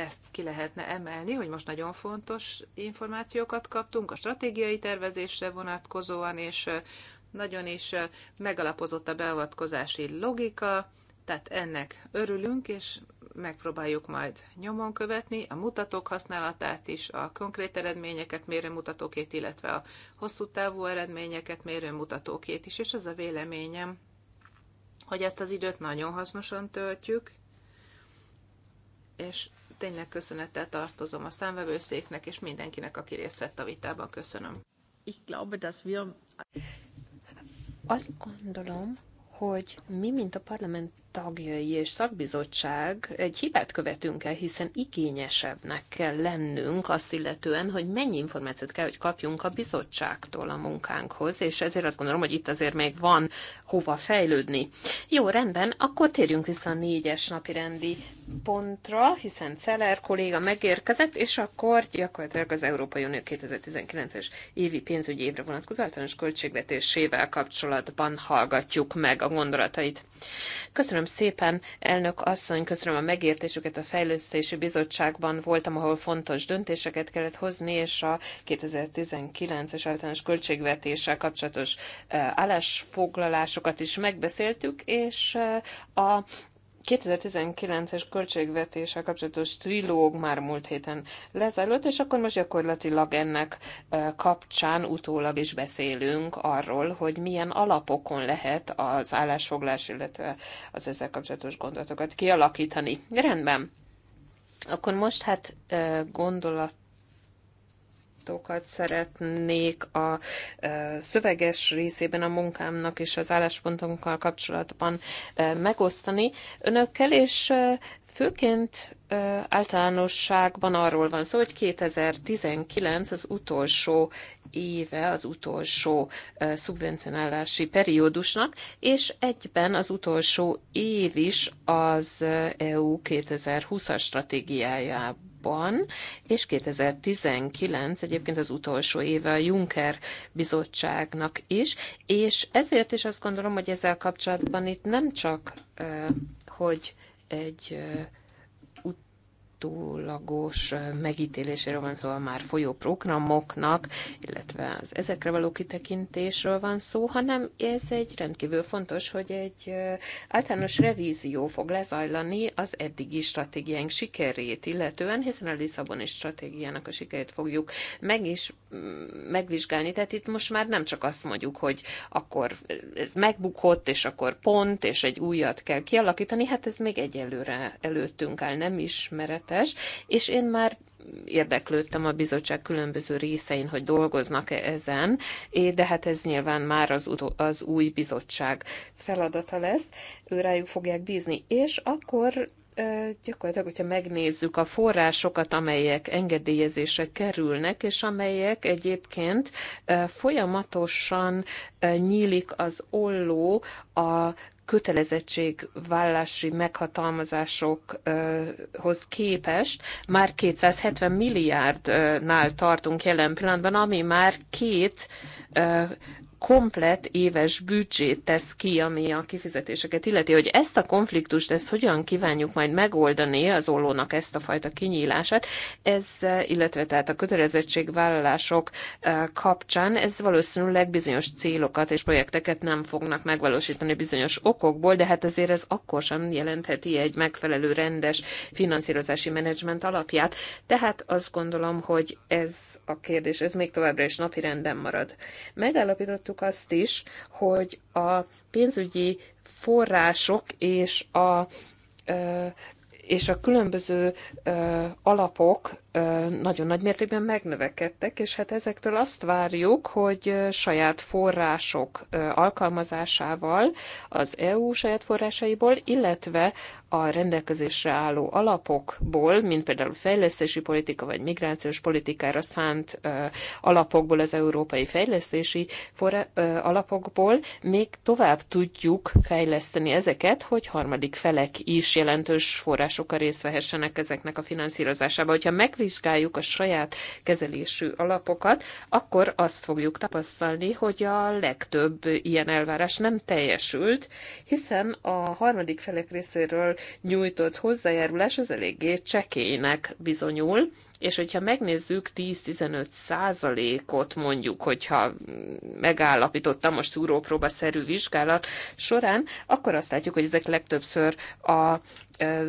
ezt ki lehetne emelni, hogy most nagyon fontos információkat kaptunk a stratégiai tervezésre vonatkozóan, és nagyon is megalapozott a beavatkozási logika, tehát ennek örülünk, és megpróbáljuk majd nyomon követni a mutatók használatát is, a konkrét eredményeket mérő mutatókét, illetve a hosszú távú eredményeket mérő mutatókét is, és az a véleményem, hogy ezt az időt nagyon hasznosan töltjük, és tényleg köszönettel tartozom a számvevőszéknek és mindenkinek, aki részt vett a vitában. Köszönöm. Ich glaube, dass wir... Azt gondolom, hogy mi, mint a parlament tagjai és szakbizottság egy hibát követünk el, hiszen igényesebbnek kell lennünk azt illetően, hogy mennyi információt kell, hogy kapjunk a bizottságtól a munkánkhoz, és ezért azt gondolom, hogy itt azért még van hova fejlődni. Jó, rendben, akkor térjünk vissza a négyes napi rendi pontra, hiszen Celer kolléga megérkezett, és akkor gyakorlatilag az Európai Unió 2019-es évi pénzügyi évre vonatkozó általános költségvetésével kapcsolatban hallgatjuk meg a gondolatait. Köszönöm Köszönöm szépen, elnök asszony, köszönöm a megértésüket a Fejlesztési Bizottságban. Voltam, ahol fontos döntéseket kellett hozni, és a 2019-es általános költségvetéssel kapcsolatos eh, állásfoglalásokat is megbeszéltük, és eh, a 2019-es költségvetéssel kapcsolatos trilóg már múlt héten lezajlott, és akkor most gyakorlatilag ennek kapcsán utólag is beszélünk arról, hogy milyen alapokon lehet az állásfoglás, illetve az ezzel kapcsolatos gondolatokat kialakítani. Rendben. Akkor most hát gondolat hallgatókat szeretnék a szöveges részében a munkámnak és az álláspontunkkal kapcsolatban megosztani önökkel, és főként általánosságban arról van szó, hogy 2019 az utolsó éve az utolsó szubvencionálási periódusnak, és egyben az utolsó év is az EU 2020-as stratégiájában ban és 2019 egyébként az utolsó éve a Juncker bizottságnak is, és ezért is azt gondolom, hogy ezzel kapcsolatban itt nem csak, hogy egy utólagos megítélésére van szó a már folyó programoknak, illetve az ezekre való kitekintésről van szó, hanem ez egy rendkívül fontos, hogy egy általános revízió fog lezajlani az eddigi stratégiánk sikerét illetően, hiszen a Lisszaboni stratégiának a sikerét fogjuk meg is mm, megvizsgálni. Tehát itt most már nem csak azt mondjuk, hogy akkor ez megbukott, és akkor pont, és egy újat kell kialakítani, hát ez még egyelőre előttünk áll, nem ismeret képes, és én már érdeklődtem a bizottság különböző részein, hogy dolgoznak-e ezen, de hát ez nyilván már az, az új bizottság feladata lesz, ő rájuk fogják bízni, és akkor gyakorlatilag, hogyha megnézzük a forrásokat, amelyek engedélyezésre kerülnek, és amelyek egyébként folyamatosan nyílik az olló a kötelezettségvállási meghatalmazásokhoz képest már 270 milliárdnál tartunk jelen pillanatban, ami már két komplet éves büdzsét tesz ki, ami a kifizetéseket illeti, hogy ezt a konfliktust, ezt hogyan kívánjuk majd megoldani az ollónak ezt a fajta kinyílását, ez, illetve tehát a kötelezettségvállalások eh, kapcsán, ez valószínűleg bizonyos célokat és projekteket nem fognak megvalósítani bizonyos okokból, de hát azért ez akkor sem jelentheti egy megfelelő rendes finanszírozási menedzsment alapját. Tehát azt gondolom, hogy ez a kérdés, ez még továbbra is napi renden marad. Megállapított láttuk azt is, hogy a pénzügyi források és a, és a különböző alapok nagyon nagy mértékben megnövekedtek, és hát ezektől azt várjuk, hogy saját források alkalmazásával, az EU saját forrásaiból, illetve a rendelkezésre álló alapokból, mint például fejlesztési politika vagy migrációs politikára szánt alapokból, az európai fejlesztési alapokból még tovább tudjuk fejleszteni ezeket, hogy harmadik felek is jelentős forrásokkal részt vehessenek ezeknek a finanszírozásába. Hogyha meg megvizsgáljuk a saját kezelésű alapokat, akkor azt fogjuk tapasztalni, hogy a legtöbb ilyen elvárás nem teljesült, hiszen a harmadik felek részéről nyújtott hozzájárulás az eléggé csekélynek bizonyul, és hogyha megnézzük 10-15 százalékot mondjuk, hogyha megállapítottam, most szúrópróba-szerű vizsgálat során, akkor azt látjuk, hogy ezek legtöbbször a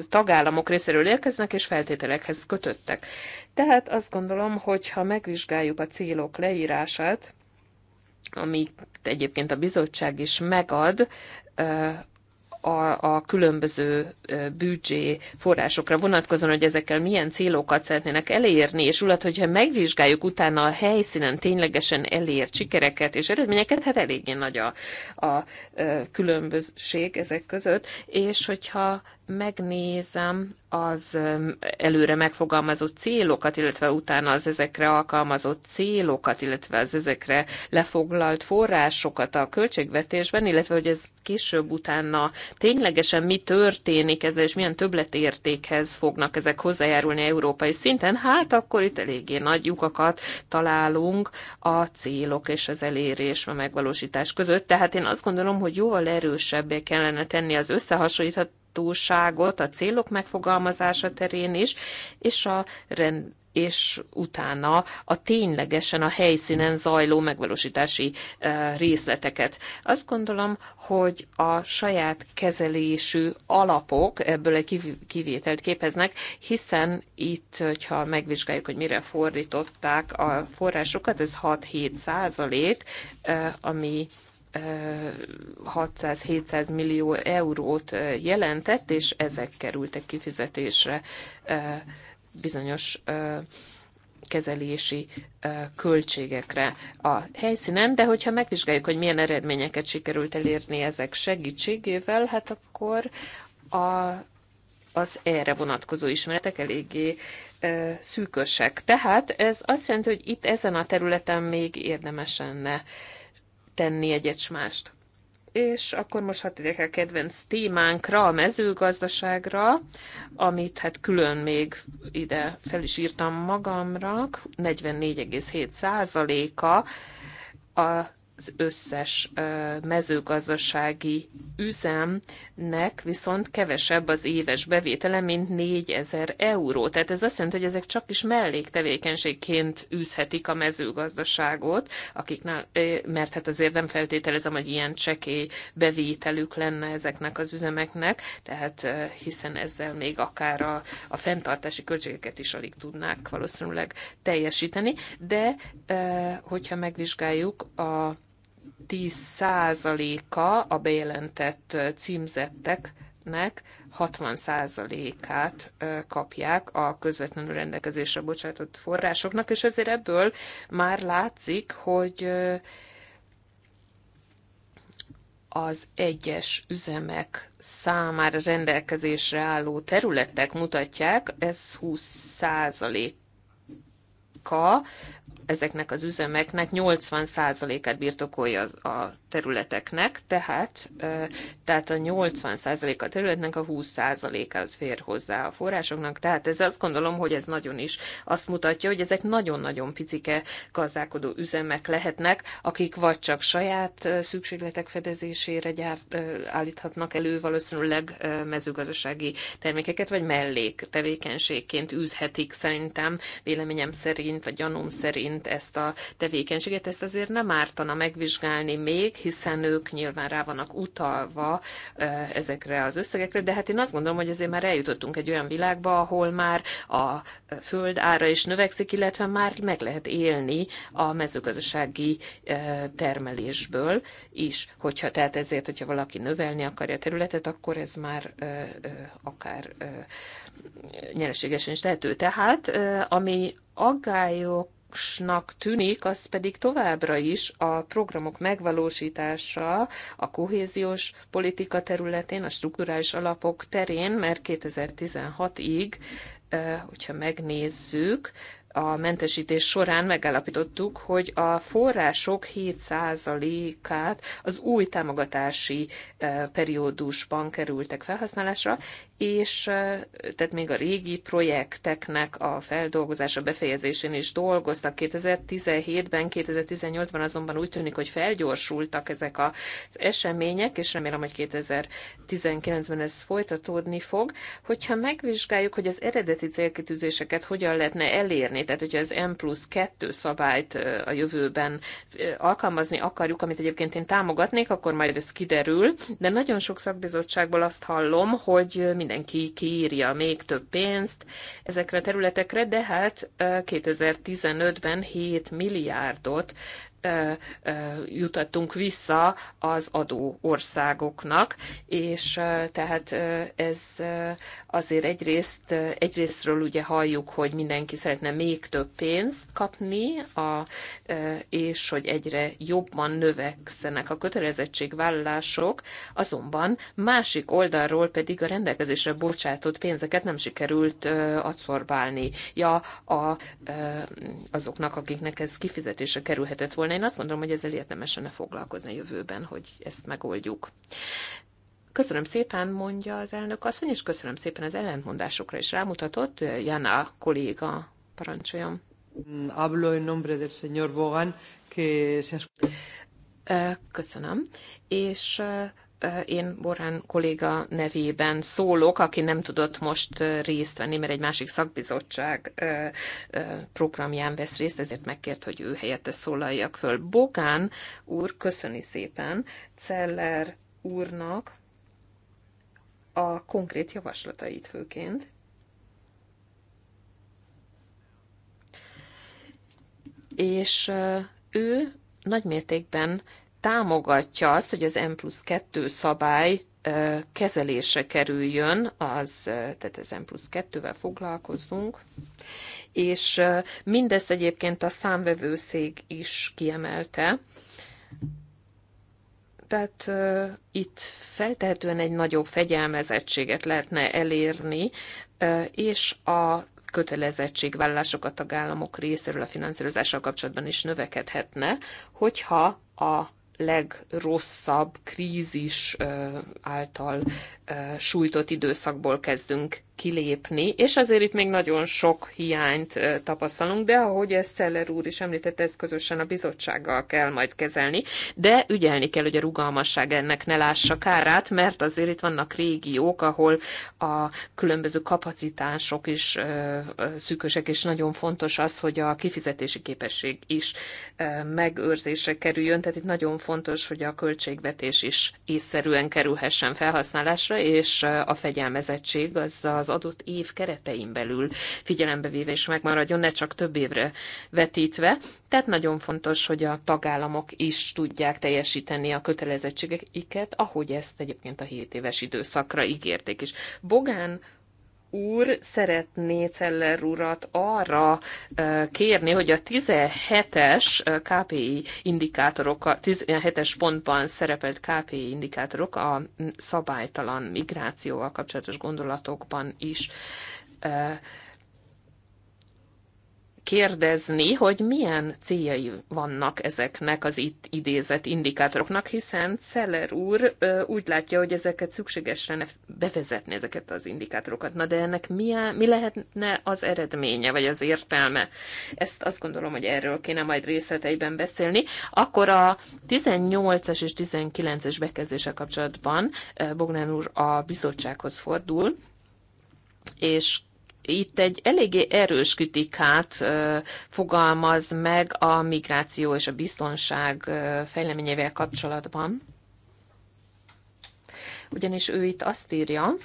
tagállamok részéről érkeznek, és feltételekhez kötöttek. Tehát azt gondolom, hogy ha megvizsgáljuk a célok leírását, amit egyébként a bizottság is megad, a, a különböző büdzsé forrásokra vonatkozóan, hogy ezekkel milyen célokat szeretnének elérni, és ulat, hogyha megvizsgáljuk utána a helyszínen ténylegesen elért sikereket és eredményeket, hát eléggé nagy a, a, a különbözség ezek között, és hogyha megnézem az előre megfogalmazott célokat, illetve utána az ezekre alkalmazott célokat, illetve az ezekre lefoglalt forrásokat a költségvetésben, illetve hogy ez később utána ténylegesen mi történik ezzel, és milyen többletértékhez fognak ezek hozzájárulni európai szinten, hát akkor itt eléggé nagy lyukakat találunk a célok és az elérés, a megvalósítás között. Tehát én azt gondolom, hogy jóval erősebbé kellene tenni az összehasonlítható átláthatóságot a célok megfogalmazása terén is, és a rend és utána a ténylegesen a helyszínen zajló megvalósítási részleteket. Azt gondolom, hogy a saját kezelésű alapok ebből egy kivételt képeznek, hiszen itt, hogyha megvizsgáljuk, hogy mire fordították a forrásokat, ez 6-7 százalék, ami 600-700 millió eurót jelentett, és ezek kerültek kifizetésre bizonyos kezelési költségekre a helyszínen, de hogyha megvizsgáljuk, hogy milyen eredményeket sikerült elérni ezek segítségével, hát akkor a, az erre vonatkozó ismeretek eléggé szűkösek. Tehát ez azt jelenti, hogy itt ezen a területen még érdemes lenne tenni egyet mást. És akkor most hát a kedvenc témánkra, a mezőgazdaságra, amit hát külön még ide fel is írtam magamra, 44,7 százaléka a az összes mezőgazdasági üzemnek viszont kevesebb az éves bevétele, mint 4000 euró. Tehát ez azt jelenti, hogy ezek csak is melléktevékenységként űzhetik a mezőgazdaságot, akiknál, mert hát azért nem feltételezem, hogy ilyen csekély bevételük lenne ezeknek az üzemeknek, tehát hiszen ezzel még akár a, a fenntartási költségeket is alig tudnák valószínűleg teljesíteni, de hogyha megvizsgáljuk a 10%-a a bejelentett címzetteknek 60%-át kapják a közvetlenül rendelkezésre bocsátott forrásoknak, és ezért ebből már látszik, hogy az egyes üzemek számára rendelkezésre álló területek mutatják, ez 20 százaléka ezeknek az üzemeknek 80%-át birtokolja a területeknek, tehát, tehát a 80% a területnek a 20%-a az fér hozzá a forrásoknak, tehát ez azt gondolom, hogy ez nagyon is azt mutatja, hogy ezek nagyon-nagyon picike gazdálkodó üzemek lehetnek, akik vagy csak saját szükségletek fedezésére gyárt, állíthatnak elő valószínűleg mezőgazdasági termékeket, vagy mellék tevékenységként üzhetik szerintem, véleményem szerint, vagy gyanúm szerint egyébként ezt a tevékenységet, ezt azért nem ártana megvizsgálni még, hiszen ők nyilván rá vannak utalva ezekre az összegekre, de hát én azt gondolom, hogy azért már eljutottunk egy olyan világba, ahol már a föld ára is növekszik, illetve már meg lehet élni a mezőgazdasági termelésből is, hogyha tehát ezért, hogyha valaki növelni akarja a területet, akkor ez már akár nyereségesen is lehető. Tehát ami aggályok fontosnak tűnik, az pedig továbbra is a programok megvalósítása a kohéziós politika területén, a strukturális alapok terén, mert 2016-ig, hogyha megnézzük, a mentesítés során megállapítottuk, hogy a források 7%-át az új támogatási periódusban kerültek felhasználásra, és tehát még a régi projekteknek a feldolgozása befejezésén is dolgoztak 2017-ben, 2018-ban azonban úgy tűnik, hogy felgyorsultak ezek az események, és remélem, hogy 2019-ben ez folytatódni fog, hogyha megvizsgáljuk, hogy az eredeti célkitűzéseket hogyan lehetne elérni, tehát hogyha az M plusz 2 szabályt a jövőben alkalmazni akarjuk, amit egyébként én támogatnék, akkor majd ez kiderül, de nagyon sok szakbizottságból azt hallom, hogy minden mindenki kiírja még több pénzt ezekre a területekre, de hát 2015-ben 7 milliárdot jutottunk vissza az adó országoknak, és tehát ez azért egyrészt, egyrésztről ugye halljuk, hogy mindenki szeretne még több pénzt kapni, a, és hogy egyre jobban növekszenek a kötelezettségvállalások, azonban másik oldalról pedig a rendelkezésre bocsátott pénzeket nem sikerült adszorbálni ja, a, azoknak, akiknek ez kifizetése kerülhetett volna, volna. Én azt gondolom, hogy ezzel érdemesene foglalkozni a jövőben, hogy ezt megoldjuk. Köszönöm szépen, mondja az elnök asszony, és köszönöm szépen az ellentmondásokra is rámutatott. Jana kolléga, parancsoljon. Hablo en nombre del señor Bogan, que se... Köszönöm. És én Borán kolléga nevében szólok, aki nem tudott most részt venni, mert egy másik szakbizottság programján vesz részt, ezért megkért, hogy ő helyette szólaljak föl. Bogán úr köszöni szépen Celler úrnak a konkrét javaslatait főként. És ő nagymértékben támogatja azt, hogy az M plusz 2 szabály kezelése kerüljön, az, tehát az M plusz 2-vel foglalkozzunk, és mindezt egyébként a számvevőszék is kiemelte, tehát uh, itt feltehetően egy nagyobb fegyelmezettséget lehetne elérni, uh, és a kötelezettségvállalások a tagállamok részéről a finanszírozással kapcsolatban is növekedhetne, hogyha a legrosszabb krízis által sújtott időszakból kezdünk kilépni, és azért itt még nagyon sok hiányt tapasztalunk, de ahogy ezt Szeller úr is említette, ezt közösen a bizottsággal kell majd kezelni, de ügyelni kell, hogy a rugalmasság ennek ne lássa kárát, mert azért itt vannak régiók, ahol a különböző kapacitások is szűkösek, és nagyon fontos az, hogy a kifizetési képesség is megőrzésre kerüljön, tehát itt nagyon fontos, hogy a költségvetés is észszerűen kerülhessen felhasználásra, és a fegyelmezettség az a az adott év keretein belül figyelembe véve is megmaradjon, ne csak több évre vetítve. Tehát nagyon fontos, hogy a tagállamok is tudják teljesíteni a kötelezettségeiket, ahogy ezt egyébként a 7 éves időszakra ígérték is. Bogán úr szeretné Celler urat arra kérni, hogy a 17-es KPI indikátorok, a 17-es pontban szerepelt KPI indikátorok a szabálytalan migrációval kapcsolatos gondolatokban is kérdezni, hogy milyen céljai vannak ezeknek az itt idézett indikátoroknak, hiszen Szeller úr úgy látja, hogy ezeket szükséges lenne bevezetni, ezeket az indikátorokat. Na de ennek milyen, mi lehetne az eredménye, vagy az értelme? Ezt azt gondolom, hogy erről kéne majd részleteiben beszélni. Akkor a 18-as és 19-es bekezdése kapcsolatban Bognán úr a bizottsághoz fordul, és itt egy eléggé erős kritikát ö, fogalmaz meg a migráció és a biztonság ö, fejleményével kapcsolatban. Ugyanis ő itt azt írja,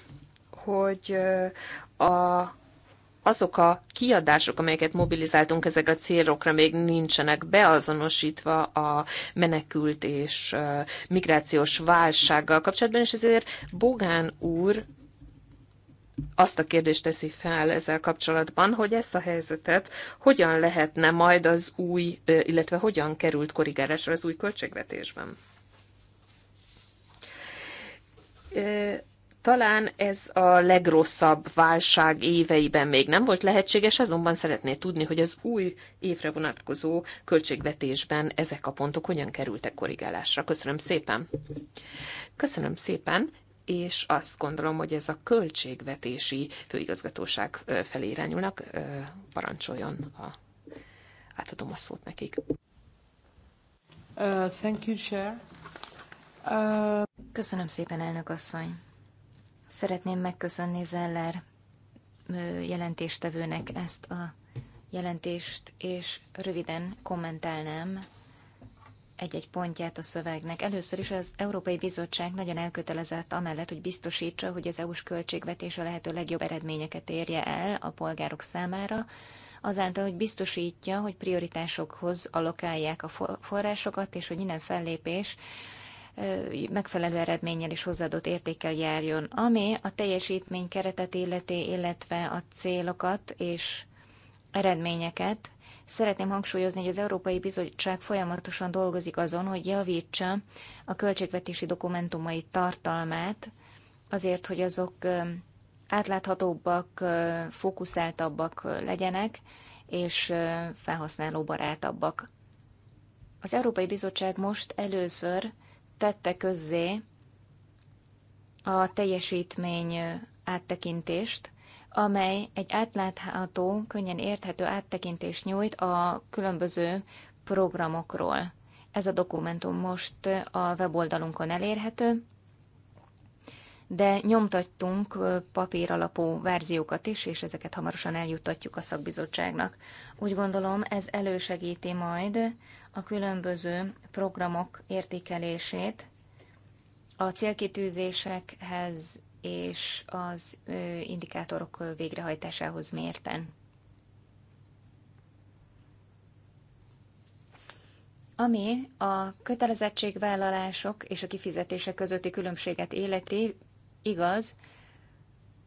hogy ö, a azok a kiadások, amelyeket mobilizáltunk ezekre a célokra, még nincsenek beazonosítva a menekült és migrációs válsággal kapcsolatban, és ezért Bogán úr azt a kérdést teszi fel ezzel kapcsolatban, hogy ezt a helyzetet hogyan lehetne majd az új, illetve hogyan került korrigálásra az új költségvetésben. Talán ez a legrosszabb válság éveiben még nem volt lehetséges, azonban szeretné tudni, hogy az új évre vonatkozó költségvetésben ezek a pontok hogyan kerültek korrigálásra. Köszönöm szépen! Köszönöm szépen, és azt gondolom, hogy ez a költségvetési főigazgatóság felé irányulnak. Parancsoljon, ha átadom a szót nekik. Uh, thank you, Chair. Uh... Köszönöm szépen, elnök asszony. Szeretném megköszönni Zeller jelentéstevőnek ezt a jelentést, és röviden kommentálnám egy-egy pontját a szövegnek. Először is az Európai Bizottság nagyon elkötelezett amellett, hogy biztosítsa, hogy az EU-s költségvetés a lehető legjobb eredményeket érje el a polgárok számára, azáltal, hogy biztosítja, hogy prioritásokhoz alokálják a forrásokat, és hogy minden fellépés megfelelő eredménnyel és hozzáadott értékkel járjon, ami a teljesítmény keretet illeti, illetve a célokat és eredményeket Szeretném hangsúlyozni, hogy az Európai Bizottság folyamatosan dolgozik azon, hogy javítsa a költségvetési dokumentumai tartalmát, azért, hogy azok átláthatóbbak, fókuszáltabbak legyenek, és felhasználóbarátabbak. Az Európai Bizottság most először tette közzé a teljesítmény áttekintést, amely egy átlátható, könnyen érthető áttekintést nyújt a különböző programokról. Ez a dokumentum most a weboldalunkon elérhető, de nyomtattunk papír alapú verziókat is, és ezeket hamarosan eljuttatjuk a szakbizottságnak. Úgy gondolom, ez elősegíti majd a különböző programok értékelését, a célkitűzésekhez és az indikátorok végrehajtásához mérten. Ami a kötelezettségvállalások és a kifizetések közötti különbséget életi, igaz,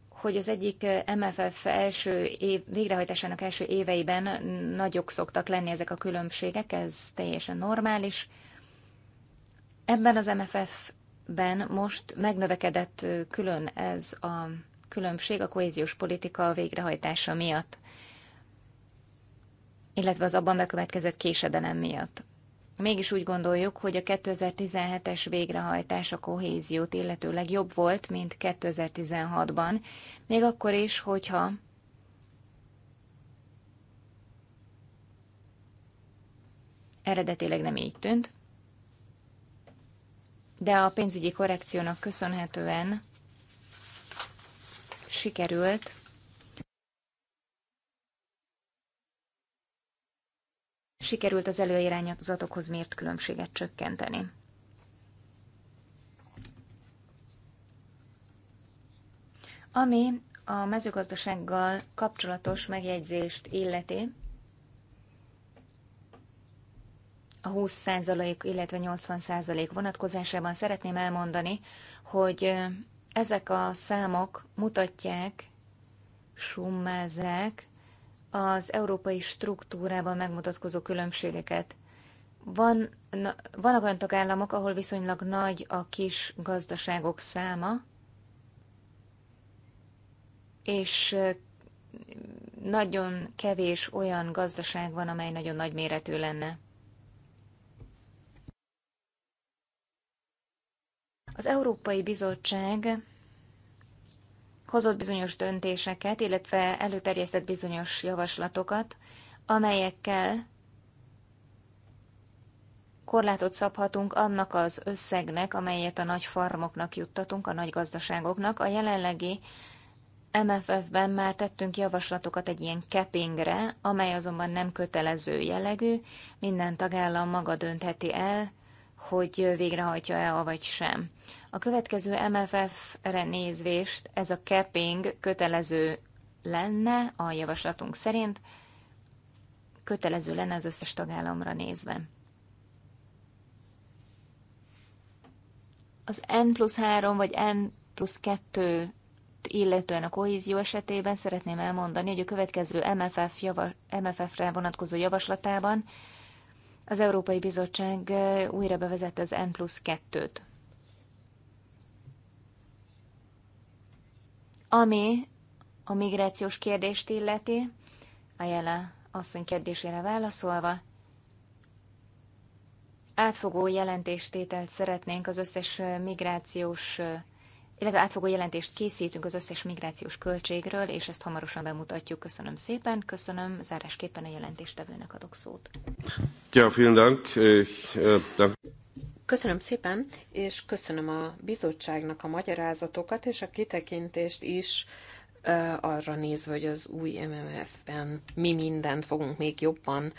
hogy az egyik MFF első év, végrehajtásának első éveiben nagyok szoktak lenni ezek a különbségek, ez teljesen normális. Ebben az MFF ben most megnövekedett külön ez a különbség a kohéziós politika végrehajtása miatt, illetve az abban bekövetkezett késedelem miatt. Mégis úgy gondoljuk, hogy a 2017-es végrehajtás a kohéziót illetőleg jobb volt, mint 2016-ban, még akkor is, hogyha eredetileg nem így tűnt de a pénzügyi korrekciónak köszönhetően sikerült sikerült az előirányzatokhoz mért különbséget csökkenteni. Ami a mezőgazdasággal kapcsolatos megjegyzést illeti, a 20% illetve 80% vonatkozásában szeretném elmondani, hogy ezek a számok mutatják, summázzák az európai struktúrában megmutatkozó különbségeket. Van, na, vannak olyan tagállamok, ahol viszonylag nagy a kis gazdaságok száma, és nagyon kevés olyan gazdaság van, amely nagyon nagy méretű lenne. Az Európai Bizottság hozott bizonyos döntéseket, illetve előterjesztett bizonyos javaslatokat, amelyekkel korlátot szabhatunk annak az összegnek, amelyet a nagy farmoknak juttatunk, a nagy gazdaságoknak. A jelenlegi MFF-ben már tettünk javaslatokat egy ilyen cappingre, amely azonban nem kötelező jellegű, minden tagállam maga döntheti el, hogy végrehajtja-e, vagy sem. A következő MFF-re nézvést ez a capping kötelező lenne a javaslatunk szerint, kötelező lenne az összes tagállamra nézve. Az N plusz 3 vagy N plusz 2 illetően a kohézió esetében szeretném elmondani, hogy a következő MFF java, MFF-re vonatkozó javaslatában az Európai Bizottság újra bevezette az N plusz 2-t. Ami a migrációs kérdést illeti, a jele asszony kérdésére válaszolva, átfogó jelentéstételt szeretnénk az összes migrációs illetve átfogó jelentést készítünk az összes migrációs költségről, és ezt hamarosan bemutatjuk. Köszönöm szépen, köszönöm, zárásképpen a jelentéstevőnek adok szót. Ja, vielen Dank. Äh, köszönöm szépen, és köszönöm a bizottságnak a magyarázatokat és a kitekintést is arra nézve, hogy az új MMF-ben mi mindent fogunk még jobban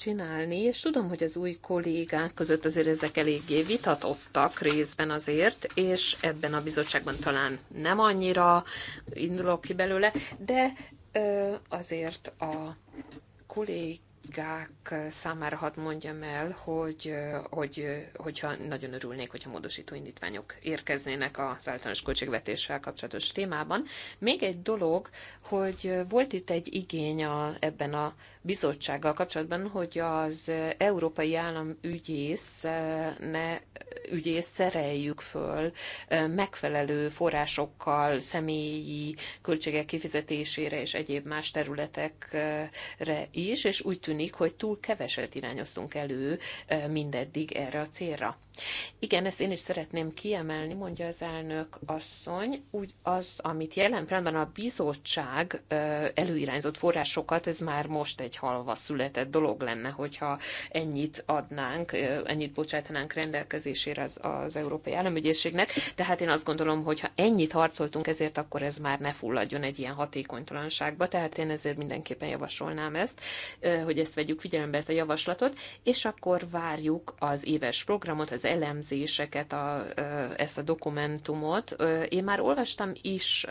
csinálni, és tudom, hogy az új kollégák között azért ezek eléggé vitatottak részben azért, és ebben a bizottságban talán nem annyira indulok ki belőle, de azért a kollégák számára hadd mondjam el, hogy, hogy, hogyha nagyon örülnék, hogyha módosító indítványok érkeznének az általános költségvetéssel kapcsolatos témában. Még egy dolog, hogy volt itt egy igény a, ebben a bizottsággal kapcsolatban, hogy az európai állam eh, ne ügyész szereljük föl eh, megfelelő forrásokkal személyi költségek kifizetésére és egyéb más területekre is, és úgy tűnik, hogy túl keveset irányoztunk elő eh, mindeddig erre a célra. Igen, ezt én is szeretném kiemelni, mondja az elnök asszony. Úgy az, amit jelen pillanatban a bizottság előirányzott forrásokat, ez már most egy halva született dolog lenne, hogyha ennyit adnánk, ennyit bocsátanánk rendelkezésére az, az Európai Államügyészségnek. Tehát én azt gondolom, hogy ha ennyit harcoltunk ezért, akkor ez már ne fulladjon egy ilyen hatékonytalanságba. Tehát én ezért mindenképpen javasolnám ezt, hogy ezt vegyük figyelembe, ezt a javaslatot, és akkor várjuk az éves programot, az elemzéseket, a, ezt a dokumentumot. Én már olvastam is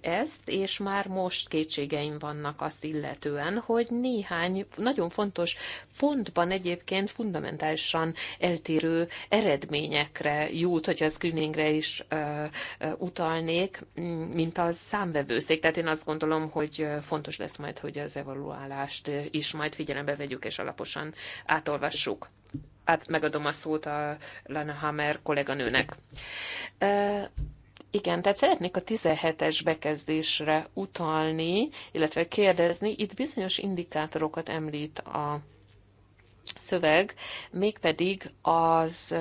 ezt, és már most kétségeim vannak azt illetően, hogy néhány nagyon fontos pontban egyébként fundamentálisan eltérő eredményekre jut, hogy az screeningre is ö, ö, utalnék, mint a számvevőszék. Tehát én azt gondolom, hogy fontos lesz majd, hogy az evaluálást is majd figyelembe vegyük és alaposan átolvassuk át megadom a szót a Lana Hammer kolléganőnek. Igen, tehát szeretnék a 17-es bekezdésre utalni, illetve kérdezni. Itt bizonyos indikátorokat említ a szöveg, mégpedig az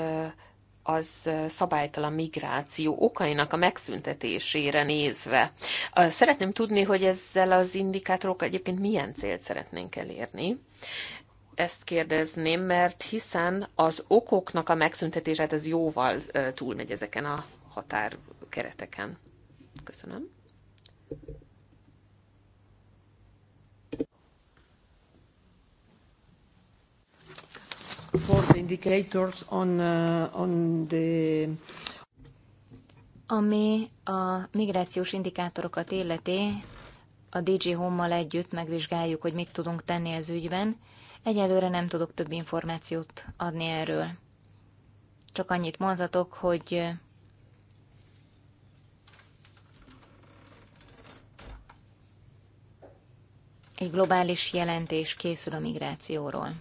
az szabálytalan migráció okainak a megszüntetésére nézve. Szeretném tudni, hogy ezzel az indikátorokkal egyébként milyen célt szeretnénk elérni ezt kérdezném, mert hiszen az okoknak a megszüntetését hát ez jóval túlmegy ezeken a határkereteken. Köszönöm. For the indicators on, uh, on the... Ami a migrációs indikátorokat illeti, a DG Home-mal együtt megvizsgáljuk, hogy mit tudunk tenni az ügyben Egyelőre nem tudok több információt adni erről. Csak annyit mondhatok, hogy egy globális jelentés készül a migrációról.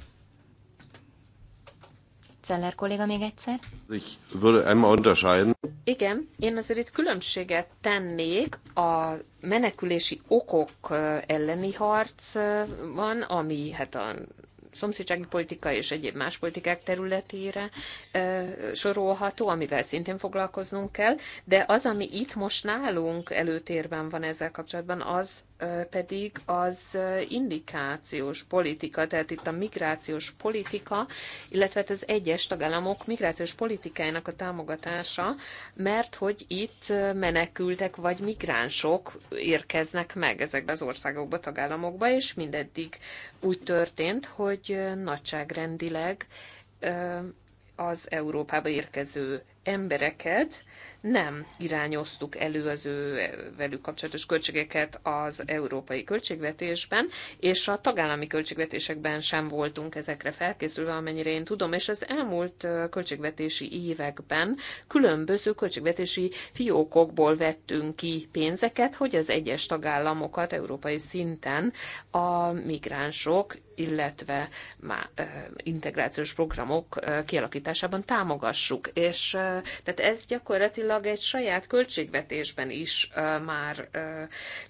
Celler kolléga még egyszer? Ich würde einmal unterscheiden. Igen, én azért itt különbséget tennék a menekülési okok elleni harcban, ami hát a szomszédsági politika és egyéb más politikák területére sorolható, amivel szintén foglalkoznunk kell, de az, ami itt most nálunk előtérben van ezzel kapcsolatban, az pedig az indikációs politika, tehát itt a migrációs politika, illetve hát az egyes tagállamok migrációs politikájának a támogatása, mert hogy itt menekültek vagy migránsok érkeznek meg ezekbe az országokba, tagállamokba, és mindeddig úgy történt, hogy nagyságrendileg az Európába érkező embereket nem irányoztuk elő az ő eh, velük kapcsolatos költségeket az európai költségvetésben, és a tagállami költségvetésekben sem voltunk ezekre felkészülve, amennyire én tudom, és az elmúlt eh, költségvetési években különböző költségvetési fiókokból vettünk ki pénzeket, hogy az egyes tagállamokat európai szinten a migránsok illetve eh, integrációs programok kialakításában támogassuk. És tehát ez gyakorlatilag egy saját költségvetésben is már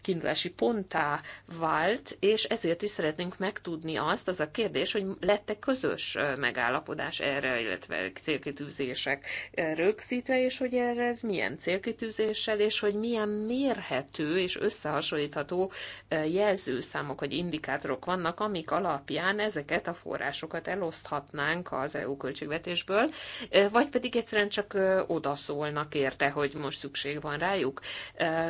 kiindulási pontá vált, és ezért is szeretnénk megtudni azt, az a kérdés, hogy lett-e közös megállapodás erre, illetve célkitűzések rögzítve, és hogy erre ez milyen célkitűzéssel, és hogy milyen mérhető és összehasonlítható jelzőszámok vagy indikátorok vannak, amik alapján ezeket a forrásokat eloszthatnánk az EU költségvetésből, vagy pedig egyszerűen csak odaszólnak érte, hogy most szükség van rájuk.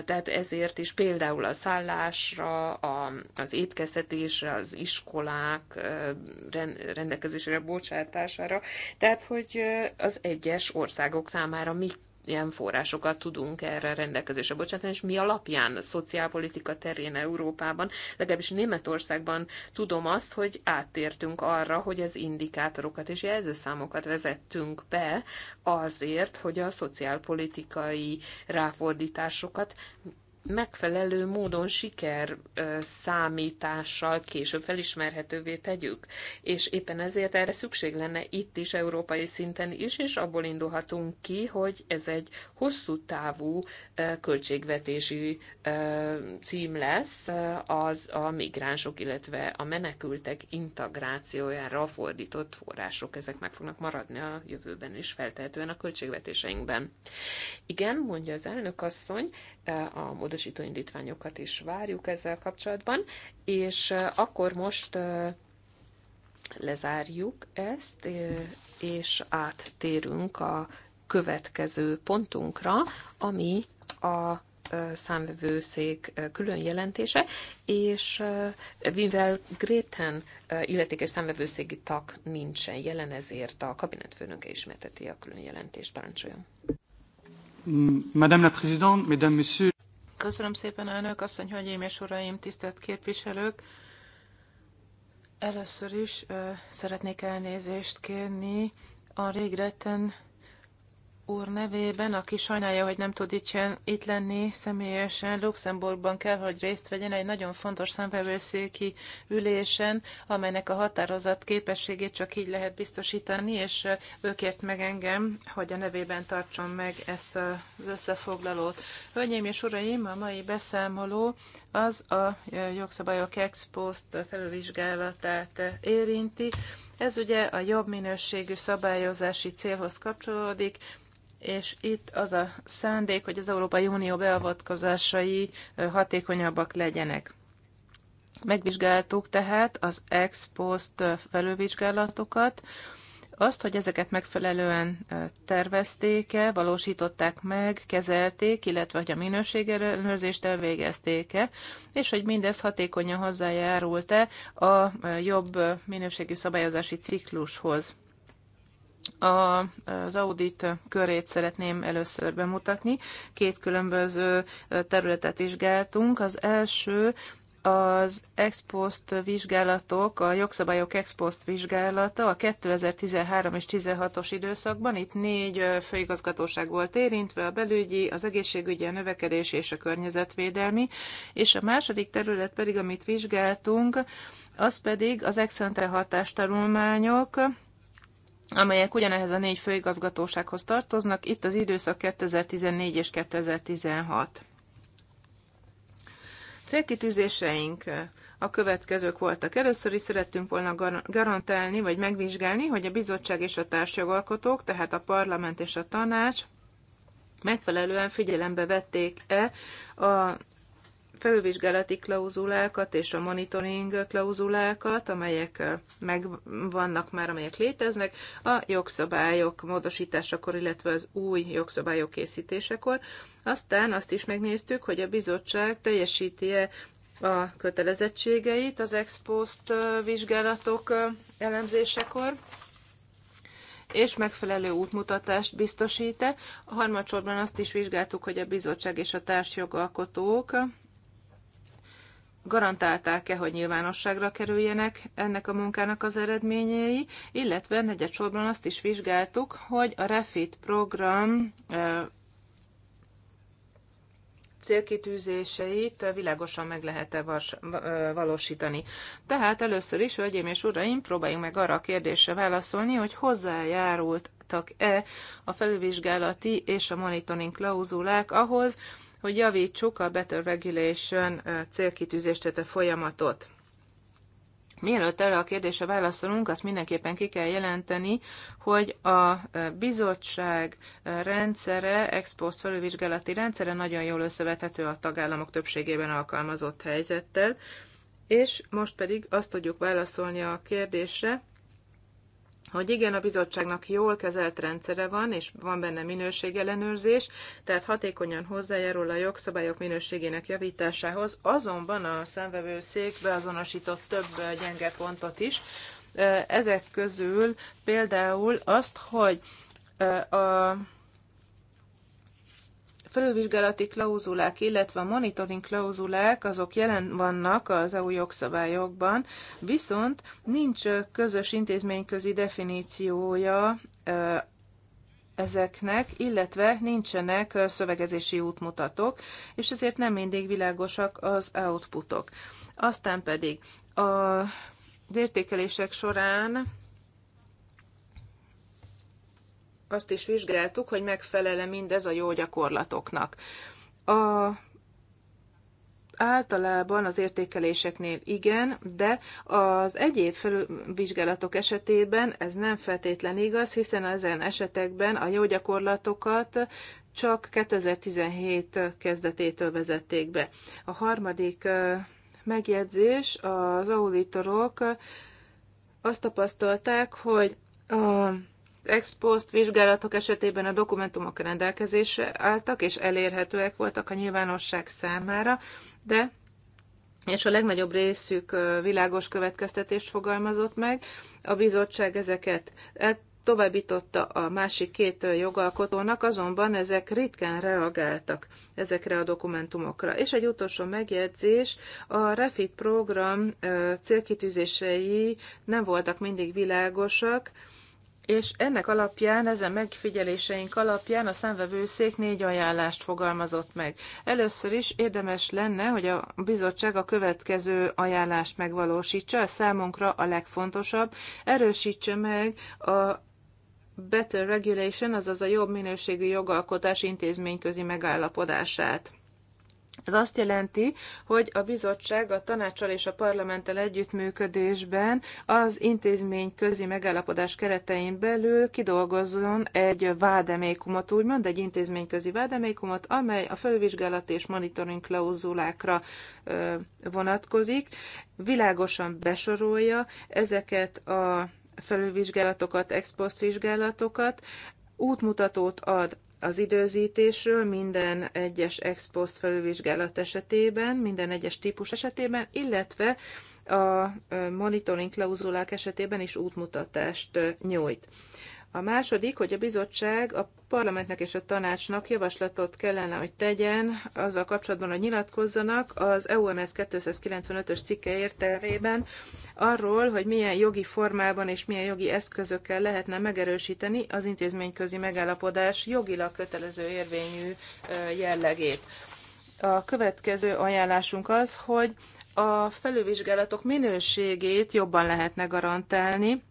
Tehát ezért is például a szállásra, a, az étkeztetésre, az iskolák rendelkezésre bocsátására, tehát hogy az egyes országok számára mik ilyen forrásokat tudunk erre rendelkezésre bocsátani, és mi alapján a szociálpolitika terén Európában, legalábbis Németországban tudom azt, hogy áttértünk arra, hogy az indikátorokat és jelzőszámokat vezettünk be azért, hogy a szociálpolitikai ráfordításokat megfelelő módon siker számítással később felismerhetővé tegyük. És éppen ezért erre szükség lenne itt is, európai szinten is, és abból indulhatunk ki, hogy ez egy hosszú távú költségvetési cím lesz az a migránsok, illetve a menekültek integrációjára fordított források. Ezek meg fognak maradni a jövőben is, feltehetően a költségvetéseinkben. Igen, mondja az elnök asszony, a módosító indítványokat is várjuk ezzel kapcsolatban, és akkor most lezárjuk ezt, és áttérünk a következő pontunkra, ami a számvevőszék külön jelentése, és mivel Gréten illetékes számvevőszégi tag nincsen jelen, ezért a kabinetfőnöke ismerteti a külön jelentést. Parancsoljon! Madame la Présidente, Mesdames, Messieurs, Köszönöm szépen, elnök asszony, hölgyeim és uraim, tisztelt képviselők! Először is uh, szeretnék elnézést kérni a régretten úr nevében, aki sajnálja, hogy nem tud itt lenni személyesen, Luxemburgban kell, hogy részt vegyen egy nagyon fontos számbevőszéki ülésen, amelynek a határozat képességét csak így lehet biztosítani, és ő kért meg engem, hogy a nevében tartson meg ezt az összefoglalót. Hölgyeim és uraim, a mai beszámoló az a jogszabályok ex post felülvizsgálatát érinti. Ez ugye a jobb minőségű szabályozási célhoz kapcsolódik, és itt az a szándék, hogy az Európai Unió beavatkozásai hatékonyabbak legyenek. Megvizsgáltuk tehát az ex post felővizsgálatokat, azt, hogy ezeket megfelelően tervezték-e, valósították meg, kezelték, illetve hogy a minőségellenőrzést elvégezték-e, és hogy mindez hatékonyan hozzájárult-e a jobb minőségű szabályozási ciklushoz a, az audit körét szeretném először bemutatni. Két különböző területet vizsgáltunk. Az első az expost vizsgálatok, a jogszabályok expost vizsgálata a 2013 és 16 os időszakban. Itt négy főigazgatóság volt érintve, a belügyi, az egészségügyi, a növekedés és a környezetvédelmi. És a második terület pedig, amit vizsgáltunk, az pedig az ex hatástanulmányok, amelyek ugyanehhez a négy főigazgatósághoz tartoznak, itt az időszak 2014 és 2016. Célkitűzéseink a következők voltak. Először is szerettünk volna garantálni, vagy megvizsgálni, hogy a bizottság és a társjogalkotók, tehát a parlament és a tanács megfelelően figyelembe vették-e a felülvizsgálati klauzulákat és a monitoring klauzulákat, amelyek megvannak már, amelyek léteznek, a jogszabályok módosításakor, illetve az új jogszabályok készítésekor. Aztán azt is megnéztük, hogy a bizottság teljesíti-e a kötelezettségeit az ex post vizsgálatok elemzésekor és megfelelő útmutatást biztosít-e. A harmadsorban azt is vizsgáltuk, hogy a bizottság és a társjogalkotók garantálták-e, hogy nyilvánosságra kerüljenek ennek a munkának az eredményei, illetve negyedsorban azt is vizsgáltuk, hogy a REFIT program célkitűzéseit világosan meg lehet-e valósítani. Tehát először is, hölgyeim és uraim, próbáljunk meg arra a kérdésre válaszolni, hogy hozzájárultak-e a felülvizsgálati és a monitoring klauzulák ahhoz, hogy javítsuk a Better Regulation célkitűzést, tehát a folyamatot. Mielőtt erre a kérdésre válaszolunk, azt mindenképpen ki kell jelenteni, hogy a bizottság rendszere, export felülvizsgálati rendszere nagyon jól összevethető a tagállamok többségében alkalmazott helyzettel, és most pedig azt tudjuk válaszolni a kérdésre, hogy igen, a bizottságnak jól kezelt rendszere van, és van benne minőségellenőrzés, tehát hatékonyan hozzájárul a jogszabályok minőségének javításához, azonban a szék beazonosított több gyenge pontot is. Ezek közül például azt, hogy a felülvizsgálati klauzulák, illetve a monitoring klauzulák, azok jelen vannak az EU jogszabályokban, viszont nincs közös intézményközi definíciója ezeknek, illetve nincsenek szövegezési útmutatók, és ezért nem mindig világosak az outputok. Aztán pedig a értékelések során azt is vizsgáltuk, hogy megfelele mindez a jó gyakorlatoknak. A Általában az értékeléseknél igen, de az egyéb felvizsgálatok esetében ez nem feltétlen igaz, hiszen ezen esetekben a jó gyakorlatokat csak 2017 kezdetétől vezették be. A harmadik megjegyzés, az auditorok azt tapasztalták, hogy a ex post vizsgálatok esetében a dokumentumok rendelkezésre álltak, és elérhetőek voltak a nyilvánosság számára, de és a legnagyobb részük világos következtetést fogalmazott meg. A bizottság ezeket továbbította a másik két jogalkotónak, azonban ezek ritkán reagáltak ezekre a dokumentumokra. És egy utolsó megjegyzés, a REFIT program célkitűzései nem voltak mindig világosak, és ennek alapján, ezen megfigyeléseink alapján a számvevőszék négy ajánlást fogalmazott meg. Először is érdemes lenne, hogy a bizottság a következő ajánlást megvalósítsa, a számunkra a legfontosabb, erősítse meg a Better Regulation, azaz a jobb minőségű jogalkotás intézményközi megállapodását. Ez azt jelenti, hogy a bizottság a tanácsal és a parlamenttel együttműködésben az intézmény közi megállapodás keretein belül kidolgozzon egy vádemékumot, úgymond egy intézmény közi vádemékumot, amely a felvizsgálat és monitoring klauzulákra vonatkozik, világosan besorolja ezeket a felülvizsgálatokat, ex post vizsgálatokat, útmutatót ad az időzítésről minden egyes ex post felülvizsgálat esetében, minden egyes típus esetében, illetve a monitoring klauzulák esetében is útmutatást nyújt. A második, hogy a bizottság a parlamentnek és a tanácsnak javaslatot kellene, hogy tegyen azzal kapcsolatban, hogy nyilatkozzanak az EUMS 295-ös cikke értelmében arról, hogy milyen jogi formában és milyen jogi eszközökkel lehetne megerősíteni az intézményközi megállapodás jogilag kötelező érvényű jellegét. A következő ajánlásunk az, hogy a felülvizsgálatok minőségét jobban lehetne garantálni,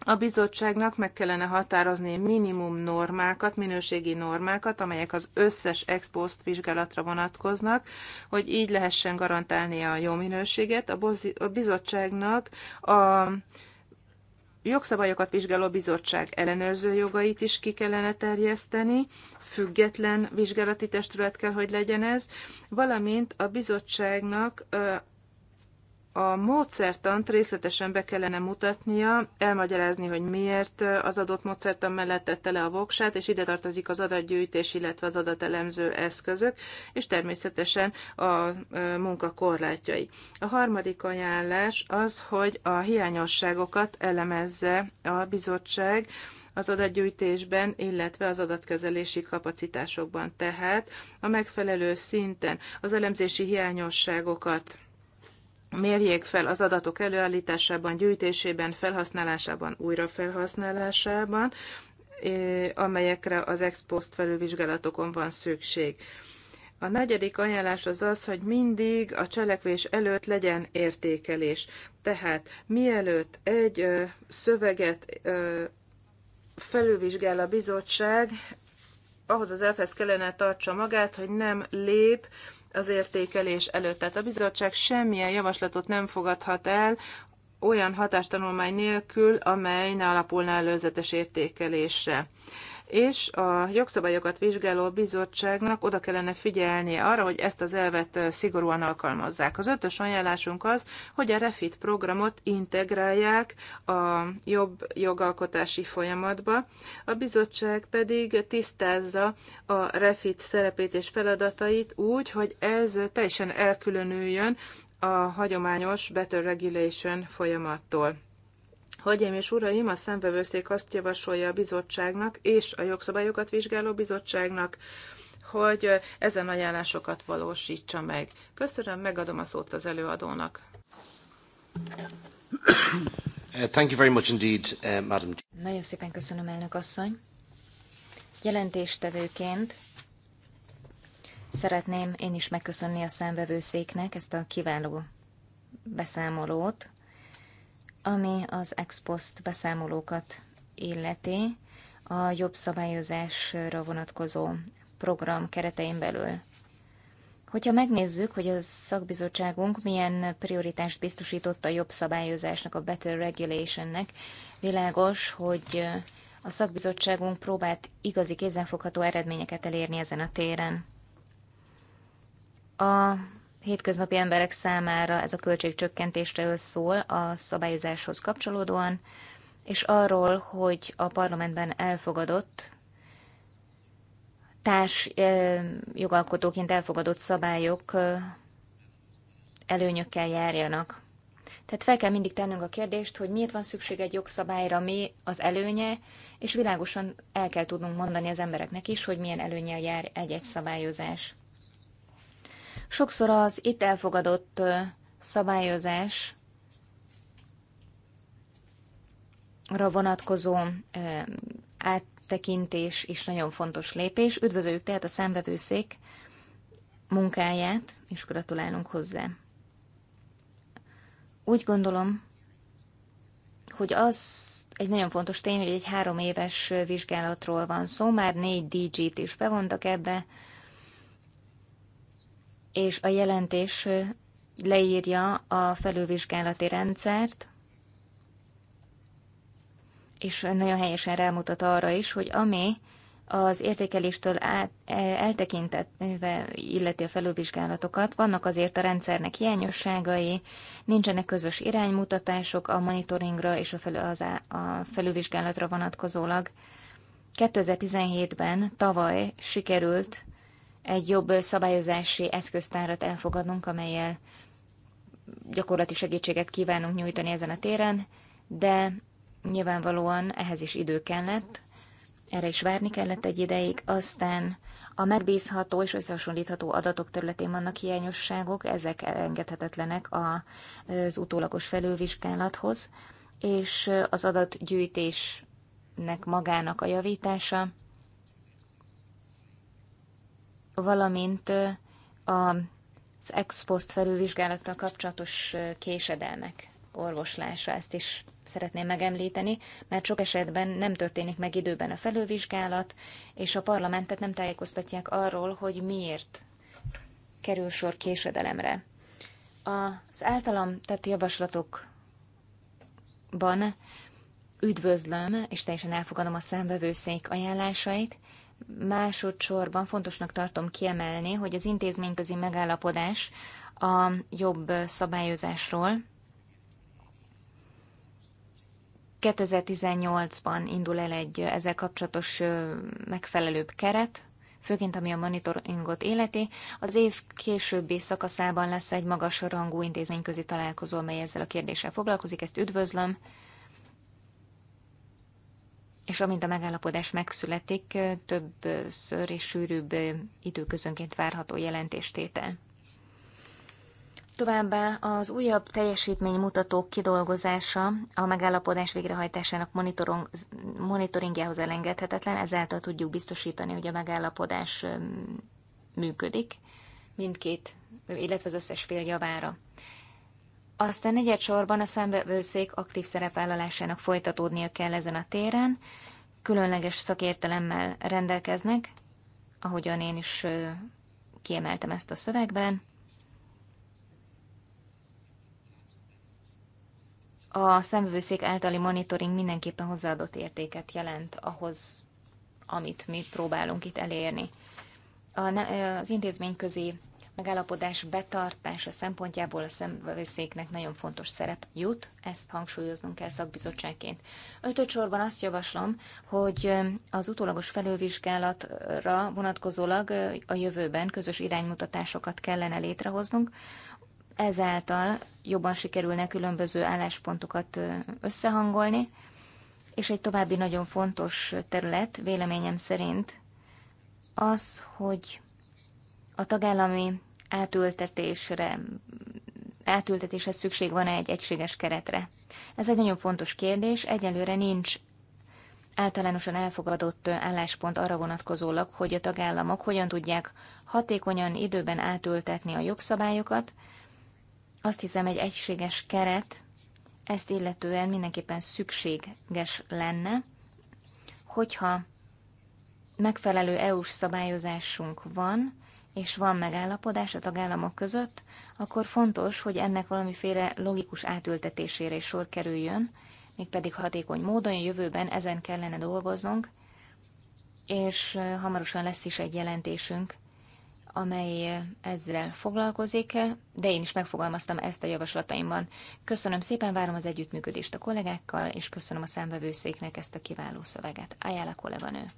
a bizottságnak meg kellene határozni minimum normákat, minőségi normákat, amelyek az összes ex post vizsgálatra vonatkoznak, hogy így lehessen garantálni a jó minőséget. A, bozi- a bizottságnak a jogszabályokat vizsgáló bizottság ellenőrző jogait is ki kellene terjeszteni, független vizsgálati testület kell, hogy legyen ez, valamint a bizottságnak a módszertant részletesen be kellene mutatnia, elmagyarázni, hogy miért az adott módszertan mellett tette le a voksát, és ide tartozik az adatgyűjtés, illetve az adatelemző eszközök, és természetesen a munka korlátjai. A harmadik ajánlás az, hogy a hiányosságokat elemezze a bizottság, az adatgyűjtésben, illetve az adatkezelési kapacitásokban. Tehát a megfelelő szinten az elemzési hiányosságokat mérjék fel az adatok előállításában, gyűjtésében, felhasználásában, újrafelhasználásában, eh, amelyekre az ex post felülvizsgálatokon van szükség. A negyedik ajánlás az az, hogy mindig a cselekvés előtt legyen értékelés. Tehát mielőtt egy ö, szöveget ö, felülvizsgál a bizottság, ahhoz az elfesz kellene tartsa magát, hogy nem lép az értékelés előtt. Tehát a bizottság semmilyen javaslatot nem fogadhat el olyan hatástanulmány nélkül, amely ne alapulna előzetes értékelésre és a jogszabályokat vizsgáló bizottságnak oda kellene figyelnie arra, hogy ezt az elvet szigorúan alkalmazzák. Az ötös ajánlásunk az, hogy a REFIT programot integrálják a jobb jogalkotási folyamatba, a bizottság pedig tisztázza a REFIT szerepét és feladatait úgy, hogy ez teljesen elkülönüljön a hagyományos Better Regulation folyamattól. Hölgyeim és uraim, a szembevőszék azt javasolja a bizottságnak és a jogszabályokat vizsgáló bizottságnak, hogy ezen ajánlásokat valósítsa meg. Köszönöm, megadom a szót az előadónak. Uh, thank you very much indeed, uh, Madam. Nagyon szépen köszönöm, elnök asszony. Jelentéstevőként szeretném én is megköszönni a számvevőszéknek ezt a kiváló beszámolót, ami az ex post beszámolókat illeti a jobb szabályozásra vonatkozó program keretein belül. Hogyha megnézzük, hogy a szakbizottságunk milyen prioritást biztosított a jobb szabályozásnak, a better regulationnek, világos, hogy a szakbizottságunk próbált igazi kézenfogható eredményeket elérni ezen a téren. A hétköznapi emberek számára ez a költségcsökkentésről szól a szabályozáshoz kapcsolódóan, és arról, hogy a parlamentben elfogadott, társ jogalkotóként elfogadott szabályok előnyökkel járjanak. Tehát fel kell mindig tennünk a kérdést, hogy miért van szükség egy jogszabályra, mi az előnye, és világosan el kell tudnunk mondani az embereknek is, hogy milyen előnyel jár egy-egy szabályozás. Sokszor az itt elfogadott szabályozás ra vonatkozó áttekintés is nagyon fontos lépés. Üdvözöljük tehát a szembevőszék munkáját, és gratulálunk hozzá. Úgy gondolom, hogy az egy nagyon fontos tény, hogy egy három éves vizsgálatról van szó, már négy DG-t is bevontak ebbe, és a jelentés leírja a felülvizsgálati rendszert, és nagyon helyesen rámutat arra is, hogy ami az értékeléstől át, e, eltekintetve illeti a felülvizsgálatokat, vannak azért a rendszernek hiányosságai, nincsenek közös iránymutatások a monitoringra és a, felül, az, a felülvizsgálatra vonatkozólag. 2017-ben tavaly sikerült egy jobb szabályozási eszköztárat elfogadnunk, amelyel gyakorlati segítséget kívánunk nyújtani ezen a téren, de nyilvánvalóan ehhez is idő kellett, erre is várni kellett egy ideig, aztán a megbízható és összehasonlítható adatok területén vannak hiányosságok, ezek elengedhetetlenek az utólagos felülvizsgálathoz, és az adatgyűjtésnek magának a javítása, valamint az ex post felülvizsgálattal kapcsolatos késedelmek orvoslása, ezt is szeretném megemlíteni, mert sok esetben nem történik meg időben a felülvizsgálat, és a parlamentet nem tájékoztatják arról, hogy miért kerül sor késedelemre. Az általam tett javaslatokban üdvözlöm, és teljesen elfogadom a számbevőszék ajánlásait, Másodszorban fontosnak tartom kiemelni, hogy az intézményközi megállapodás a jobb szabályozásról 2018-ban indul el egy ezzel kapcsolatos megfelelőbb keret, főként ami a monitoringot életi. Az év későbbi szakaszában lesz egy magas rangú intézményközi találkozó, amely ezzel a kérdéssel foglalkozik, ezt üdvözlöm és amint a megállapodás megszületik, többször és sűrűbb időközönként várható jelentéstétel. Továbbá az újabb teljesítménymutatók kidolgozása a megállapodás végrehajtásának monitoringjához elengedhetetlen, ezáltal tudjuk biztosítani, hogy a megállapodás um, működik mindkét, illetve az összes fél javára. Aztán sorban a számbevőszék aktív szerepvállalásának folytatódnia kell ezen a téren, különleges szakértelemmel rendelkeznek, ahogyan én is kiemeltem ezt a szövegben. A szemvőszék általi monitoring mindenképpen hozzáadott értéket jelent ahhoz, amit mi próbálunk itt elérni. A, az intézményközi megállapodás betartása szempontjából a szemvevőszéknek nagyon fontos szerep jut, ezt hangsúlyoznunk kell szakbizottságként. sorban azt javaslom, hogy az utólagos felülvizsgálatra vonatkozólag a jövőben közös iránymutatásokat kellene létrehoznunk, ezáltal jobban sikerülne különböző álláspontokat összehangolni, és egy további nagyon fontos terület véleményem szerint az, hogy a tagállami átültetésre, átültetéshez szükség van-e egy egységes keretre? Ez egy nagyon fontos kérdés, egyelőre nincs általánosan elfogadott álláspont arra vonatkozólag, hogy a tagállamok hogyan tudják hatékonyan időben átültetni a jogszabályokat. Azt hiszem, egy egységes keret ezt illetően mindenképpen szükséges lenne, hogyha megfelelő EU-s szabályozásunk van, és van megállapodás a tagállamok között, akkor fontos, hogy ennek valamiféle logikus átültetésére is sor kerüljön, mégpedig hatékony módon a jövőben ezen kellene dolgoznunk, és hamarosan lesz is egy jelentésünk, amely ezzel foglalkozik, de én is megfogalmaztam ezt a javaslataimban. Köszönöm szépen, várom az együttműködést a kollégákkal, és köszönöm a számvevőszéknek ezt a kiváló szöveget. Ajánl a kolléganő!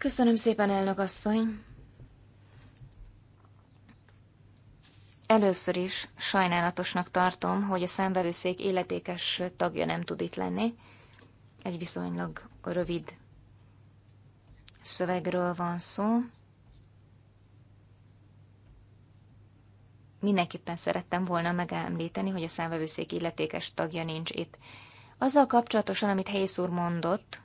Köszönöm szépen, elnök asszony. Először is sajnálatosnak tartom, hogy a számvevőszék életékes tagja nem tud itt lenni. Egy viszonylag rövid szövegről van szó. Mindenképpen szerettem volna megemlíteni, hogy a számvevőszék illetékes tagja nincs itt. Azzal kapcsolatosan, amit Hész úr mondott,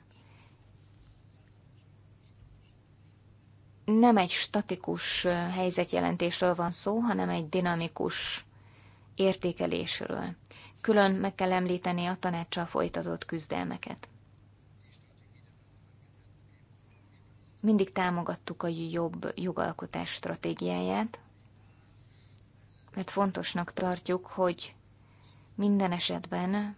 nem egy statikus helyzetjelentésről van szó, hanem egy dinamikus értékelésről. Külön meg kell említeni a tanácssal folytatott küzdelmeket. Mindig támogattuk a jobb jogalkotás stratégiáját, mert fontosnak tartjuk, hogy minden esetben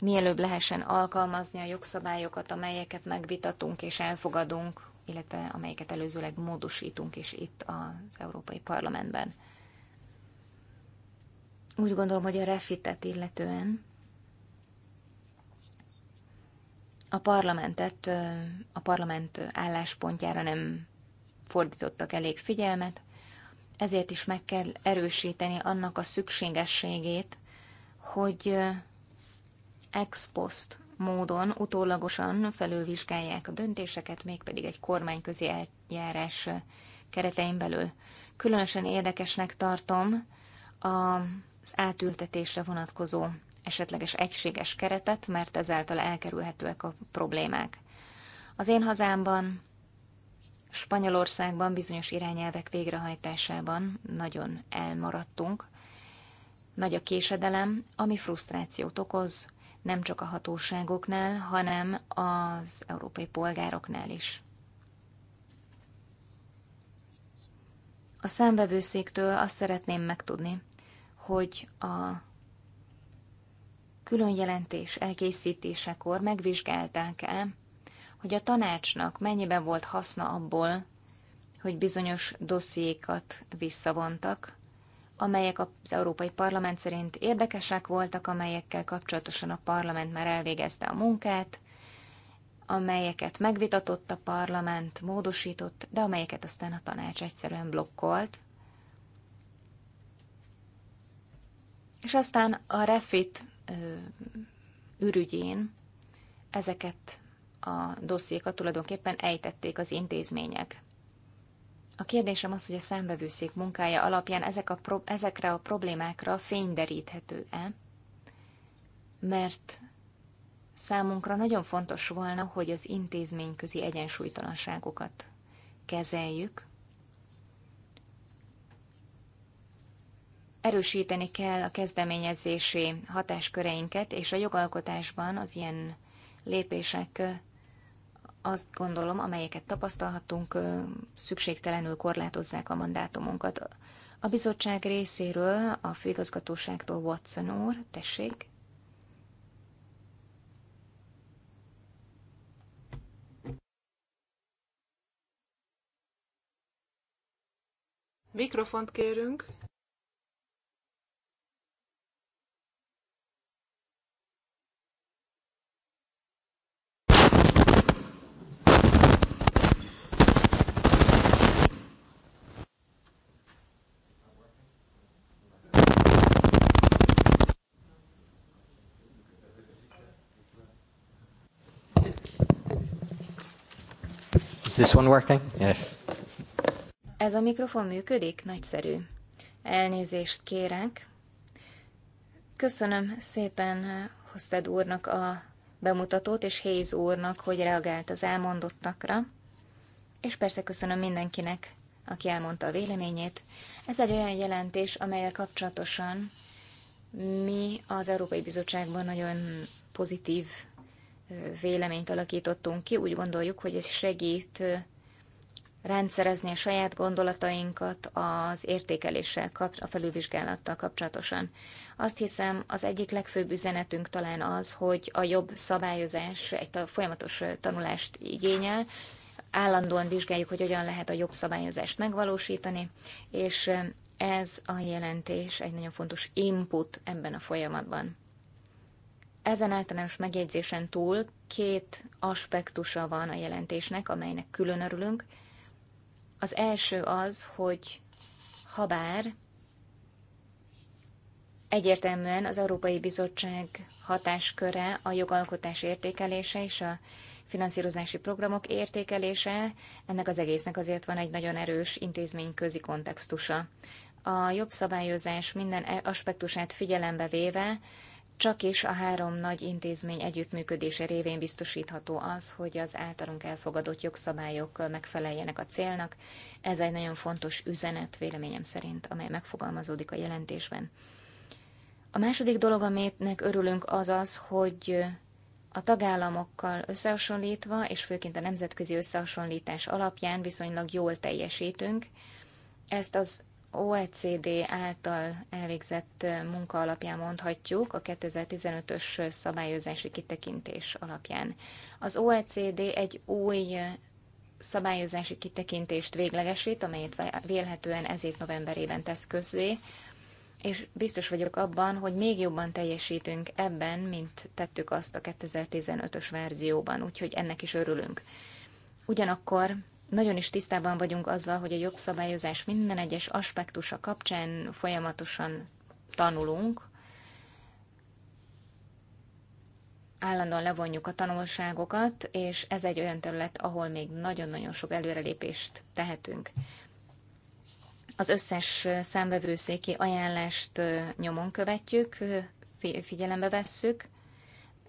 mielőbb lehessen alkalmazni a jogszabályokat, amelyeket megvitatunk és elfogadunk illetve amelyeket előzőleg módosítunk is itt az Európai Parlamentben. Úgy gondolom, hogy a refitet illetően a parlamentet, a parlament álláspontjára nem fordítottak elég figyelmet, ezért is meg kell erősíteni annak a szükségességét, hogy ex post módon utólagosan felülvizsgálják a döntéseket, mégpedig egy kormányközi eljárás keretein belül. Különösen érdekesnek tartom az átültetésre vonatkozó esetleges egységes keretet, mert ezáltal elkerülhetőek a problémák. Az én hazámban, Spanyolországban bizonyos irányelvek végrehajtásában nagyon elmaradtunk. Nagy a késedelem, ami frusztrációt okoz nem csak a hatóságoknál, hanem az európai polgároknál is. A számvevőszéktől azt szeretném megtudni, hogy a külön jelentés elkészítésekor megvizsgálták-e, hogy a tanácsnak mennyiben volt haszna abból, hogy bizonyos dossziékat visszavontak, amelyek az Európai Parlament szerint érdekesek voltak, amelyekkel kapcsolatosan a parlament már elvégezte a munkát, amelyeket megvitatott a parlament, módosított, de amelyeket aztán a tanács egyszerűen blokkolt. És aztán a refit ö, ürügyén ezeket a dossziékat tulajdonképpen ejtették az intézmények. A kérdésem az, hogy a számbevőszék munkája alapján ezek a pro- ezekre a problémákra deríthető e mert számunkra nagyon fontos volna, hogy az intézményközi egyensúlytalanságokat kezeljük. Erősíteni kell a kezdeményezési hatásköreinket, és a jogalkotásban az ilyen lépések azt gondolom, amelyeket tapasztalhattunk, szükségtelenül korlátozzák a mandátumunkat. A bizottság részéről a főigazgatóságtól Watson úr, tessék. Mikrofont kérünk. Is this one working? Yes. Ez a mikrofon működik? Nagyszerű. Elnézést kérek. Köszönöm szépen eh, Hosted úrnak a bemutatót, és Héz úrnak, hogy reagált az elmondottakra. És persze köszönöm mindenkinek, aki elmondta a véleményét. Ez egy olyan jelentés, amelyel kapcsolatosan mi az Európai Bizottságban nagyon pozitív véleményt alakítottunk ki. Úgy gondoljuk, hogy ez segít rendszerezni a saját gondolatainkat az értékeléssel, kap, a felülvizsgálattal kapcsolatosan. Azt hiszem, az egyik legfőbb üzenetünk talán az, hogy a jobb szabályozás egy folyamatos tanulást igényel, állandóan vizsgáljuk, hogy hogyan lehet a jobb szabályozást megvalósítani, és ez a jelentés egy nagyon fontos input ebben a folyamatban. Ezen általános megjegyzésen túl két aspektusa van a jelentésnek, amelynek külön örülünk. Az első az, hogy habár egyértelműen az Európai Bizottság hatásköre a jogalkotás értékelése és a finanszírozási programok értékelése, ennek az egésznek azért van egy nagyon erős intézményközi kontextusa. A jobb szabályozás minden e- aspektusát figyelembe véve csak is a három nagy intézmény együttműködése révén biztosítható az, hogy az általunk elfogadott jogszabályok megfeleljenek a célnak. Ez egy nagyon fontos üzenet véleményem szerint, amely megfogalmazódik a jelentésben. A második dolog, aminek örülünk, az az, hogy a tagállamokkal összehasonlítva, és főként a nemzetközi összehasonlítás alapján viszonylag jól teljesítünk. Ezt az OECD által elvégzett munka alapján mondhatjuk, a 2015-ös szabályozási kitekintés alapján. Az OECD egy új szabályozási kitekintést véglegesít, amelyet vélhetően ezért novemberében tesz közzé, és biztos vagyok abban, hogy még jobban teljesítünk ebben, mint tettük azt a 2015-ös verzióban, úgyhogy ennek is örülünk. Ugyanakkor nagyon is tisztában vagyunk azzal, hogy a jogszabályozás minden egyes aspektusa kapcsán folyamatosan tanulunk, állandóan levonjuk a tanulságokat, és ez egy olyan terület, ahol még nagyon-nagyon sok előrelépést tehetünk. Az összes számbevőszéki ajánlást nyomon követjük, figyelembe vesszük,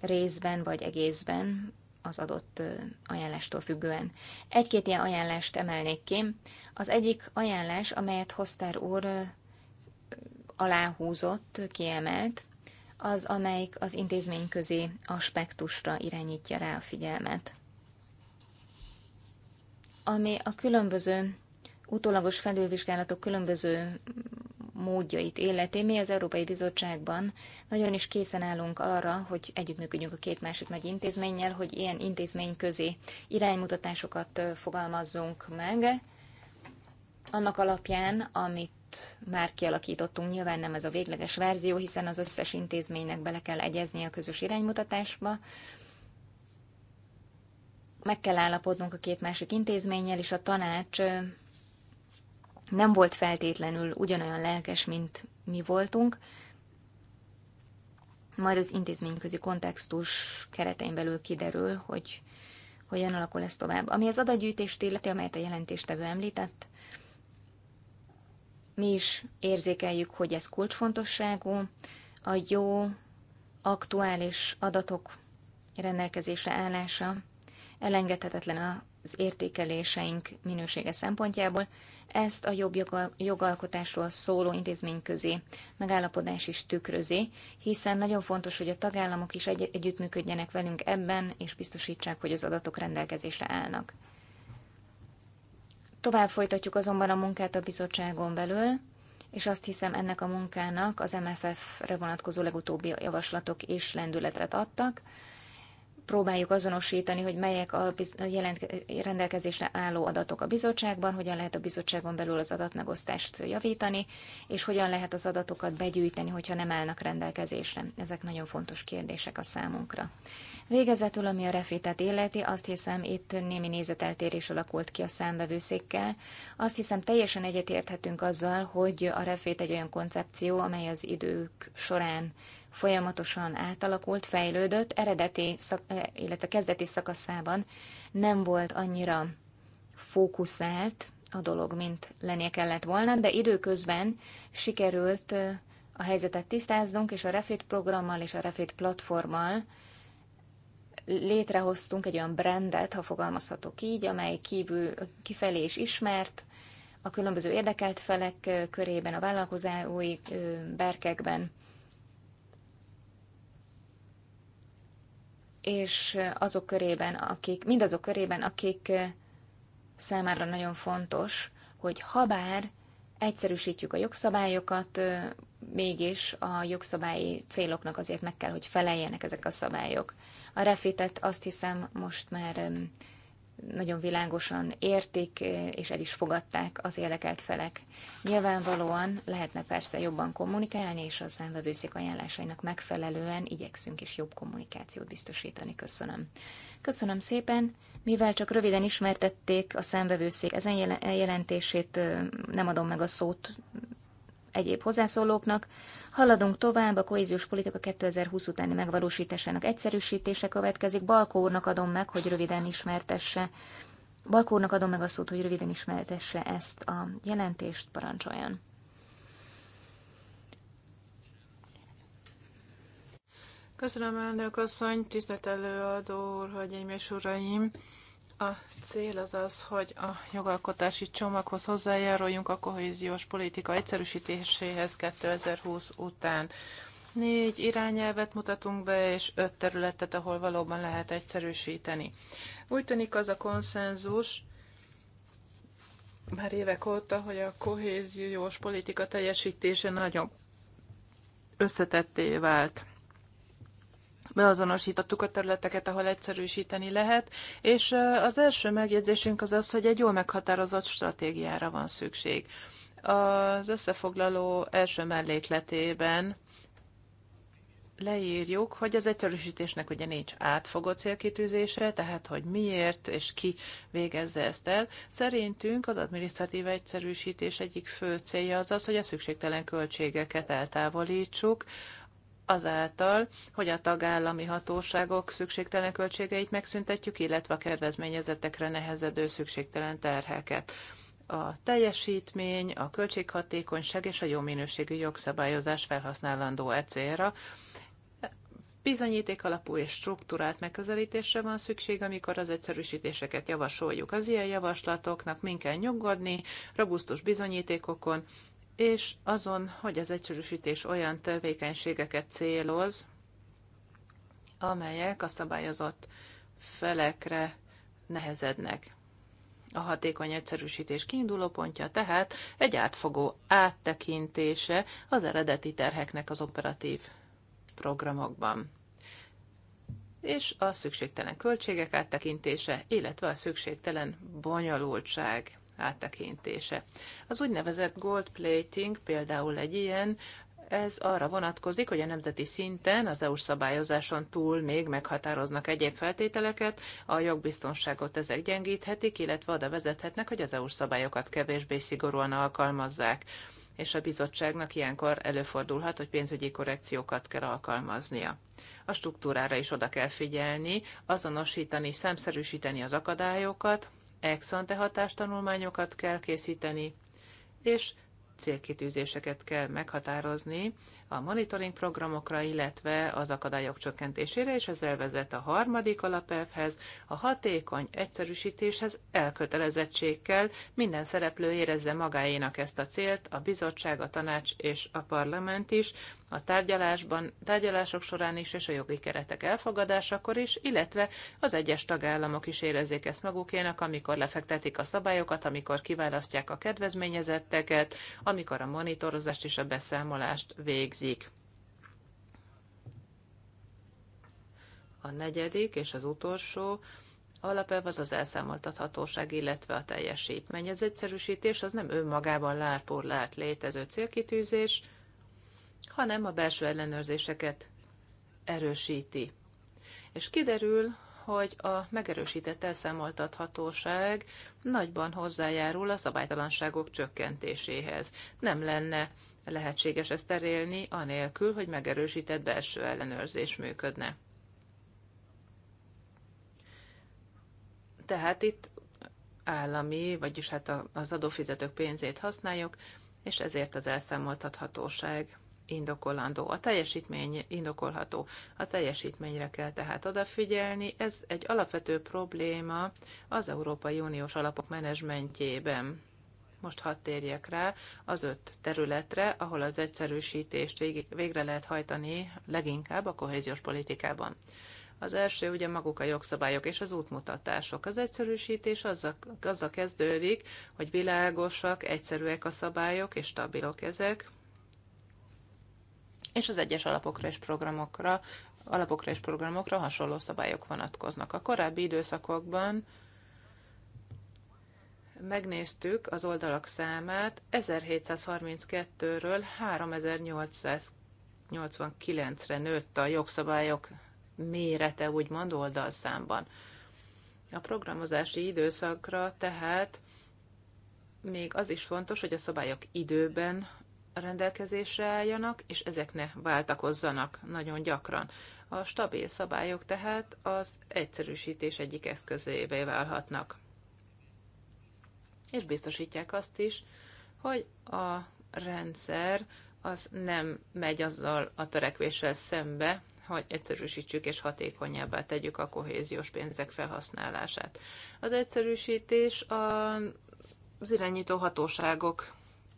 részben vagy egészben az adott ajánlástól függően. Egy-két ilyen ajánlást emelnék ki. Az egyik ajánlás, amelyet Hoster úr aláhúzott, kiemelt, az, amelyik az intézményközi aspektusra irányítja rá a figyelmet. Ami a különböző utólagos felülvizsgálatok különböző módjait illeti, mi az Európai Bizottságban nagyon is készen állunk arra, hogy együttműködjünk a két másik nagy intézménnyel, hogy ilyen intézmény közé iránymutatásokat fogalmazzunk meg. Annak alapján, amit már kialakítottunk, nyilván nem ez a végleges verzió, hiszen az összes intézménynek bele kell egyezni a közös iránymutatásba, meg kell állapodnunk a két másik intézménnyel, és a tanács nem volt feltétlenül ugyanolyan lelkes, mint mi voltunk, majd az intézményközi kontextus keretein belül kiderül, hogy hogyan alakul ez tovább. Ami az adatgyűjtést illeti, amelyet a jelentéstevő említett, mi is érzékeljük, hogy ez kulcsfontosságú, a jó, aktuális adatok rendelkezése állása elengedhetetlen az értékeléseink minősége szempontjából, ezt a jobb jogalkotásról szóló közé megállapodás is tükrözi, hiszen nagyon fontos, hogy a tagállamok is egy- együttműködjenek velünk ebben, és biztosítsák, hogy az adatok rendelkezésre állnak. Tovább folytatjuk azonban a munkát a bizottságon belül, és azt hiszem ennek a munkának az MFF-re vonatkozó legutóbbi javaslatok is lendületet adtak próbáljuk azonosítani, hogy melyek a jelent, rendelkezésre álló adatok a bizottságban, hogyan lehet a bizottságon belül az adatmegosztást javítani, és hogyan lehet az adatokat begyűjteni, hogyha nem állnak rendelkezésre. Ezek nagyon fontos kérdések a számunkra. Végezetül, ami a refitet illeti, azt hiszem itt némi nézeteltérés alakult ki a számbevőszékkel. Azt hiszem teljesen egyetérthetünk azzal, hogy a refit egy olyan koncepció, amely az idők során folyamatosan átalakult, fejlődött, eredeti, szak, eh, illetve kezdeti szakaszában nem volt annyira fókuszált a dolog, mint lennie kellett volna, de időközben sikerült eh, a helyzetet tisztáznunk, és a Refit programmal és a Refit platformmal létrehoztunk egy olyan brandet, ha fogalmazhatok így, amely kívül, kifelé is ismert, a különböző érdekelt felek eh, körében, a vállalkozói berkekben, és azok körében, akik, mindazok körében, akik számára nagyon fontos, hogy habár egyszerűsítjük a jogszabályokat, mégis a jogszabályi céloknak azért meg kell, hogy feleljenek ezek a szabályok. A refitet azt hiszem most már nagyon világosan értik és el is fogadták az érdekelt felek. Nyilvánvalóan lehetne persze jobban kommunikálni, és a számvevőszék ajánlásainak megfelelően igyekszünk is jobb kommunikációt biztosítani. Köszönöm. Köszönöm szépen. Mivel csak röviden ismertették a számvevőszék ezen jelentését, nem adom meg a szót egyéb hozzászólóknak. Haladunk tovább, a kohéziós politika 2020 utáni megvalósításának egyszerűsítése következik. Balkó úrnak adom meg, hogy röviden ismertesse. Balkó úrnak adom meg a szót, hogy röviden ismertesse ezt a jelentést, parancsoljon. Köszönöm, elnök asszony, tisztelt előadó úr, hogy uraim! A cél az az, hogy a jogalkotási csomaghoz hozzájáruljunk a kohéziós politika egyszerűsítéséhez 2020 után. Négy irányelvet mutatunk be, és öt területet, ahol valóban lehet egyszerűsíteni. Úgy tűnik az a konszenzus, már évek óta, hogy a kohéziós politika teljesítése nagyon összetetté vált beazonosítottuk a területeket, ahol egyszerűsíteni lehet, és az első megjegyzésünk az az, hogy egy jól meghatározott stratégiára van szükség. Az összefoglaló első mellékletében leírjuk, hogy az egyszerűsítésnek ugye nincs átfogó célkitűzése, tehát hogy miért és ki végezze ezt el. Szerintünk az administratív egyszerűsítés egyik fő célja az az, hogy a szükségtelen költségeket eltávolítsuk azáltal, hogy a tagállami hatóságok szükségtelen költségeit megszüntetjük, illetve a kedvezményezetekre nehezedő szükségtelen terheket. A teljesítmény, a költséghatékonyság és a jó minőségű jogszabályozás felhasználandó e célra, bizonyíték alapú és struktúrált megközelítésre van szükség, amikor az egyszerűsítéseket javasoljuk. Az ilyen javaslatoknak mind kell nyugodni, robusztus bizonyítékokon, és azon, hogy az egyszerűsítés olyan tevékenységeket céloz, amelyek a szabályozott felekre nehezednek. A hatékony egyszerűsítés kiinduló pontja tehát egy átfogó áttekintése az eredeti terheknek az operatív programokban és a szükségtelen költségek áttekintése, illetve a szükségtelen bonyolultság áttekintése. Az úgynevezett gold plating például egy ilyen, ez arra vonatkozik, hogy a nemzeti szinten az EU-s szabályozáson túl még meghatároznak egyéb feltételeket, a jogbiztonságot ezek gyengíthetik, illetve oda vezethetnek, hogy az EU-s szabályokat kevésbé szigorúan alkalmazzák és a bizottságnak ilyenkor előfordulhat, hogy pénzügyi korrekciókat kell alkalmaznia. A struktúrára is oda kell figyelni, azonosítani, szemszerűsíteni az akadályokat, ex-ante hatástanulmányokat kell készíteni, és célkitűzéseket kell meghatározni a monitoring programokra, illetve az akadályok csökkentésére, és ez elvezet a harmadik alapelvhez, a hatékony egyszerűsítéshez elkötelezettségkel kell, minden szereplő érezze magáénak ezt a célt, a bizottság, a tanács és a parlament is, a tárgyalásban, tárgyalások során is és a jogi keretek elfogadásakor is, illetve az egyes tagállamok is érezzék ezt magukénak, amikor lefektetik a szabályokat, amikor kiválasztják a kedvezményezetteket, amikor a monitorozást és a beszámolást végzik végzik. A negyedik és az utolsó alapelv az az elszámoltathatóság, illetve a teljesítmény. Az egyszerűsítés az nem önmagában lárpórlát létező célkitűzés, hanem a belső ellenőrzéseket erősíti. És kiderül, hogy a megerősített elszámoltathatóság nagyban hozzájárul a szabálytalanságok csökkentéséhez. Nem lenne lehetséges ezt elérni, anélkül, hogy megerősített belső ellenőrzés működne. Tehát itt állami, vagyis hát az adófizetők pénzét használjuk, és ezért az elszámoltathatóság indokolandó. A teljesítmény indokolható. A teljesítményre kell tehát odafigyelni. Ez egy alapvető probléma az Európai Uniós alapok menedzsmentjében most hadd térjek rá az öt területre, ahol az egyszerűsítést vég, végre lehet hajtani leginkább a kohéziós politikában. Az első ugye maguk a jogszabályok és az útmutatások. Az egyszerűsítés azzal, azzal kezdődik, hogy világosak, egyszerűek a szabályok és stabilok ezek, és az egyes alapokra és programokra, alapokra és programokra hasonló szabályok vonatkoznak. A korábbi időszakokban megnéztük az oldalak számát, 1732-ről 3889-re nőtt a jogszabályok mérete, úgymond oldalszámban. A programozási időszakra tehát még az is fontos, hogy a szabályok időben rendelkezésre álljanak, és ezek ne váltakozzanak nagyon gyakran. A stabil szabályok tehát az egyszerűsítés egyik eszközévé válhatnak és biztosítják azt is, hogy a rendszer az nem megy azzal a törekvéssel szembe, hogy egyszerűsítsük és hatékonyabbá tegyük a kohéziós pénzek felhasználását. Az egyszerűsítés az irányító hatóságok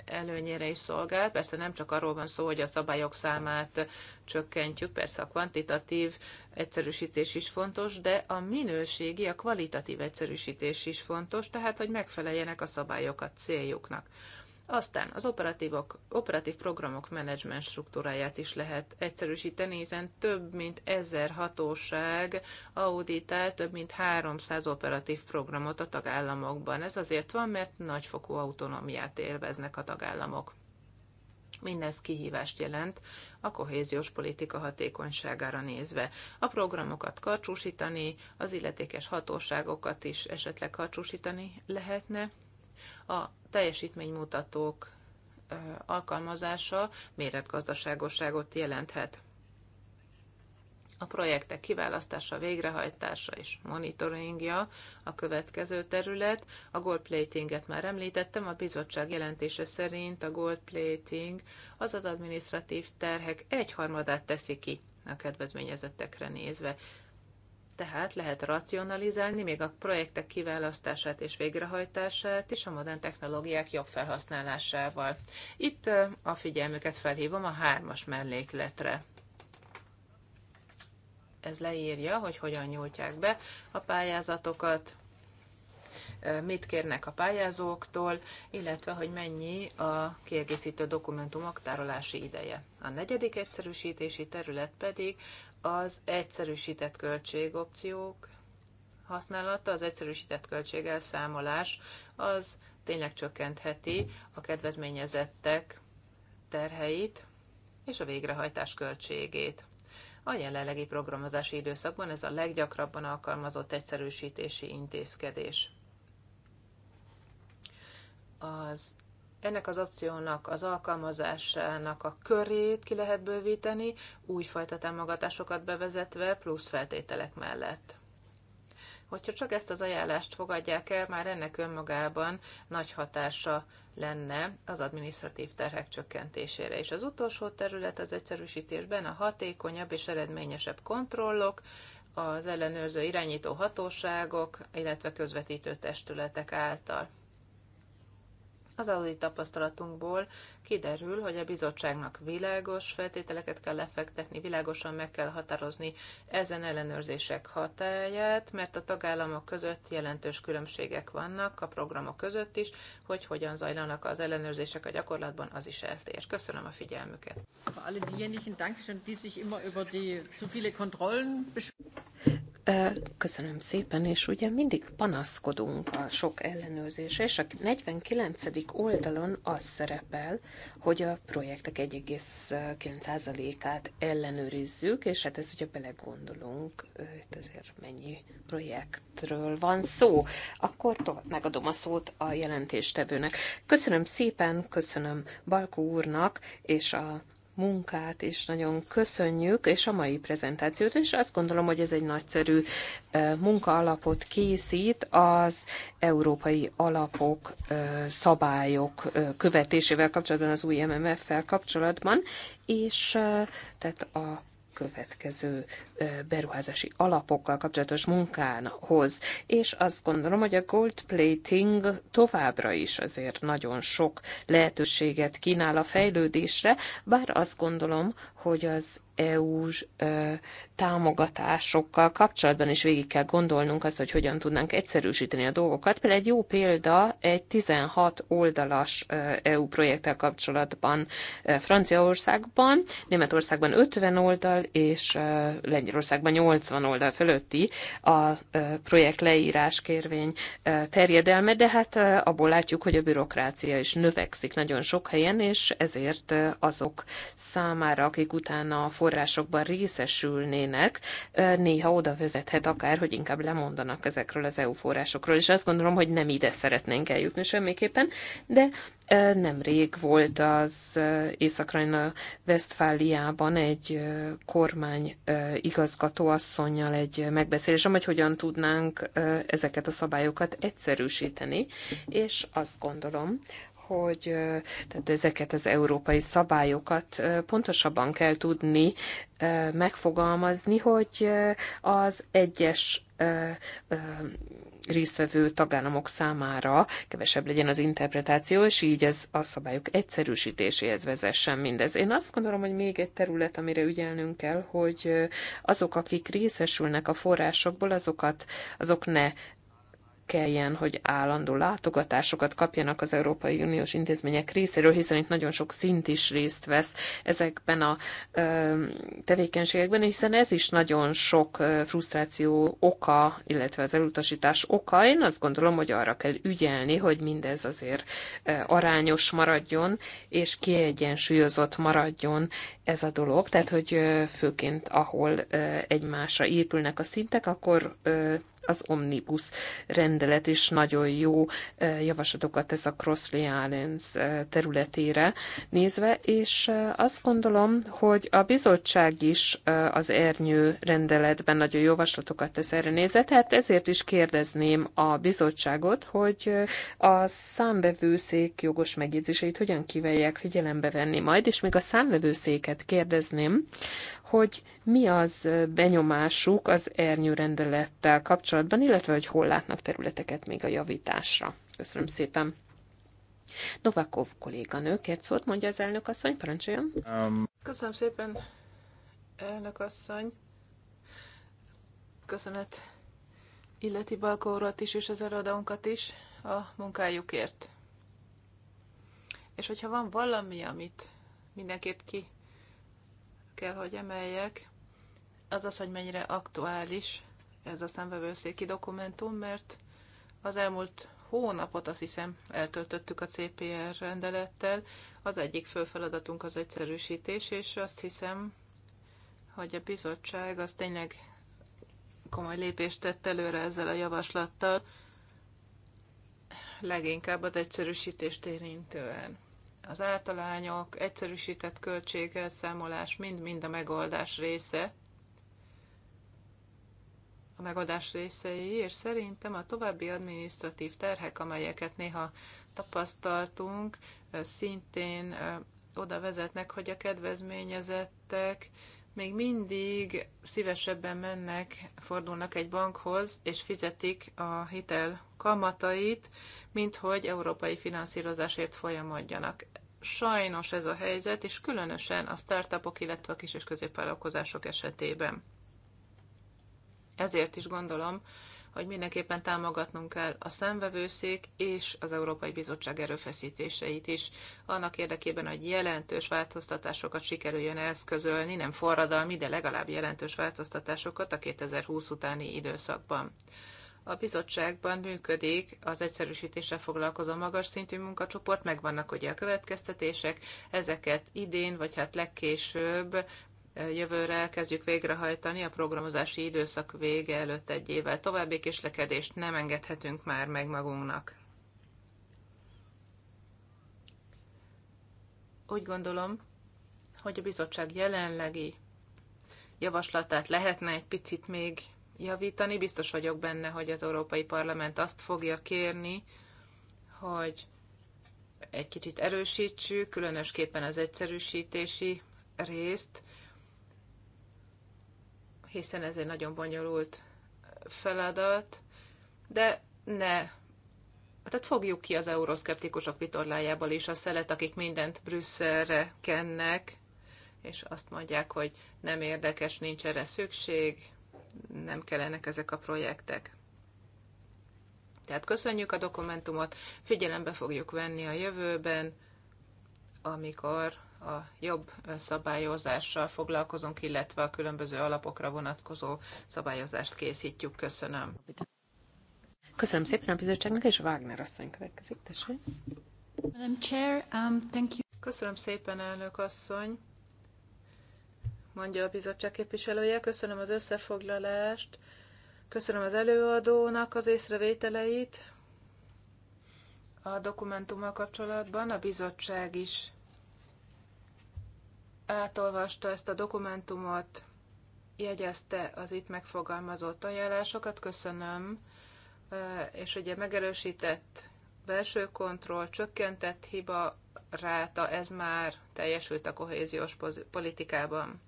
előnyére is szolgál. Persze nem csak arról van szó, hogy a szabályok számát csökkentjük, persze a kvantitatív egyszerűsítés is fontos, de a minőségi, a kvalitatív egyszerűsítés is fontos, tehát hogy megfeleljenek a szabályok a céljuknak. Aztán az operatívok, operatív programok menedzsment struktúráját is lehet egyszerűsíteni, hiszen több mint ezer hatóság auditál több mint 300 operatív programot a tagállamokban. Ez azért van, mert nagyfokú autonómiát élveznek a tagállamok. Mindez kihívást jelent a kohéziós politika hatékonyságára nézve. A programokat karcsúsítani, az illetékes hatóságokat is esetleg karcsúsítani lehetne, a teljesítménymutatók alkalmazása méretgazdaságosságot jelenthet. A projektek kiválasztása, végrehajtása és monitoringja a következő terület. A gold platinget már említettem, a bizottság jelentése szerint a gold plating az az adminisztratív terhek egyharmadát teszi ki a kedvezményezettekre nézve tehát lehet racionalizálni még a projektek kiválasztását és végrehajtását is a modern technológiák jobb felhasználásával. Itt a figyelmüket felhívom a hármas mellékletre. Ez leírja, hogy hogyan nyújtják be a pályázatokat, mit kérnek a pályázóktól, illetve hogy mennyi a kiegészítő dokumentumok tárolási ideje. A negyedik egyszerűsítési terület pedig az egyszerűsített költségopciók használata, az egyszerűsített költségelszámolás az tényleg csökkentheti a kedvezményezettek terheit és a végrehajtás költségét. A jelenlegi programozási időszakban ez a leggyakrabban alkalmazott egyszerűsítési intézkedés. Az ennek az opciónak, az alkalmazásának a körét ki lehet bővíteni, újfajta támogatásokat bevezetve, plusz feltételek mellett. Hogyha csak ezt az ajánlást fogadják el, már ennek önmagában nagy hatása lenne az adminisztratív terhek csökkentésére. És az utolsó terület az egyszerűsítésben a hatékonyabb és eredményesebb kontrollok, az ellenőrző irányító hatóságok, illetve közvetítő testületek által. Az audit tapasztalatunkból kiderül, hogy a bizottságnak világos feltételeket kell lefektetni, világosan meg kell határozni ezen ellenőrzések hatáját, mert a tagállamok között jelentős különbségek vannak, a programok között is, hogy hogyan zajlanak az ellenőrzések a gyakorlatban, az is ér. Köszönöm a figyelmüket. Köszönöm szépen, és ugye mindig panaszkodunk a sok ellenőrzésre, és a 49. oldalon az szerepel, hogy a projektek 1,9%-át ellenőrizzük, és hát ez ugye belegondolunk, hogy azért mennyi projektről van szó. Akkor tovább megadom a szót a jelentéstevőnek. Köszönöm szépen, köszönöm Balkó úrnak, és a munkát is nagyon köszönjük, és a mai prezentációt is. Azt gondolom, hogy ez egy nagyszerű munkaalapot készít az európai alapok szabályok követésével kapcsolatban, az új MMF-fel kapcsolatban, és tehát a következő beruházási alapokkal kapcsolatos munkához, és azt gondolom, hogy a gold plating továbbra is azért nagyon sok lehetőséget kínál a fejlődésre, bár azt gondolom, hogy az EU-s támogatásokkal kapcsolatban is végig kell gondolnunk azt, hogy hogyan tudnánk egyszerűsíteni a dolgokat. Például egy jó példa egy 16 oldalas EU projekttel kapcsolatban Franciaországban, Németországban 50 oldal, és Lengyelországban Lengyelországban 80 oldal fölötti a projekt leírás kérvény terjedelme, de hát abból látjuk, hogy a bürokrácia is növekszik nagyon sok helyen, és ezért azok számára, akik utána a forrásokban részesülnének, néha oda vezethet akár, hogy inkább lemondanak ezekről az EU forrásokról, és azt gondolom, hogy nem ide szeretnénk eljutni semmiképpen, de Nemrég volt az észak rajna vesztfáliában egy kormány igazgatóasszonynal egy megbeszélésem, hogy hogyan tudnánk ezeket a szabályokat egyszerűsíteni, és azt gondolom, hogy tehát ezeket az európai szabályokat pontosabban kell tudni megfogalmazni, hogy az egyes résztvevő tagállamok számára kevesebb legyen az interpretáció, és így ez a szabályok egyszerűsítéséhez vezessen mindez. Én azt gondolom, hogy még egy terület, amire ügyelnünk kell, hogy azok, akik részesülnek a forrásokból, azokat, azok ne kelljen, hogy állandó látogatásokat kapjanak az Európai Uniós intézmények részéről, hiszen itt nagyon sok szint is részt vesz ezekben a ö, tevékenységekben, hiszen ez is nagyon sok frusztráció oka, illetve az elutasítás oka. Én azt gondolom, hogy arra kell ügyelni, hogy mindez azért arányos maradjon, és kiegyensúlyozott maradjon ez a dolog. Tehát, hogy főként ahol egymásra épülnek a szintek, akkor az Omnibus rendelet is nagyon jó javaslatokat tesz a Crossley Islands területére nézve, és azt gondolom, hogy a bizottság is az ernyő rendeletben nagyon jó javaslatokat tesz erre nézve, tehát ezért is kérdezném a bizottságot, hogy a számvevőszék jogos megjegyzéseit hogyan kívánják figyelembe venni majd, és még a számvevőszéket kérdezném hogy mi az benyomásuk az ernyőrendelettel kapcsolatban, illetve hogy hol látnak területeket még a javításra. Köszönöm szépen. Novakov kolléganő, két szót mondja az elnök asszony, parancsoljon. Um, Köszönöm szépen, elnök asszony. Köszönet illeti Balkórat is, és az előadónkat is a munkájukért. És hogyha van valami, amit mindenképp ki kell, hogy emeljek, az az, hogy mennyire aktuális ez a szemvevőszéki dokumentum, mert az elmúlt hónapot azt hiszem eltöltöttük a CPR rendelettel. Az egyik fő feladatunk az egyszerűsítés, és azt hiszem, hogy a bizottság az tényleg komoly lépést tett előre ezzel a javaslattal, leginkább az egyszerűsítést érintően az általányok, egyszerűsített költségelszámolás mind-mind a megoldás része, a megoldás részei, és szerintem a további adminisztratív terhek, amelyeket néha tapasztaltunk, szintén oda vezetnek, hogy a kedvezményezettek még mindig szívesebben mennek, fordulnak egy bankhoz, és fizetik a hitel kamatait, mint hogy európai finanszírozásért folyamodjanak. Sajnos ez a helyzet, és különösen a startupok, illetve a kis és középvállalkozások esetében. Ezért is gondolom, hogy mindenképpen támogatnunk kell a szemvevőszék és az Európai Bizottság erőfeszítéseit is, annak érdekében, hogy jelentős változtatásokat sikerüljön eszközölni, nem forradalmi, de legalább jelentős változtatásokat a 2020 utáni időszakban. A bizottságban működik az egyszerűsítéssel foglalkozó magas szintű munkacsoport, megvannak ugye a következtetések, ezeket idén, vagy hát legkésőbb jövőre elkezdjük végrehajtani a programozási időszak vége előtt egy évvel. További késlekedést nem engedhetünk már meg magunknak. Úgy gondolom, hogy a bizottság jelenlegi javaslatát lehetne egy picit még javítani. Biztos vagyok benne, hogy az Európai Parlament azt fogja kérni, hogy egy kicsit erősítsük, különösképpen az egyszerűsítési részt, hiszen ez egy nagyon bonyolult feladat, de ne. Tehát fogjuk ki az euroszkeptikusok vitorlájából is a szelet, akik mindent Brüsszelre kennek, és azt mondják, hogy nem érdekes, nincs erre szükség, nem kellenek ezek a projektek. Tehát köszönjük a dokumentumot, figyelembe fogjuk venni a jövőben, amikor a jobb szabályozással foglalkozunk, illetve a különböző alapokra vonatkozó szabályozást készítjük. Köszönöm. Köszönöm szépen a bizottságnak, és Wagner asszony következik, tessék. Madam Chair, um, thank you. Köszönöm szépen, elnök asszony mondja a bizottság képviselője. Köszönöm az összefoglalást, köszönöm az előadónak az észrevételeit a dokumentummal kapcsolatban. A bizottság is átolvasta ezt a dokumentumot, jegyezte az itt megfogalmazott ajánlásokat. Köszönöm, és ugye megerősített belső kontroll, csökkentett hiba ráta, ez már teljesült a kohéziós politikában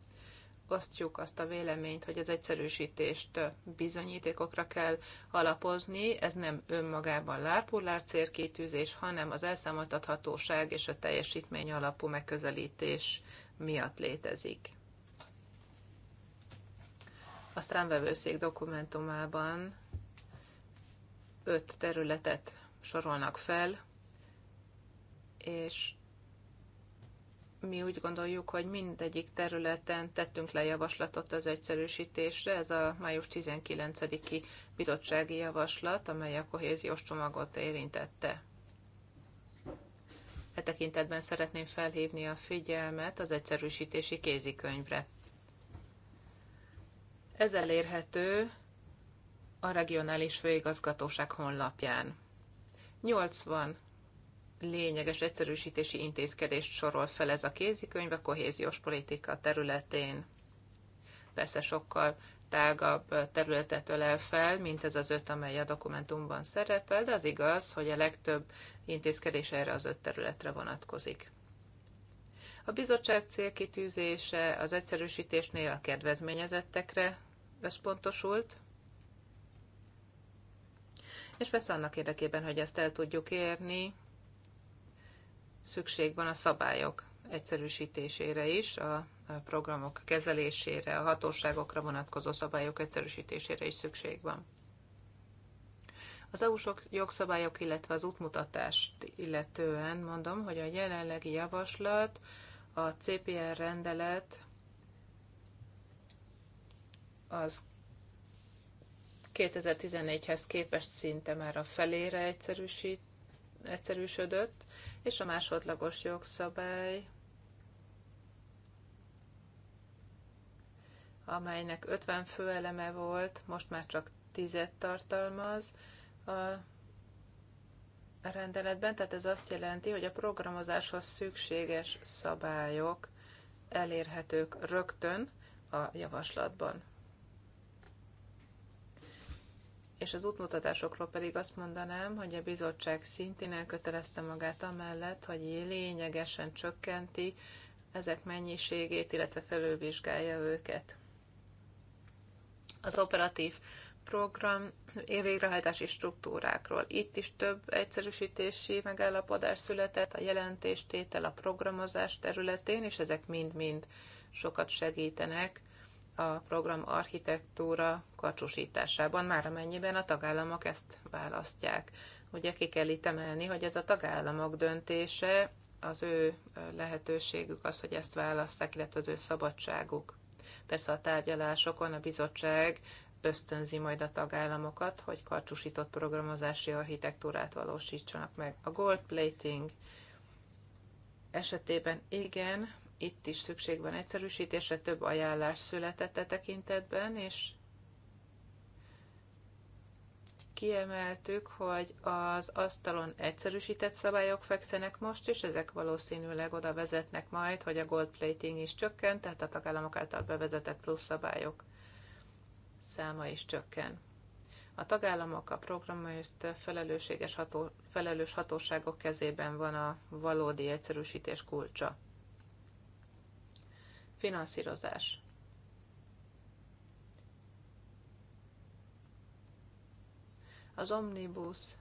osztjuk azt a véleményt, hogy az egyszerűsítést bizonyítékokra kell alapozni. Ez nem önmagában lárpullár célkétűzés, hanem az elszámoltathatóság és a teljesítmény alapú megközelítés miatt létezik. A számvevőszék dokumentumában öt területet sorolnak fel, és mi úgy gondoljuk, hogy mindegyik területen tettünk le javaslatot az egyszerűsítésre. Ez a május 19-i bizottsági javaslat, amely a kohéziós csomagot érintette. E tekintetben szeretném felhívni a figyelmet az egyszerűsítési kézikönyvre. Ez elérhető a regionális főigazgatóság honlapján. 80 lényeges egyszerűsítési intézkedést sorol fel ez a kézikönyv a kohéziós politika területén. Persze sokkal tágabb területet ölel fel, mint ez az öt, amely a dokumentumban szerepel, de az igaz, hogy a legtöbb intézkedés erre az öt területre vonatkozik. A bizottság célkitűzése az egyszerűsítésnél a kedvezményezettekre összpontosult, és persze annak érdekében, hogy ezt el tudjuk érni, szükség van a szabályok egyszerűsítésére is, a programok kezelésére, a hatóságokra vonatkozó szabályok egyszerűsítésére is szükség van. Az eu jogszabályok, illetve az útmutatást illetően mondom, hogy a jelenlegi javaslat a CPR rendelet az 2014-hez képest szinte már a felére egyszerűsít, egyszerűsödött, és a másodlagos jogszabály, amelynek 50 főeleme volt, most már csak 10 tartalmaz a rendeletben, tehát ez azt jelenti, hogy a programozáshoz szükséges szabályok elérhetők rögtön a javaslatban. és az útmutatásokról pedig azt mondanám, hogy a bizottság szintén elkötelezte magát amellett, hogy lényegesen csökkenti ezek mennyiségét, illetve felülvizsgálja őket. Az operatív program végrehajtási struktúrákról. Itt is több egyszerűsítési megállapodás született, a jelentéstétel, a programozás területén, és ezek mind-mind sokat segítenek a program architektúra karcsúsításában, már amennyiben a tagállamok ezt választják. Ugye ki kell itt emelni, hogy ez a tagállamok döntése, az ő lehetőségük az, hogy ezt válasszák, illetve az ő szabadságuk. Persze a tárgyalásokon a bizottság ösztönzi majd a tagállamokat, hogy karcsúsított programozási architektúrát valósítsanak meg. A gold plating esetében igen, itt is szükség van egyszerűsítésre, több ajánlás született a e tekintetben, és kiemeltük, hogy az asztalon egyszerűsített szabályok fekszenek most, és ezek valószínűleg oda vezetnek majd, hogy a gold plating is csökken, tehát a tagállamok által bevezetett plusz szabályok száma is csökken. A tagállamok a programért felelősséges ható, felelős hatóságok kezében van a valódi egyszerűsítés kulcsa. Finanszírozás. Az Omnibus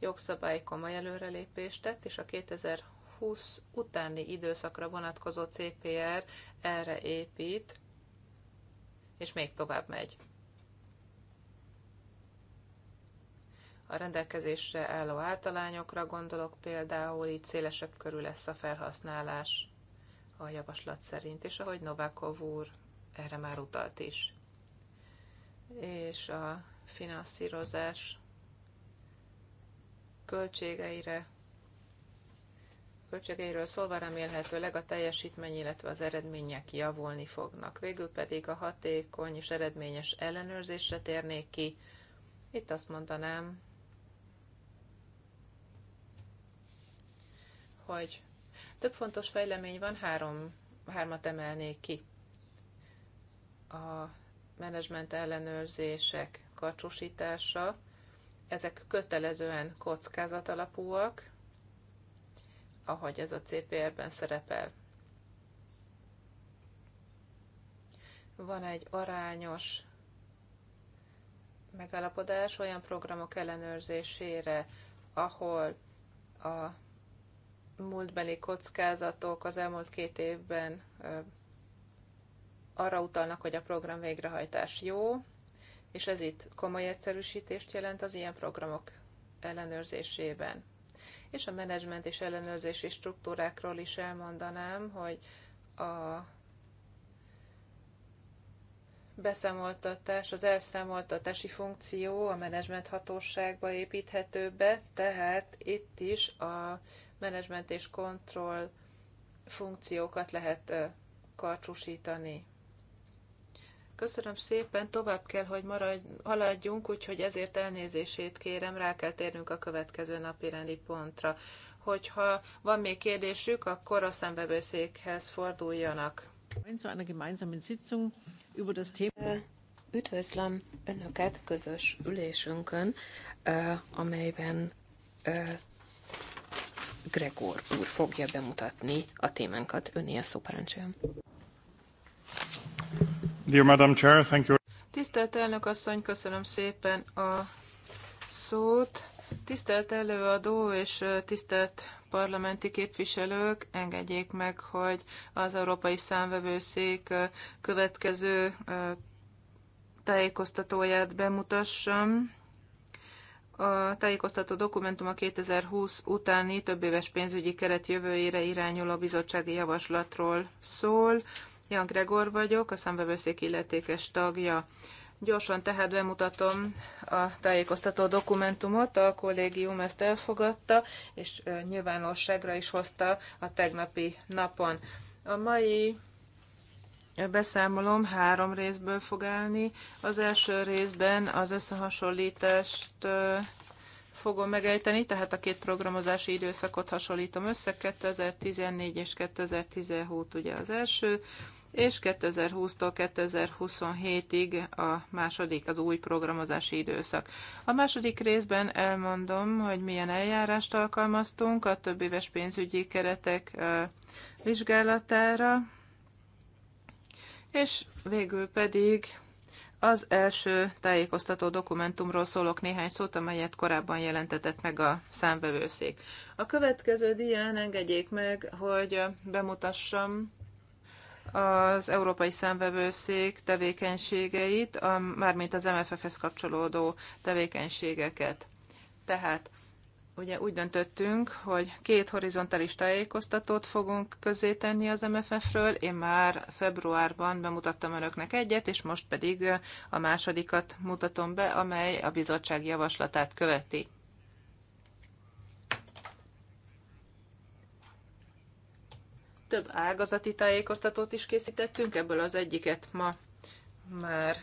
jogszabály komoly előrelépést tett, és a 2020 utáni időszakra vonatkozó CPR erre épít, és még tovább megy. A rendelkezésre álló általányokra gondolok például, így szélesebb körül lesz a felhasználás a javaslat szerint, és ahogy Novákov úr erre már utalt is. És a finanszírozás költségeire költségeiről szólva remélhetőleg a teljesítmény, illetve az eredmények javulni fognak. Végül pedig a hatékony és eredményes ellenőrzésre térnék ki. Itt azt mondanám, hogy több fontos fejlemény van, három, hármat emelnék ki. A menedzsment ellenőrzések karcsúsítása, ezek kötelezően kockázat alapúak, ahogy ez a CPR-ben szerepel. Van egy arányos megállapodás olyan programok ellenőrzésére, ahol a múltbeni kockázatok az elmúlt két évben arra utalnak, hogy a program végrehajtás jó, és ez itt komoly egyszerűsítést jelent az ilyen programok ellenőrzésében. És a menedzsment és ellenőrzési struktúrákról is elmondanám, hogy a beszámoltatás, az elszámoltatási funkció a menedzsment hatóságba építhető be, tehát itt is a menedzsment és kontroll funkciókat lehet karcsúsítani. Köszönöm szépen, tovább kell, hogy maradj, haladjunk, úgyhogy ezért elnézését kérem, rá kell térnünk a következő napi rendi pontra. Hogyha van még kérdésük, akkor a szembevőszékhez forduljanak. Üdvözlöm Önöket közös ülésünkön, amelyben Gregor úr fogja bemutatni a témánkat. Öné a szó parancsoljon. Dear Madam Chair, thank you. Tisztelt elnök asszony, köszönöm szépen a szót. Tisztelt előadó és tisztelt parlamenti képviselők, engedjék meg, hogy az Európai Számvevőszék következő tájékoztatóját bemutassam. A tájékoztató dokumentum a 2020 utáni többéves pénzügyi keret jövőjére irányuló bizottsági javaslatról szól. Jan Gregor vagyok, a számbevőszék illetékes tagja. Gyorsan tehát bemutatom a tájékoztató dokumentumot, a kollégium ezt elfogadta, és nyilvánosságra is hozta a tegnapi napon. A mai beszámolom három részből fog állni. Az első részben az összehasonlítást fogom megejteni, tehát a két programozási időszakot hasonlítom össze, 2014 és 2017 ugye az első, és 2020-tól 2027-ig a második, az új programozási időszak. A második részben elmondom, hogy milyen eljárást alkalmaztunk a több éves pénzügyi keretek vizsgálatára, és végül pedig az első tájékoztató dokumentumról szólok néhány szót, amelyet korábban jelentetett meg a számvevőszék. A következő dián engedjék meg, hogy bemutassam az Európai Számvevőszék tevékenységeit, a, mármint az MFF-hez kapcsolódó tevékenységeket. Tehát ugye úgy döntöttünk, hogy két horizontális tájékoztatót fogunk tenni az MFF-ről. Én már februárban bemutattam önöknek egyet, és most pedig a másodikat mutatom be, amely a bizottság javaslatát követi. Több ágazati tájékoztatót is készítettünk, ebből az egyiket ma már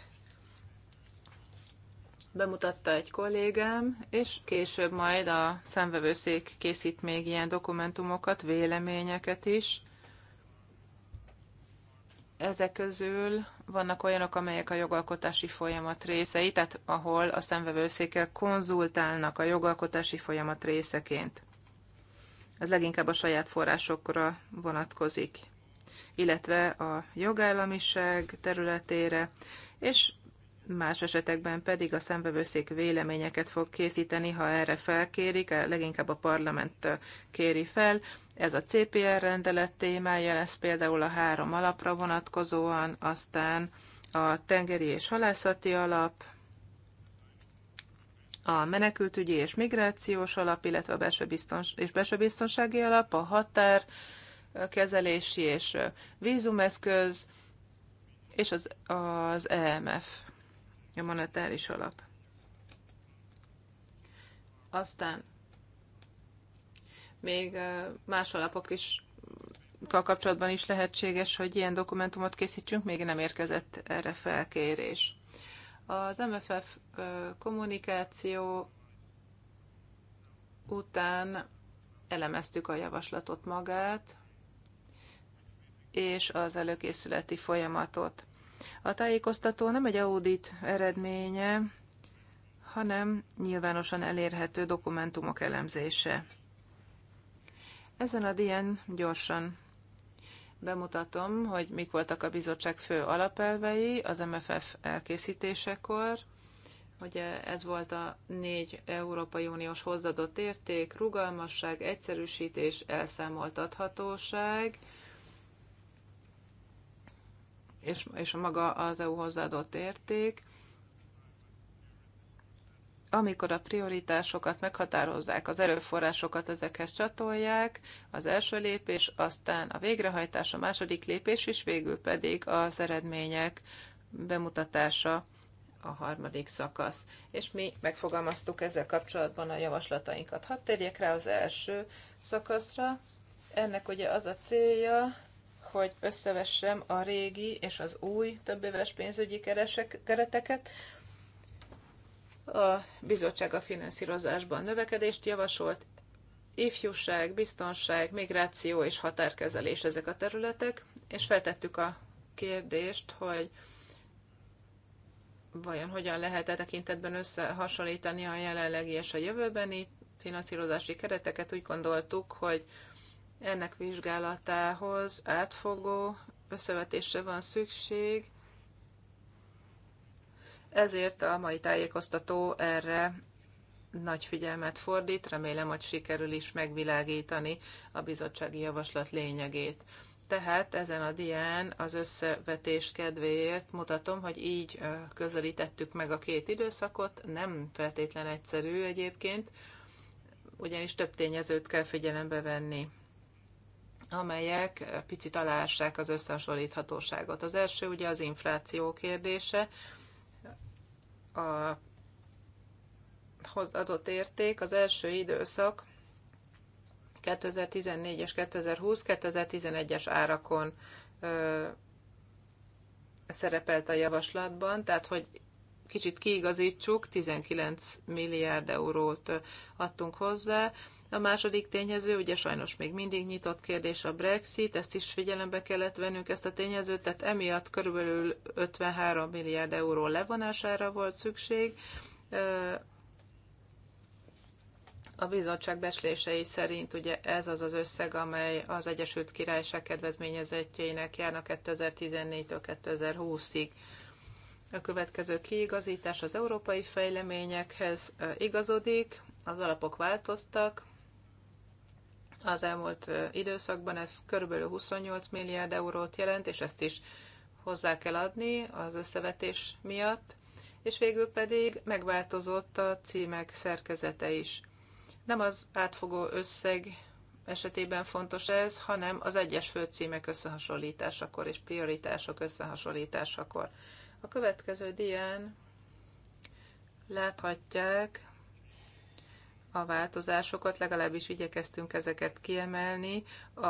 bemutatta egy kollégám, és később majd a szemvevőszék készít még ilyen dokumentumokat, véleményeket is. Ezek közül vannak olyanok, amelyek a jogalkotási folyamat részei, tehát ahol a szemvevőszékkel konzultálnak a jogalkotási folyamat részeként. Ez leginkább a saját forrásokra vonatkozik, illetve a jogállamiság területére, és más esetekben pedig a szembevőszék véleményeket fog készíteni, ha erre felkérik, e, leginkább a parlament kéri fel. Ez a CPR rendelet témája lesz például a három alapra vonatkozóan, aztán a tengeri és halászati alap, a menekültügyi és migrációs alap, illetve a belső biztons- és belső biztonsági alap, a határ kezelési és vízumeszköz, és az, az EMF a monetáris alap. Aztán még más alapok is kapcsolatban is lehetséges, hogy ilyen dokumentumot készítsünk, még nem érkezett erre felkérés. Az MFF kommunikáció után elemeztük a javaslatot magát, és az előkészületi folyamatot. A tájékoztató nem egy audit eredménye, hanem nyilvánosan elérhető dokumentumok elemzése. Ezen a dien gyorsan bemutatom, hogy mik voltak a bizottság fő alapelvei az MFF elkészítésekor. Ugye ez volt a négy Európai Uniós hozzáadott érték, rugalmasság, egyszerűsítés, elszámoltathatóság, és, és a maga az EU hozzáadott érték, amikor a prioritásokat meghatározzák, az erőforrásokat ezekhez csatolják, az első lépés, aztán a végrehajtás, a második lépés, és végül pedig az eredmények bemutatása a harmadik szakasz. És mi megfogalmaztuk ezzel kapcsolatban a javaslatainkat. Hadd térjek rá az első szakaszra. Ennek ugye az a célja, hogy összevessem a régi és az új többéves pénzügyi keresek, kereteket. A bizottság a finanszírozásban növekedést javasolt, ifjúság, biztonság, migráció és határkezelés ezek a területek, és feltettük a kérdést, hogy vajon hogyan lehet e tekintetben összehasonlítani a jelenlegi és a jövőbeni finanszírozási kereteket. Úgy gondoltuk, hogy ennek vizsgálatához átfogó összevetésre van szükség, ezért a mai tájékoztató erre nagy figyelmet fordít, remélem, hogy sikerül is megvilágítani a bizottsági javaslat lényegét. Tehát ezen a dián az összevetés kedvéért mutatom, hogy így közelítettük meg a két időszakot, nem feltétlen egyszerű egyébként, ugyanis több tényezőt kell figyelembe venni amelyek eh, picit aláássák az összehasonlíthatóságot. Az első ugye az infláció kérdése, a adott érték az első időszak 2014 és 2020, 2011-es árakon ö, szerepelt a javaslatban, tehát hogy kicsit kiigazítsuk, 19 milliárd eurót adtunk hozzá, a második tényező, ugye sajnos még mindig nyitott kérdés a Brexit, ezt is figyelembe kellett vennünk ezt a tényezőt, tehát emiatt körülbelül 53 milliárd euró levonására volt szükség. A bizottság beslései szerint ugye ez az az összeg, amely az Egyesült Királyság kedvezményezettjeinek járna 2014-től 2020-ig. A következő kiigazítás az európai fejleményekhez igazodik, az alapok változtak, az elmúlt időszakban, ez körülbelül 28 milliárd eurót jelent, és ezt is hozzá kell adni az összevetés miatt, és végül pedig megváltozott a címek szerkezete is. Nem az átfogó összeg esetében fontos ez, hanem az egyes főcímek összehasonlításakor és prioritások összehasonlításakor. A következő dián láthatják, a változásokat, legalábbis igyekeztünk ezeket kiemelni. A,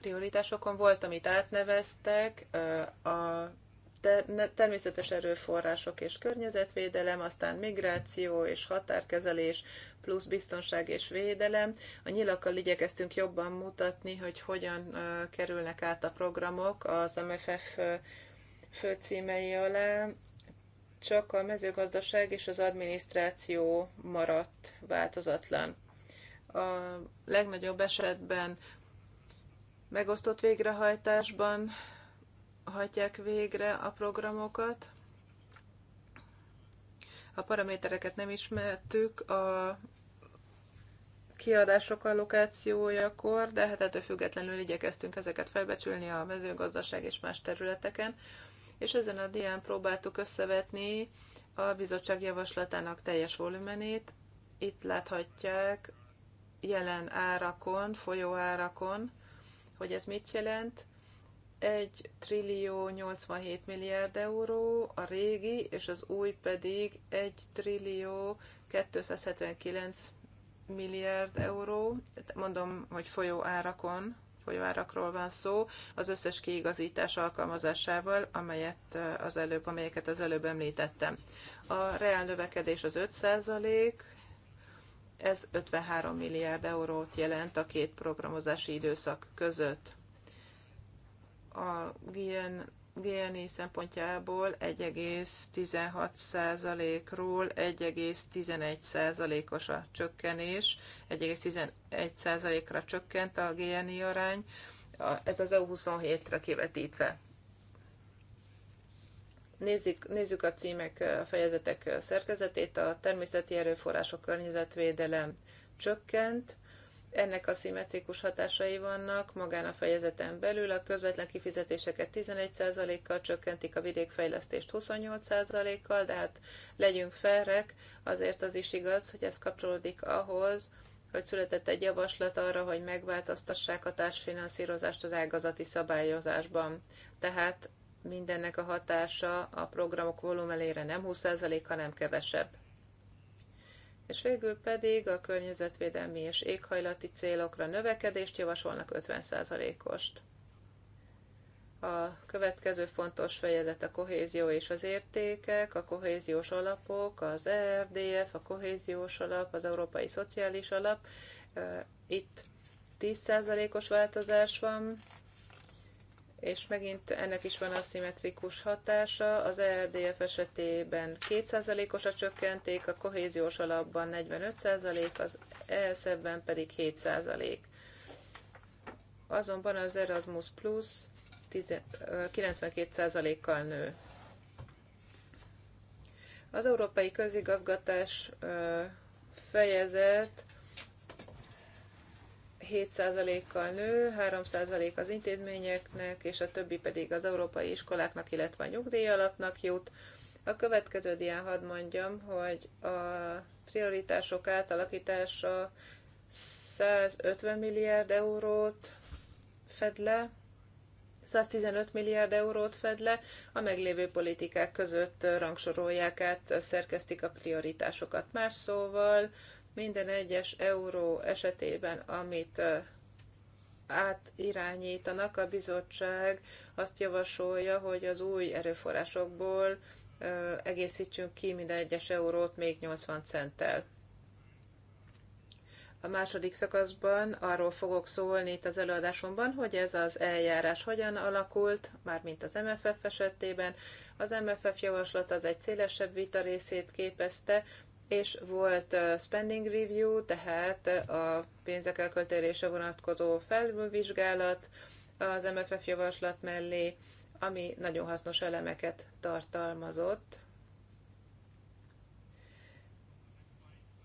prioritásokon volt, amit átneveztek, a természetes erőforrások és környezetvédelem, aztán migráció és határkezelés, plusz biztonság és védelem. A nyilakkal igyekeztünk jobban mutatni, hogy hogyan kerülnek át a programok az MFF főcímei alá csak a mezőgazdaság és az adminisztráció maradt változatlan. A legnagyobb esetben megosztott végrehajtásban hajtják végre a programokat. A paramétereket nem ismertük a kiadások allokációjakor, de hát ettől függetlenül igyekeztünk ezeket felbecsülni a mezőgazdaság és más területeken és ezen a dián próbáltuk összevetni a bizottság javaslatának teljes volumenét. Itt láthatják jelen árakon, folyóárakon, hogy ez mit jelent. 1 trillió 87 milliárd euró, a régi, és az új pedig 1 trillió 279 milliárd euró, mondom, hogy folyó árakon, folyóárakról van szó, az összes kiigazítás alkalmazásával, amelyet eh, az előbb, amelyeket az előbb említettem. A reál növekedés az 5 százalék, ez 53 milliárd eurót jelent a két programozási időszak között. A GIEN GNI szempontjából 1,16%-ról 1,11%-os a csökkenés, 1,11%-ra csökkent a GNI arány, ez az EU27-re kivetítve. Nézzük, nézzük a címek, a fejezetek szerkezetét. A természeti erőforrások környezetvédelem csökkent, ennek a szimmetrikus hatásai vannak magán a fejezeten belül, a közvetlen kifizetéseket 11%-kal csökkentik, a vidékfejlesztést 28%-kal, de hát legyünk felrek, azért az is igaz, hogy ez kapcsolódik ahhoz, hogy született egy javaslat arra, hogy megváltoztassák a társfinanszírozást az ágazati szabályozásban. Tehát mindennek a hatása a programok volumelére nem 20%, hanem kevesebb és végül pedig a környezetvédelmi és éghajlati célokra növekedést javasolnak 50%-ost. A következő fontos fejezet a kohézió és az értékek, a kohéziós alapok, az ERDF, a kohéziós alap, az Európai Szociális Alap. Itt 10%-os változás van, és megint ennek is van aszimmetrikus hatása. Az ERDF esetében 2%-os a csökkenték, a kohéziós alapban 45%, az ESZ-ben pedig 7%. Azonban az Erasmus Plus 92%-kal nő. Az európai közigazgatás fejezet 7%-kal nő, 3% az intézményeknek, és a többi pedig az európai iskoláknak, illetve a nyugdíjalapnak jut. A következő dián hadd mondjam, hogy a prioritások átalakítása 150 milliárd eurót fed le, 115 milliárd eurót fed le, a meglévő politikák között rangsorolják át, szerkesztik a prioritásokat. Más szóval, minden egyes euró esetében, amit átirányítanak, a bizottság azt javasolja, hogy az új erőforrásokból egészítsünk ki minden egyes eurót még 80 centtel. A második szakaszban arról fogok szólni itt az előadásomban, hogy ez az eljárás hogyan alakult, mármint az MFF esetében. Az MFF javaslat az egy szélesebb vita részét képezte, és volt spending review, tehát a pénzek elköltérése vonatkozó felülvizsgálat az MFF javaslat mellé, ami nagyon hasznos elemeket tartalmazott.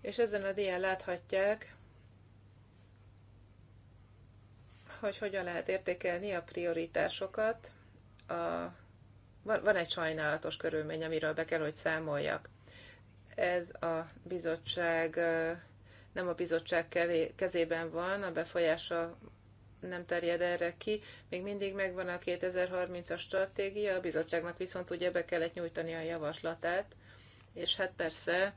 És ezen a dián láthatják, hogy hogyan lehet értékelni a prioritásokat. A, van, van egy sajnálatos körülmény, amiről be kell, hogy számoljak ez a bizottság nem a bizottság kezében van, a befolyása nem terjed erre ki. Még mindig megvan a 2030-as stratégia, a bizottságnak viszont ugye be kellett nyújtani a javaslatát, és hát persze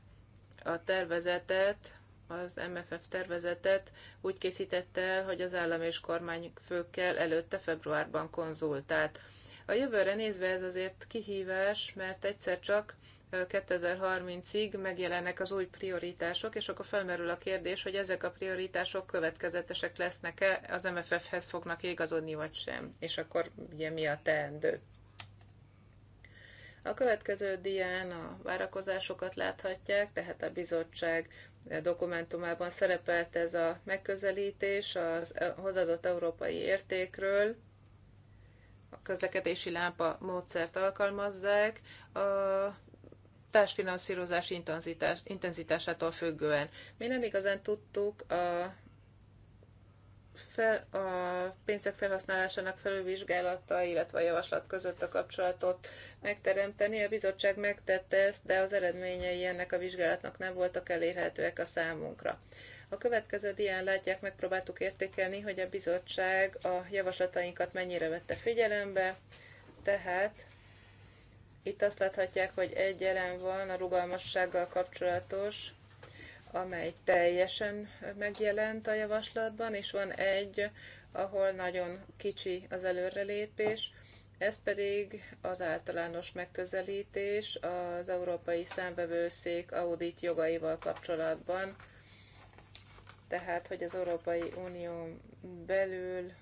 a tervezetet, az MFF tervezetet úgy készítette el, hogy az állam és kormány főkkel előtte februárban konzultált. A jövőre nézve ez azért kihívás, mert egyszer csak 2030-ig megjelennek az új prioritások, és akkor felmerül a kérdés, hogy ezek a prioritások következetesek lesznek-e, az MFF-hez fognak igazodni, vagy sem. És akkor ugye mi a teendő? A következő dián a várakozásokat láthatják, tehát a bizottság dokumentumában szerepelt ez a megközelítés a eh, hozadott európai értékről, a közlekedési lámpa módszert alkalmazzák. A társfinanszírozás intenzitás, intenzitásától függően. Mi nem igazán tudtuk a, fel, a pénzek felhasználásának felülvizsgálata, illetve a javaslat között a kapcsolatot megteremteni. A bizottság megtette ezt, de az eredményei ennek a vizsgálatnak nem voltak elérhetőek a számunkra. A következő dián látják, megpróbáltuk értékelni, hogy a bizottság a javaslatainkat mennyire vette figyelembe, tehát itt azt láthatják, hogy egy elem van a rugalmassággal kapcsolatos, amely teljesen megjelent a javaslatban, és van egy, ahol nagyon kicsi az előrelépés, ez pedig az általános megközelítés az Európai Számbevőszék audit jogaival kapcsolatban, tehát hogy az Európai Unió belül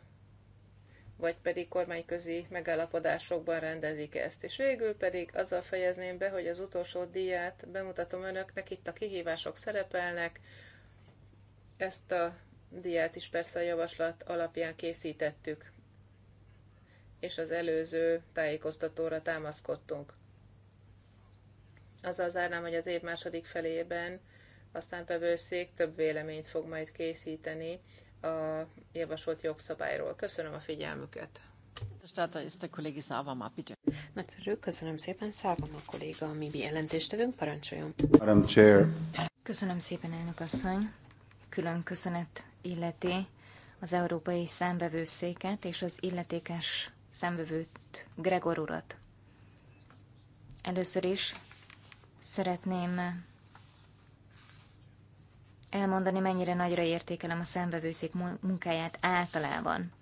vagy pedig kormányközi megállapodásokban rendezik -e ezt. És végül pedig azzal fejezném be, hogy az utolsó díját bemutatom önöknek, itt a kihívások szerepelnek, ezt a diát is persze a javaslat alapján készítettük, és az előző tájékoztatóra támaszkodtunk. Azzal zárnám, hogy az év második felében a számpevőszék több véleményt fog majd készíteni a javasolt jogszabályról. Köszönöm a figyelmüket. Nagyszerű, köszönöm szépen. Szávam a kolléga, a mi jelentéstevünk, parancsoljon. Madam Chair. Köszönöm szépen, elnök asszony. Külön köszönet illeti az Európai Számbevőszéket és az illetékes számbevőt Gregor urat. Először is szeretném elmondani, mennyire nagyra értékelem a számvevőszék munkáját általában.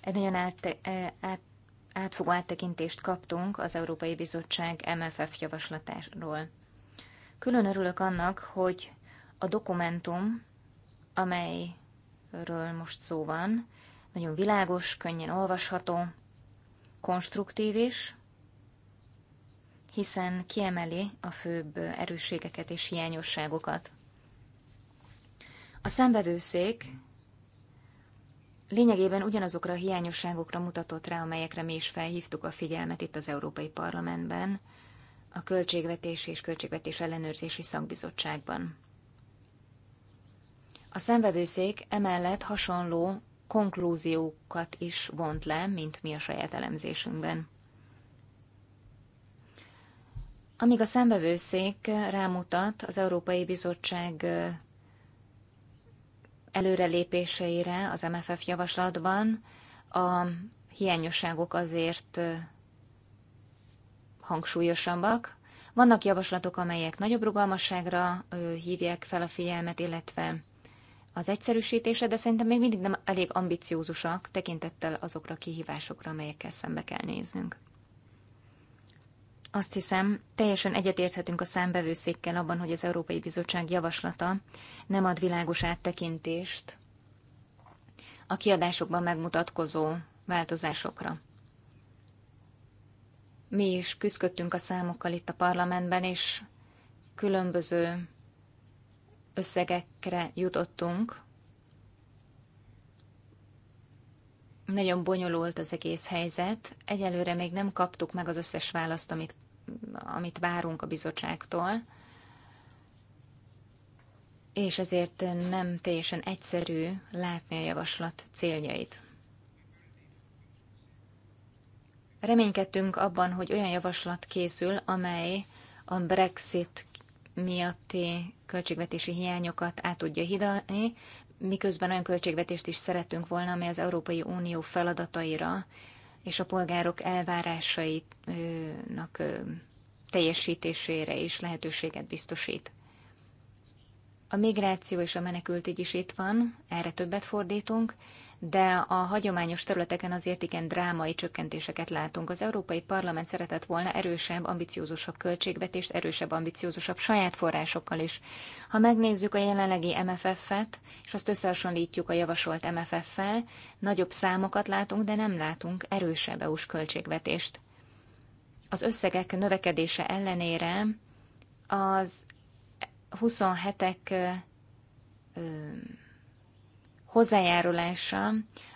Egy nagyon át, e, át, átfogó áttekintést kaptunk az Európai Bizottság MFF javaslatáról. Külön örülök annak, hogy a dokumentum, amelyről most szó van, nagyon világos, könnyen olvasható, konstruktív is, hiszen kiemeli a főbb erősségeket és hiányosságokat. A szembevőszék lényegében ugyanazokra a hiányosságokra mutatott rá, amelyekre mi is felhívtuk a figyelmet itt az Európai Parlamentben, a Költségvetési és Költségvetés Ellenőrzési Szakbizottságban. A szemvevőszék emellett hasonló konklúziókat is vont le, mint mi a saját elemzésünkben. Amíg a szembevőszék rámutat az Európai Bizottság előrelépéseire az MFF javaslatban a hiányosságok azért hangsúlyosabbak. Vannak javaslatok, amelyek nagyobb rugalmasságra hívják fel a figyelmet, illetve az egyszerűsítése, de szerintem még mindig nem elég ambiciózusak tekintettel azokra a kihívásokra, amelyekkel szembe kell néznünk. Azt hiszem, teljesen egyetérthetünk a számbevőszékkel abban, hogy az Európai Bizottság javaslata nem ad világos áttekintést a kiadásokban megmutatkozó változásokra. Mi is küzdöttünk a számokkal itt a parlamentben, és különböző összegekre jutottunk. Nagyon bonyolult az egész helyzet. Egyelőre még nem kaptuk meg az összes választ, amit amit várunk a bizottságtól, és ezért nem teljesen egyszerű látni a javaslat céljait. Reménykedtünk abban, hogy olyan javaslat készül, amely a Brexit miatti költségvetési hiányokat át tudja hidalni, miközben olyan költségvetést is szerettünk volna, amely az Európai Unió feladataira és a polgárok elvárásainak teljesítésére is lehetőséget biztosít. A migráció és a menekültügy is itt van, erre többet fordítunk, de a hagyományos területeken azért igen drámai csökkentéseket látunk. Az Európai Parlament szeretett volna erősebb, ambiciózusabb költségvetést, erősebb, ambiciózusabb saját forrásokkal is. Ha megnézzük a jelenlegi MFF-et, és azt összehasonlítjuk a javasolt MFF-fel, nagyobb számokat látunk, de nem látunk erősebb EU-s költségvetést. Az összegek növekedése ellenére az 27-ek hozzájárulása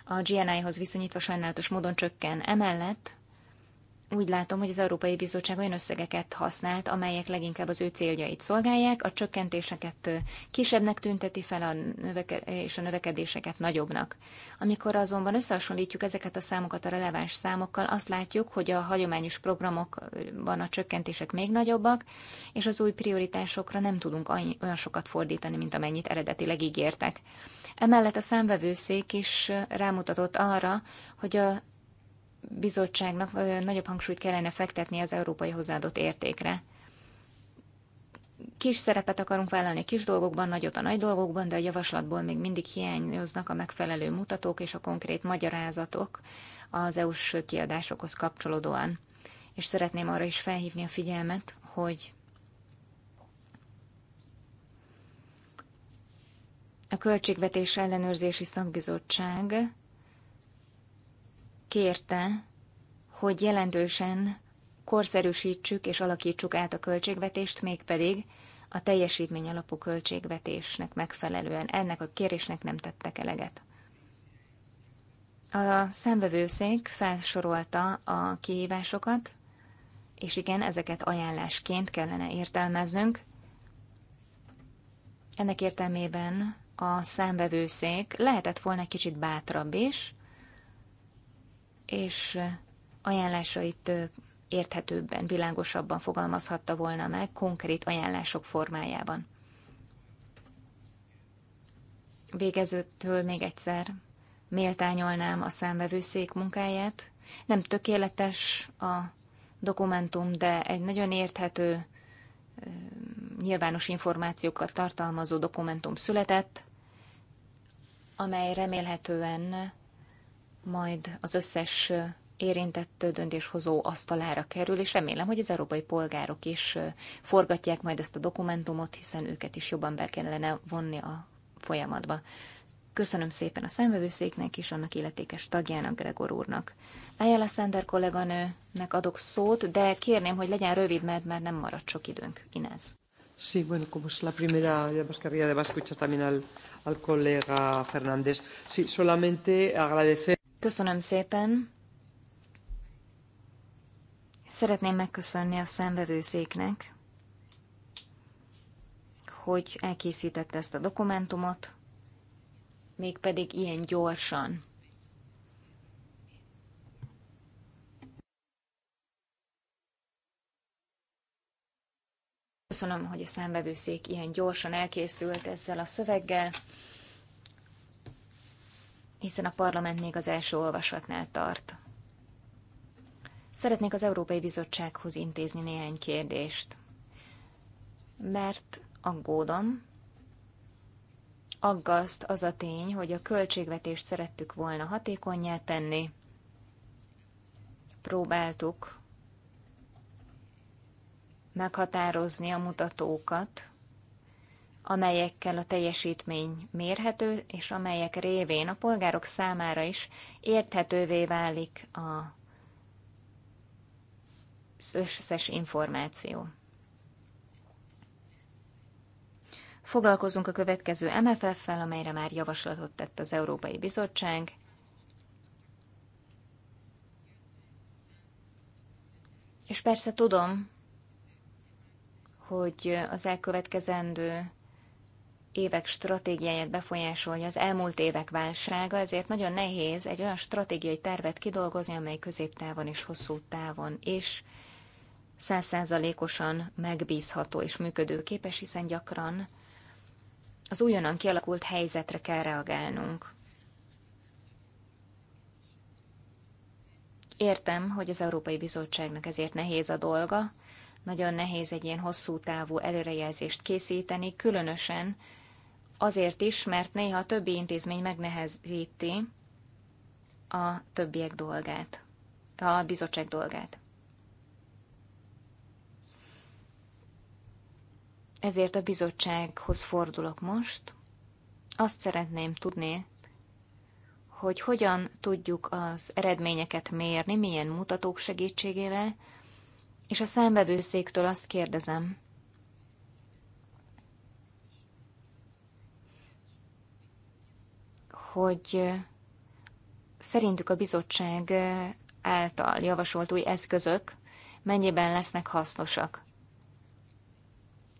a GNI-hoz viszonyítva sajnálatos módon csökken. Emellett úgy látom, hogy az Európai Bizottság olyan összegeket használt, amelyek leginkább az ő céljait szolgálják, a csökkentéseket kisebbnek tünteti fel, a növeke- és a növekedéseket nagyobbnak. Amikor azonban összehasonlítjuk ezeket a számokat a releváns számokkal, azt látjuk, hogy a hagyományos programokban a csökkentések még nagyobbak, és az új prioritásokra nem tudunk annyi, olyan sokat fordítani, mint amennyit eredetileg ígértek. Emellett a számvevőszék is rámutatott arra, hogy a bizottságnak nagyobb hangsúlyt kellene fektetni az európai hozzáadott értékre. Kis szerepet akarunk vállalni kis dolgokban, nagyot a nagy dolgokban, de a javaslatból még mindig hiányoznak a megfelelő mutatók és a konkrét magyarázatok az EU-s kiadásokhoz kapcsolódóan. És szeretném arra is felhívni a figyelmet, hogy a Költségvetés Ellenőrzési Szakbizottság kérte, hogy jelentősen korszerűsítsük és alakítsuk át a költségvetést, mégpedig a teljesítmény alapú költségvetésnek megfelelően. Ennek a kérésnek nem tettek eleget. A szembevőszék felsorolta a kihívásokat, és igen, ezeket ajánlásként kellene értelmeznünk. Ennek értelmében a számbevőszék lehetett volna kicsit bátrabb is, és ajánlásait érthetőbben, világosabban fogalmazhatta volna meg, konkrét ajánlások formájában. Végezettől még egyszer méltányolnám a számvevőszék munkáját. Nem tökéletes a dokumentum, de egy nagyon érthető, nyilvános információkat tartalmazó dokumentum született, amely remélhetően majd az összes érintett döntéshozó asztalára kerül, és remélem, hogy az európai polgárok is forgatják majd ezt a dokumentumot, hiszen őket is jobban be kellene vonni a folyamatba. Köszönöm szépen a szemvevőszéknek és annak illetékes tagjának, Gregor úrnak. Ayala Sander kolléganőnek adok szót, de kérném, hogy legyen rövid, mert már nem marad sok időnk. Inez. Sí, bueno, como es la primera, además que había más escuchar también al, al colega Fernández. Sí, solamente agradecer. Köszönöm szépen. Szeretném megköszönni a számvevőszéknek, hogy elkészítette ezt a dokumentumot, mégpedig ilyen gyorsan. Köszönöm, hogy a számbevőszék ilyen gyorsan elkészült ezzel a szöveggel hiszen a parlament még az első olvasatnál tart. Szeretnék az Európai Bizottsághoz intézni néhány kérdést, mert aggódom, aggaszt az a tény, hogy a költségvetést szerettük volna hatékonyá tenni, próbáltuk meghatározni a mutatókat, amelyekkel a teljesítmény mérhető, és amelyek révén a polgárok számára is érthetővé válik a összes információ. Foglalkozunk a következő MFF-fel, amelyre már javaslatot tett az Európai Bizottság. És persze tudom, hogy az elkövetkezendő évek stratégiáját befolyásolja az elmúlt évek válsága, ezért nagyon nehéz egy olyan stratégiai tervet kidolgozni, amely középtávon és hosszú távon is százszázalékosan megbízható és működőképes, hiszen gyakran az újonnan kialakult helyzetre kell reagálnunk. Értem, hogy az Európai Bizottságnak ezért nehéz a dolga, nagyon nehéz egy ilyen hosszú távú előrejelzést készíteni, különösen, Azért is, mert néha a többi intézmény megnehezíti a többiek dolgát, a bizottság dolgát. Ezért a bizottsághoz fordulok most. Azt szeretném tudni, hogy hogyan tudjuk az eredményeket mérni, milyen mutatók segítségével, és a számbevőszéktől azt kérdezem, hogy szerintük a bizottság által javasolt új eszközök mennyiben lesznek hasznosak.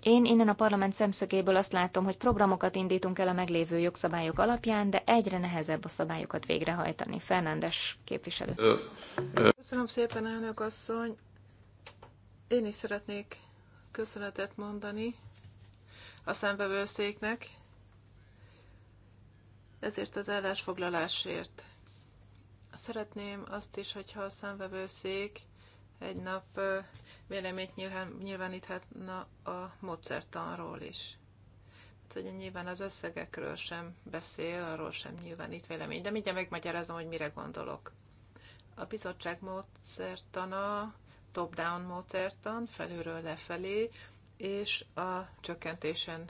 Én innen a parlament szemszögéből azt látom, hogy programokat indítunk el a meglévő jogszabályok alapján, de egyre nehezebb a szabályokat végrehajtani. Fernándes képviselő. Köszönöm szépen, elnök asszony. Én is szeretnék köszönetet mondani a szembevőszéknek, ezért az állásfoglalásért. Szeretném azt is, hogyha a számvevőszék egy nap véleményt nyilváníthatna a módszertanról is. Hát ugye nyilván az összegekről sem beszél, arról sem nyilvánít vélemény, de mindjárt megmagyarázom, hogy mire gondolok. A bizottság módszertana top-down módszertan, felülről lefelé, és a csökkentésen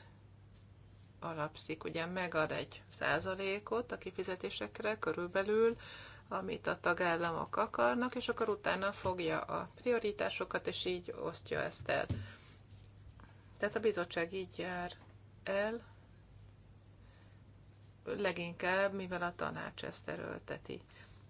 alapszik. Ugye megad egy százalékot a kifizetésekre körülbelül, amit a tagállamok akarnak, és akkor utána fogja a prioritásokat, és így osztja ezt el. Tehát a bizottság így jár el, leginkább, mivel a tanács ezt erőlteti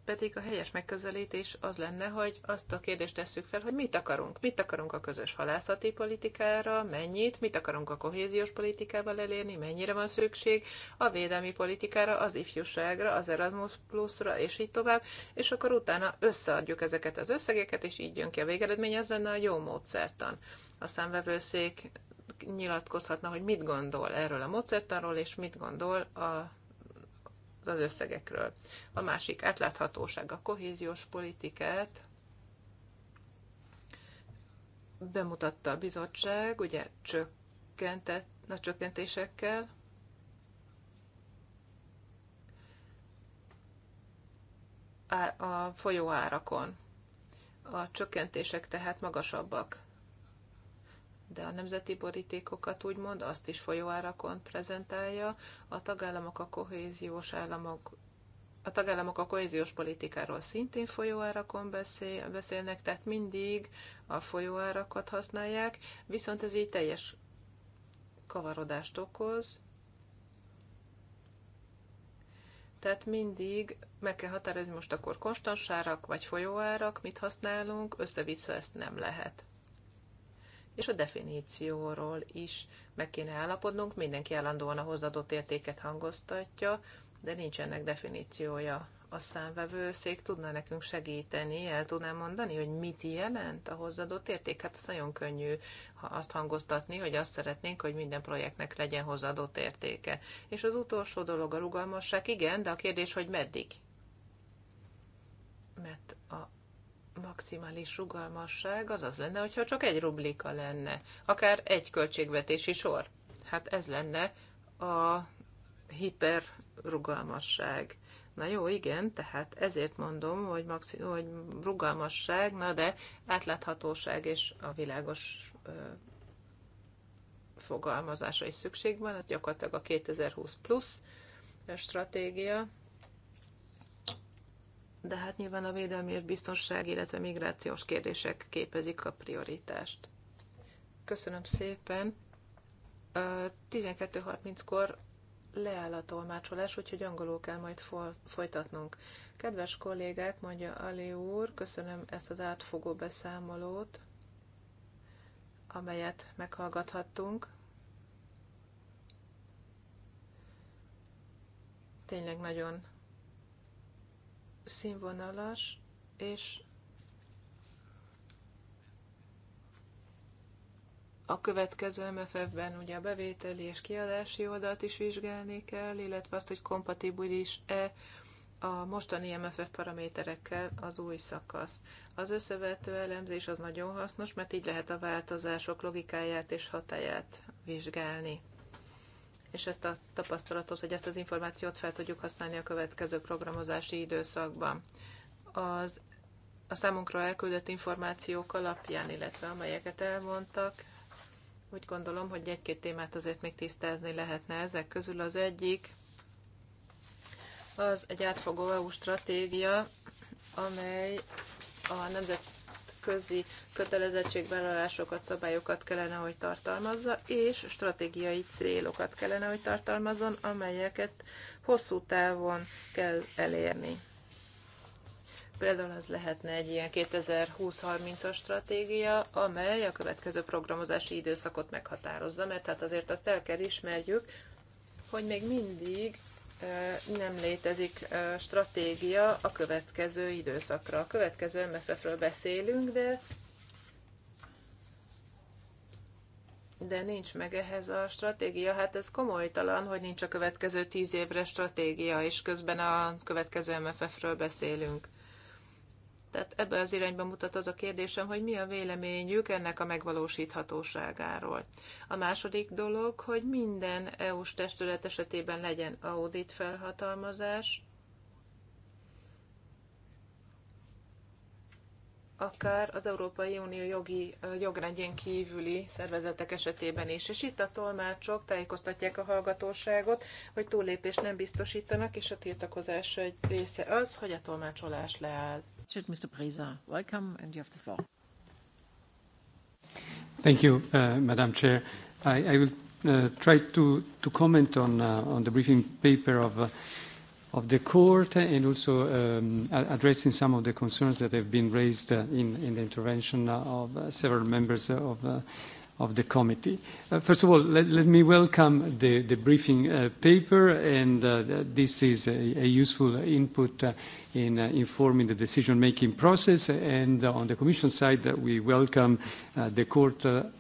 pedig a helyes megközelítés az lenne, hogy azt a kérdést tesszük fel, hogy mit akarunk. Mit akarunk a közös halászati politikára, mennyit, mit akarunk a kohéziós politikával elérni, mennyire van szükség, a védelmi politikára, az ifjúságra, az Erasmus pluszra és így tovább, és akkor utána összeadjuk ezeket az összegeket, és így jön ki a végeredmény, ez lenne a jó módszertan. A számvevőszék nyilatkozhatna, hogy mit gondol erről a módszertanról, és mit gondol a az összegekről. A másik átláthatóság a kohéziós politikát bemutatta a bizottság, ugye csökkentett, a csökkentésekkel, a folyóárakon. A csökkentések tehát magasabbak, de a nemzeti borítékokat úgymond azt is folyóárakon prezentálja, a tagállamok a kohéziós államok a tagállamok a kohéziós politikáról szintén folyóárakon beszél, beszélnek, tehát mindig a folyóárakat használják, viszont ez így teljes kavarodást okoz. Tehát mindig meg kell határozni most akkor konstansárak vagy folyóárak, mit használunk, össze-vissza ezt nem lehet és a definícióról is meg kéne állapodnunk. Mindenki állandóan a hozzáadott értéket hangoztatja, de nincsenek definíciója. A számvevőszék tudna nekünk segíteni, el tudná mondani, hogy mit jelent a hozzáadott érték? Hát ez nagyon könnyű azt hangoztatni, hogy azt szeretnénk, hogy minden projektnek legyen hozzáadott értéke. És az utolsó dolog a rugalmasság, igen, de a kérdés, hogy meddig? Mert maximális rugalmasság az az lenne, hogyha csak egy rublika lenne, akár egy költségvetési sor. Hát ez lenne a hiper rugalmasság. Na jó, igen, tehát ezért mondom, hogy, maxi- hogy rugalmasság, na de átláthatóság és a világos ö, fogalmazása is szükség van, ez gyakorlatilag a 2020 plusz stratégia, de hát nyilván a védelmi és biztonság, illetve migrációs kérdések képezik a prioritást. Köszönöm szépen. 12.30-kor leáll a tolmácsolás, úgyhogy angolul kell majd folytatnunk. Kedves kollégák, mondja Ali úr, köszönöm ezt az átfogó beszámolót, amelyet meghallgathattunk. Tényleg nagyon színvonalas, és a következő MFF-ben ugye a bevételi és kiadási oldalt is vizsgálni kell, illetve azt, hogy kompatibilis-e a mostani MFF paraméterekkel az új szakasz. Az összevető elemzés az nagyon hasznos, mert így lehet a változások logikáját és hatáját vizsgálni és ezt a tapasztalatot, vagy ezt az információt fel tudjuk használni a következő programozási időszakban. Az a számunkra elküldött információk alapján, illetve amelyeket elmondtak, úgy gondolom, hogy egy-két témát azért még tisztázni lehetne. Ezek közül az egyik az egy átfogó EU stratégia, amely a nemzet közi kötelezettségvállalásokat, szabályokat kellene, hogy tartalmazza, és stratégiai célokat kellene, hogy tartalmazzon, amelyeket hosszú távon kell elérni. Például az lehetne egy ilyen 2020-30-as stratégia, amely a következő programozási időszakot meghatározza, mert hát azért azt el kell ismerjük, hogy még mindig nem létezik stratégia a következő időszakra. A következő MFF-ről beszélünk, de de nincs meg ehhez a stratégia. Hát ez komolytalan, hogy nincs a következő tíz évre stratégia, és közben a következő MFF-ről beszélünk ebbe az irányba mutat az a kérdésem, hogy mi a véleményük ennek a megvalósíthatóságáról. A második dolog, hogy minden EU-s testület esetében legyen audit felhatalmazás, akár az Európai Unió jogi jogrendjén kívüli szervezetek esetében is. És itt a tolmácsok tájékoztatják a hallgatóságot, hogy túllépést nem biztosítanak, és a tiltakozás egy része az, hogy a tolmácsolás leáll budget. Mr. Preza, welcome, and you have the floor. Thank you, uh, Madam Chair. I, I will uh, try to, to comment on, uh, on the briefing paper of, uh, of the court and also um, addressing some of the concerns that have been raised uh, in, in the intervention of uh, several members of uh, of the committee. Uh, first of all, let, let me welcome the, the briefing uh, paper, and uh, this is a, a useful input uh, in uh, informing the decision-making process. And uh, on the Commission side, uh, we welcome uh, the court uh,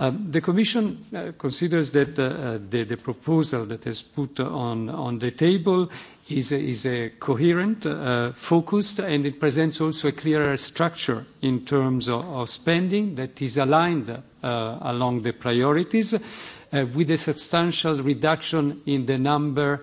Um, the Commission uh, considers that uh, uh the, the proposal that is put on, on the table is a, is a coherent, uh, focused, and it presents also a clearer structure in terms of, of spending that is aligned uh, along the priorities, uh, with a substantial reduction in the number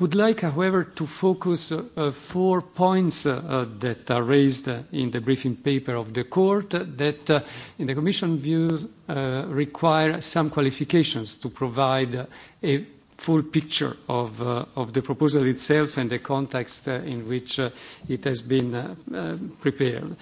would like, however, to focus uh, uh four points uh, uh, that are raised uh, in the briefing paper of the court that, uh, in the Commission views, uh, require some qualifications to provide a full picture of, uh, of the proposal itself and the context uh, in which uh, it has been uh, uh, prepared.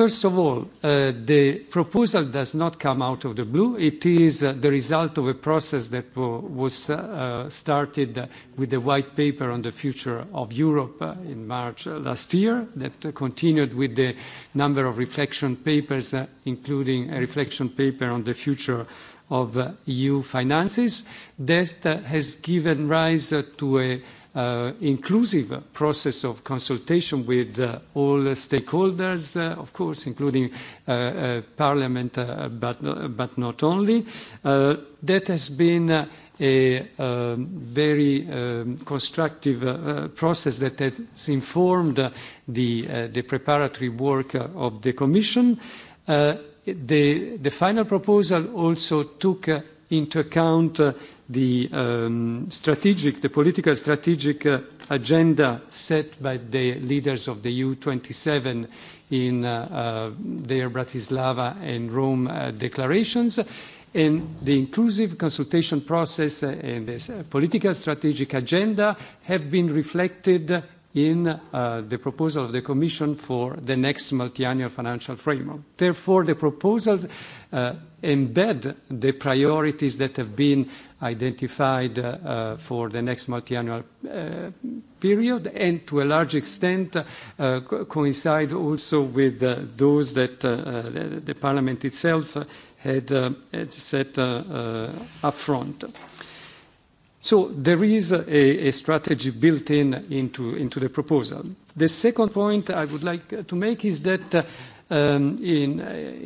First of all, uh, the proposal does not come out of the blue. It is uh, the result of a process that was uh, started with the white paper on the future of Europe uh, in March uh, last year, that continued with the number of reflection papers, uh, including a reflection paper on the future of EU finances, that has given rise to a Uh, inclusive process of consultation with uh, all stakeholders, uh, of course, including uh, uh, Parliament, uh, but, uh, but not only. Uh, that has been uh, a um, very um, constructive uh, uh process that has informed the, uh, the preparatory work of the Commission. Uh, the, the final proposal also took uh, into account uh, the um, strategic, the political strategic uh, agenda set by the leaders of the EU27 in uh, uh, their Bratislava and Rome uh, declarations, and the inclusive consultation process and this uh, political strategic agenda have been reflected in uh, the proposal of the Commission for the next multiannual financial framework. Therefore, the proposals uh, embed the priorities that have been identified uh, uh, for the next multiannual uh, period and to a large extent uh, co coincide also with uh, those that uh, uh the, the Parliament itself had, uh, had set uh, uh, up front. So there is a, strategy built in into, the proposal. The second point I would like to make is that uh, um, uh,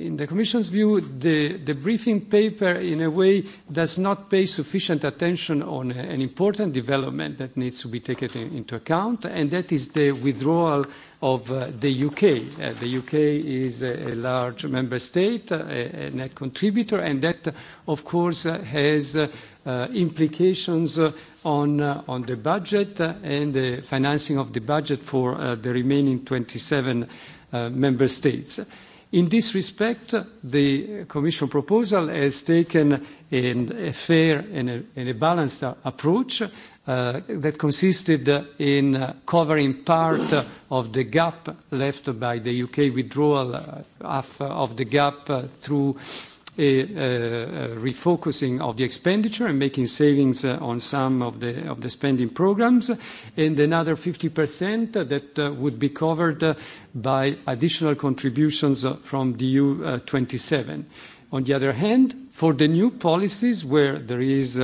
in, the Commission's view, the, briefing paper, in a way, does not pay sufficient attention on an important development that needs to be taken into account, and that is the withdrawal of uh, the UK. Uh, the UK is a, a large member state, uh, a, a net contributor, and that, uh, of course, uh, has uh, implications on, on the budget and the financing of the budget for the remaining 27 member states. In this respect, the Commission proposal has taken an, a fair and a, and a balanced approach Uh, that consisted in uh, covering part of the gap left by the UK withdrawal of, uh, of the gap through a, refocusing of the expenditure and making savings on some of the, spending programs, and another 50% that would be covered by additional contributions from the EU 27. On the other hand, for the new policies where there is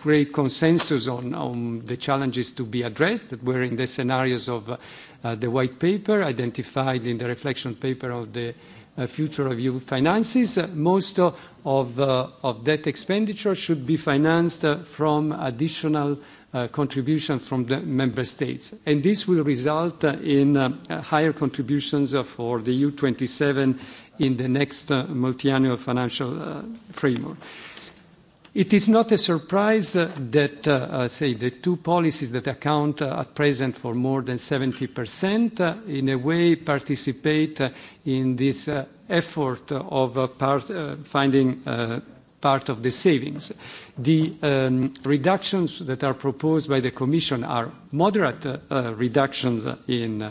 great consensus on, on the challenges to be addressed that were in the scenarios of uh, uh the white paper identified in the reflection paper of the uh, future of EU finances. Uh, most uh, of, uh, of that expenditure should be financed uh, from additional uh, contribution from the member states. And this will result uh, in uh, higher contributions uh, for the EU27 in the next uh, multi-annual financial uh, framework. It is not a surprise that, uh, uh, say, the two policies that account uh, at present for more than 70% uh, in a way participate uh, in this uh, effort of part, finding part of the savings. The um, reductions that are proposed by the Commission are moderate reductions in,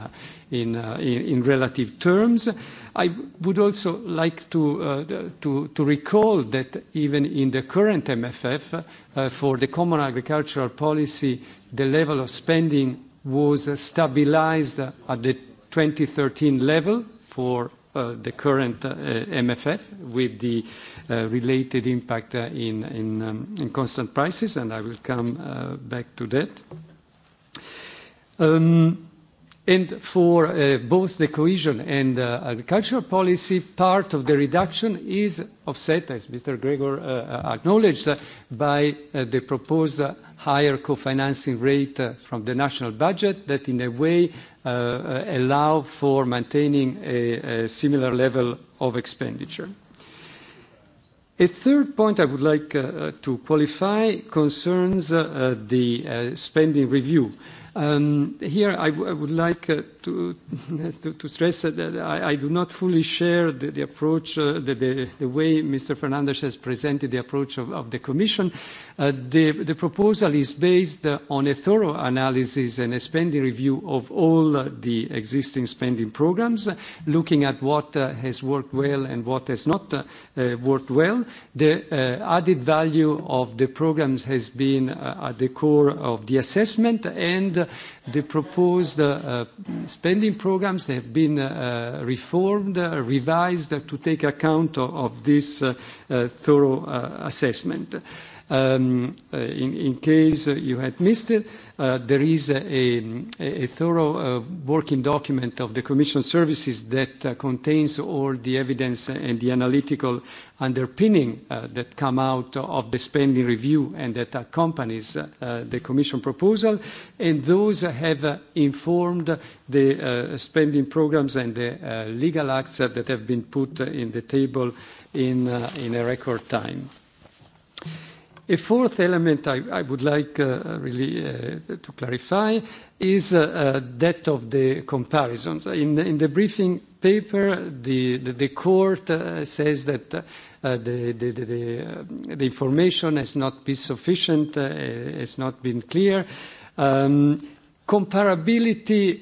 in, in relative terms. I would also like to, uh, to, to recall that even in the current MFF, uh, for the common agricultural policy, the level of spending was uh, stabilized at the 2013 level for uh, the current uh, MFF with the uh, related impact uh, in, in, um, in constant prices, and I will come uh, back to that. Um, And for uh, both the cohesion and uh, agricultural policy, part of the reduction is offset, as Mr. Gregor uh, uh, acknowledged, uh, by uh, the proposed uh, higher co-financing rate uh, from the national budget that in a way uh, uh allow for maintaining a, a similar level of expenditure. A third point I would like uh, uh to qualify concerns uh, the uh, spending review. Uh, Um, here, I, w I would like uh, to, to, to stress that I, I do not fully share the, the approach, uh, the, the, the way Mr. Fernandez has presented the approach of, of the Commission. Uh, the, the proposal is based uh, on a thorough analysis and a spending review of all uh, the existing spending programs, uh, looking at what uh, has worked well and what has not uh, uh, worked well. The uh, added value of the programs has been uh, at the core of the assessment and the proposed uh, spending programs have been uh, reformed, uh, revised uh, to take account of, of this uh, uh, thorough uh, assessment. Um, uh, in, in case you had missed it, Uh, there is a, a thorough uh, working document of the Commission services that uh, contains all the evidence and the analytical underpinning uh, that come out of the spending review and that accompanies uh, the Commission proposal, and those have uh, informed the uh, spending programs and the uh, legal acts that have been put in the table in, in a record time. A fourth element I, I would like uh, really uh, to clarify is uh, uh, that of the comparisons. In, in the briefing paper, the, the, the court uh, says that uh, the, the the, the, uh, the uh, information has not been sufficient, uh, has not been clear. Um, comparability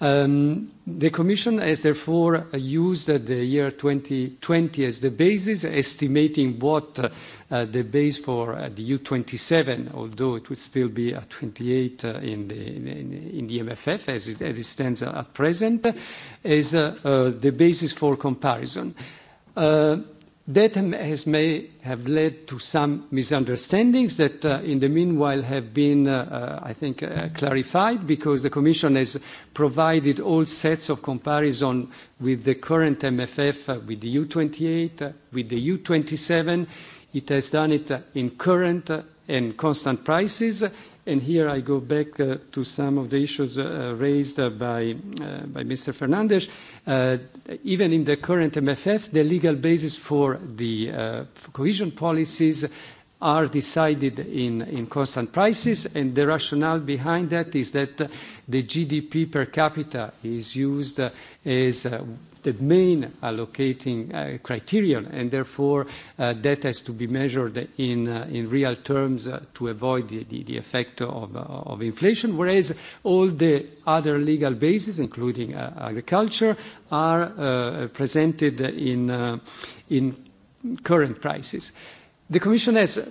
Um, the Commission has therefore used the year 2020 as the basis, estimating what uh, uh the base for uh, the EU27, although it would still be at 28 uh, in, the, in, in the MFF as it, as it stands at present, is uh, uh, the basis for comparison. That has may have led to some misunderstandings that uh, in the meanwhile have been, uh, uh, I think, uh, clarified because the Commission has provided all sets of comparison with the current MFF, uh, with the U28, uh, with the U27. It has done it uh, in current uh, and constant prices And here I go back uh, to some of the issues uh, raised uh, by, Mr. Fernandez. even in the current MFF, the legal basis for the cohesion policies are decided in constant prices, and the rationale behind that is that the GDP per capita is used as the main allocating uh, criterion, and therefore uh, that has to be measured in, uh, in real terms uh, to avoid the, the, the effect of, uh, of inflation, whereas all the other legal bases, including uh, agriculture, are uh, presented in, uh, in current prices. The Commission has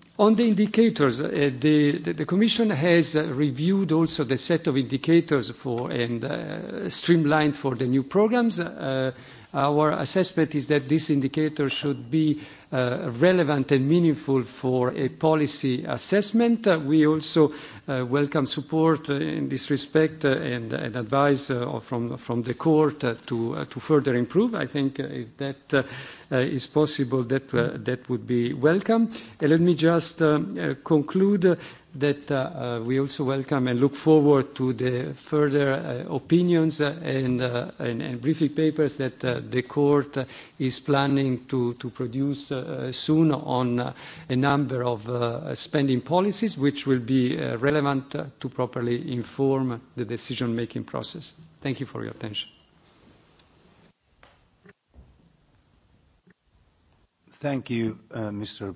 On the indicators, uh, the, the Commission has uh, reviewed also the set of indicators for and uh, streamlined for the new programs. Uh, our assessment is that this indicator should be uh, relevant and meaningful for a policy assessment. Uh, we also Uh, welcome support uh, in this respect uh, and, advice from, from the court to, to further improve. I think if that is possible, that, that would be welcome. let me just um, conclude that uh, uh, we also welcome and look forward to the further uh, opinions uh, and, uh, and, and briefing papers that uh, the court uh, is planning to, to produce uh, soon on a number of uh, spending policies which will be uh, relevant to properly inform the decision-making process. Thank you for your attention. Thank you, uh, Mr.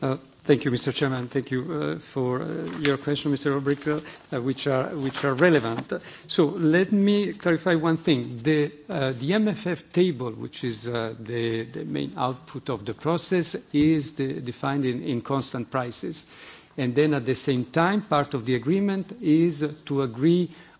Uh, thank you, Mr. Chairman. Thank you uh, for uh, your question, Mr. Obrick, which, are, relevant. So let me clarify one thing. The, MFF table, which is the, main output of the process, is defined in constant prices. And then at the same time, part of the agreement is to agree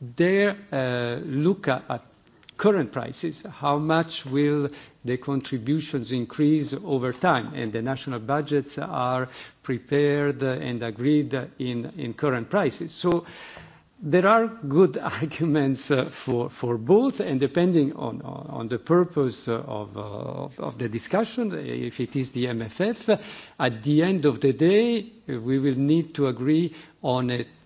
their uh, look at, current prices, how much will the contributions increase over time? And the national budgets are prepared and agreed in, in current prices. So there are good arguments for, for both, and depending on, on, the purpose of, of, of the discussion, if it is the MFF, at the end of the day, we will need to agree on a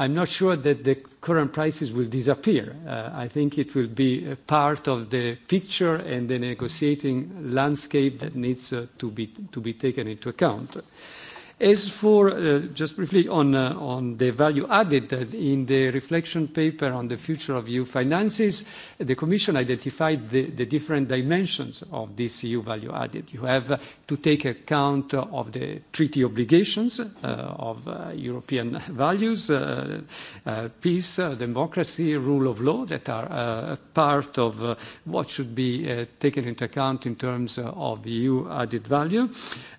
I'm not sure that the current prices will disappear. Uh, I think it will be part of the picture and the negotiating landscape that needs uh, to, be, to be taken into account. As for, uh, just briefly on, on the value added, in the reflection paper on the future of EU finances, the Commission identified the different dimensions of this EU value added. You have to take account of the treaty obligations uh, of uh, European values, uh, uh, peace, uh, democracy, rule of law that are uh, part of uh, what should be uh, taken into account in terms uh, of EU added value.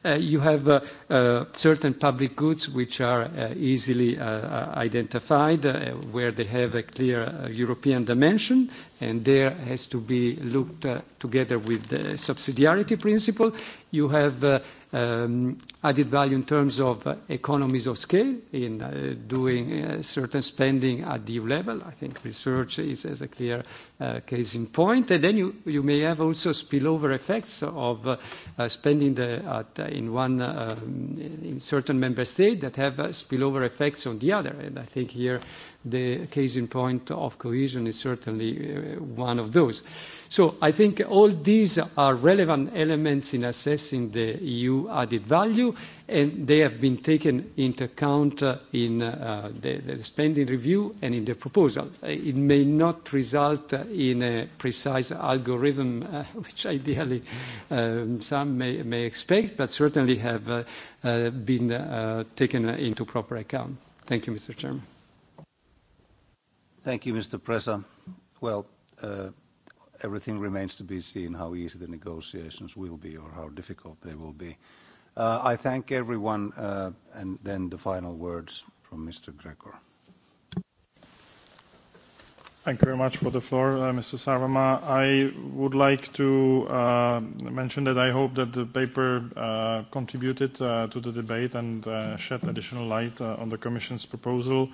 Uh, you have uh, uh, certain public goods which are uh, easily uh, uh identified uh, where they have a clear uh, European dimension and there has to be looked uh, together with the subsidiarity principle. You have uh, um, added value in terms of uh, economies of scale in uh, doing uh, certain spending at the EU level. I think research is a clear uh, case in point. And then you, you may have also spillover effects of uh, uh, spending the, at, uh, in one uh, um, in certain member state that have uh, spillover effects on the other. And I think here The case in point of cohesion is certainly uh, one of those. So I think all these are relevant elements in assessing the EU added value, and they have been taken into account uh, in uh, the, the spending review and in the proposal. Uh, it may not result in a precise algorithm, uh, which ideally um, some may, may expect, but certainly have uh, uh, been uh, taken into proper account. Thank you, Mr. Chairman. Thank you, Mr. Presa. Well, uh, everything remains to be seen how easy the negotiations will be or how difficult they will be. Uh, I thank everyone, uh, and then the final words from Mr. Gregor. Thank you very much for the floor, Mr. Sarvamaa. I would like to mention that I hope that the paper contributed to the debate and shed additional light on the Commission's proposal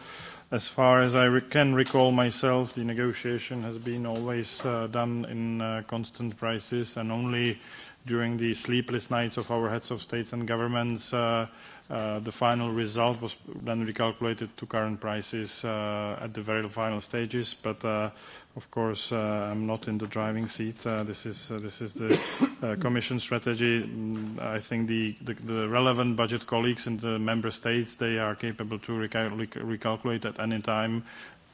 as far as I re can recall myself, the negotiation has been always uh, done in uh, constant prices and only during the sleepless nights of our heads of states and governments, uh, uh, the final result was then recalculated to current prices uh, at the very final stages. But uh, Of course, uh, I'm not in the driving seat. Uh, this is uh, this is the Commission strategy. Mm, I think the, the, relevant budget colleagues in the member states they are capable to recalculate at any time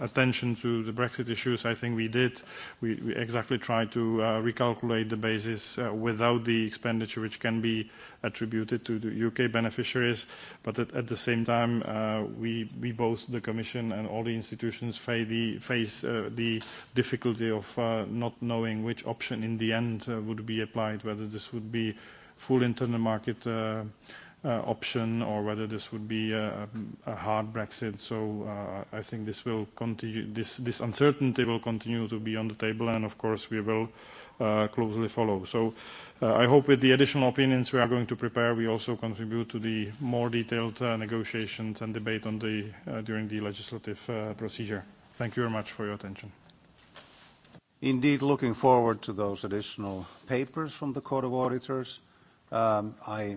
attention to the Brexit issues, I think we did. We, we exactly tried to uh, recalculate the basis uh, without the expenditure which can be attributed to the UK beneficiaries. But at, at the same time, uh, we, we both, the Commission and all the institutions, face the, face, uh, the difficulty of uh, not knowing which option in the end uh, would be applied, whether this would be full internal market uh, uh, option or whether this would be a, a hard Brexit. So uh, I think this will continue. This, this uncertainty will continue to be on the table, and of course we will uh, closely follow. So uh, I hope with the additional opinions we are going to prepare, we also contribute to the more detailed uh, negotiations and debate on the uh, during the legislative uh, procedure. Thank you very much for your attention. Indeed, looking forward to those additional papers from the Court of Auditors. Um, I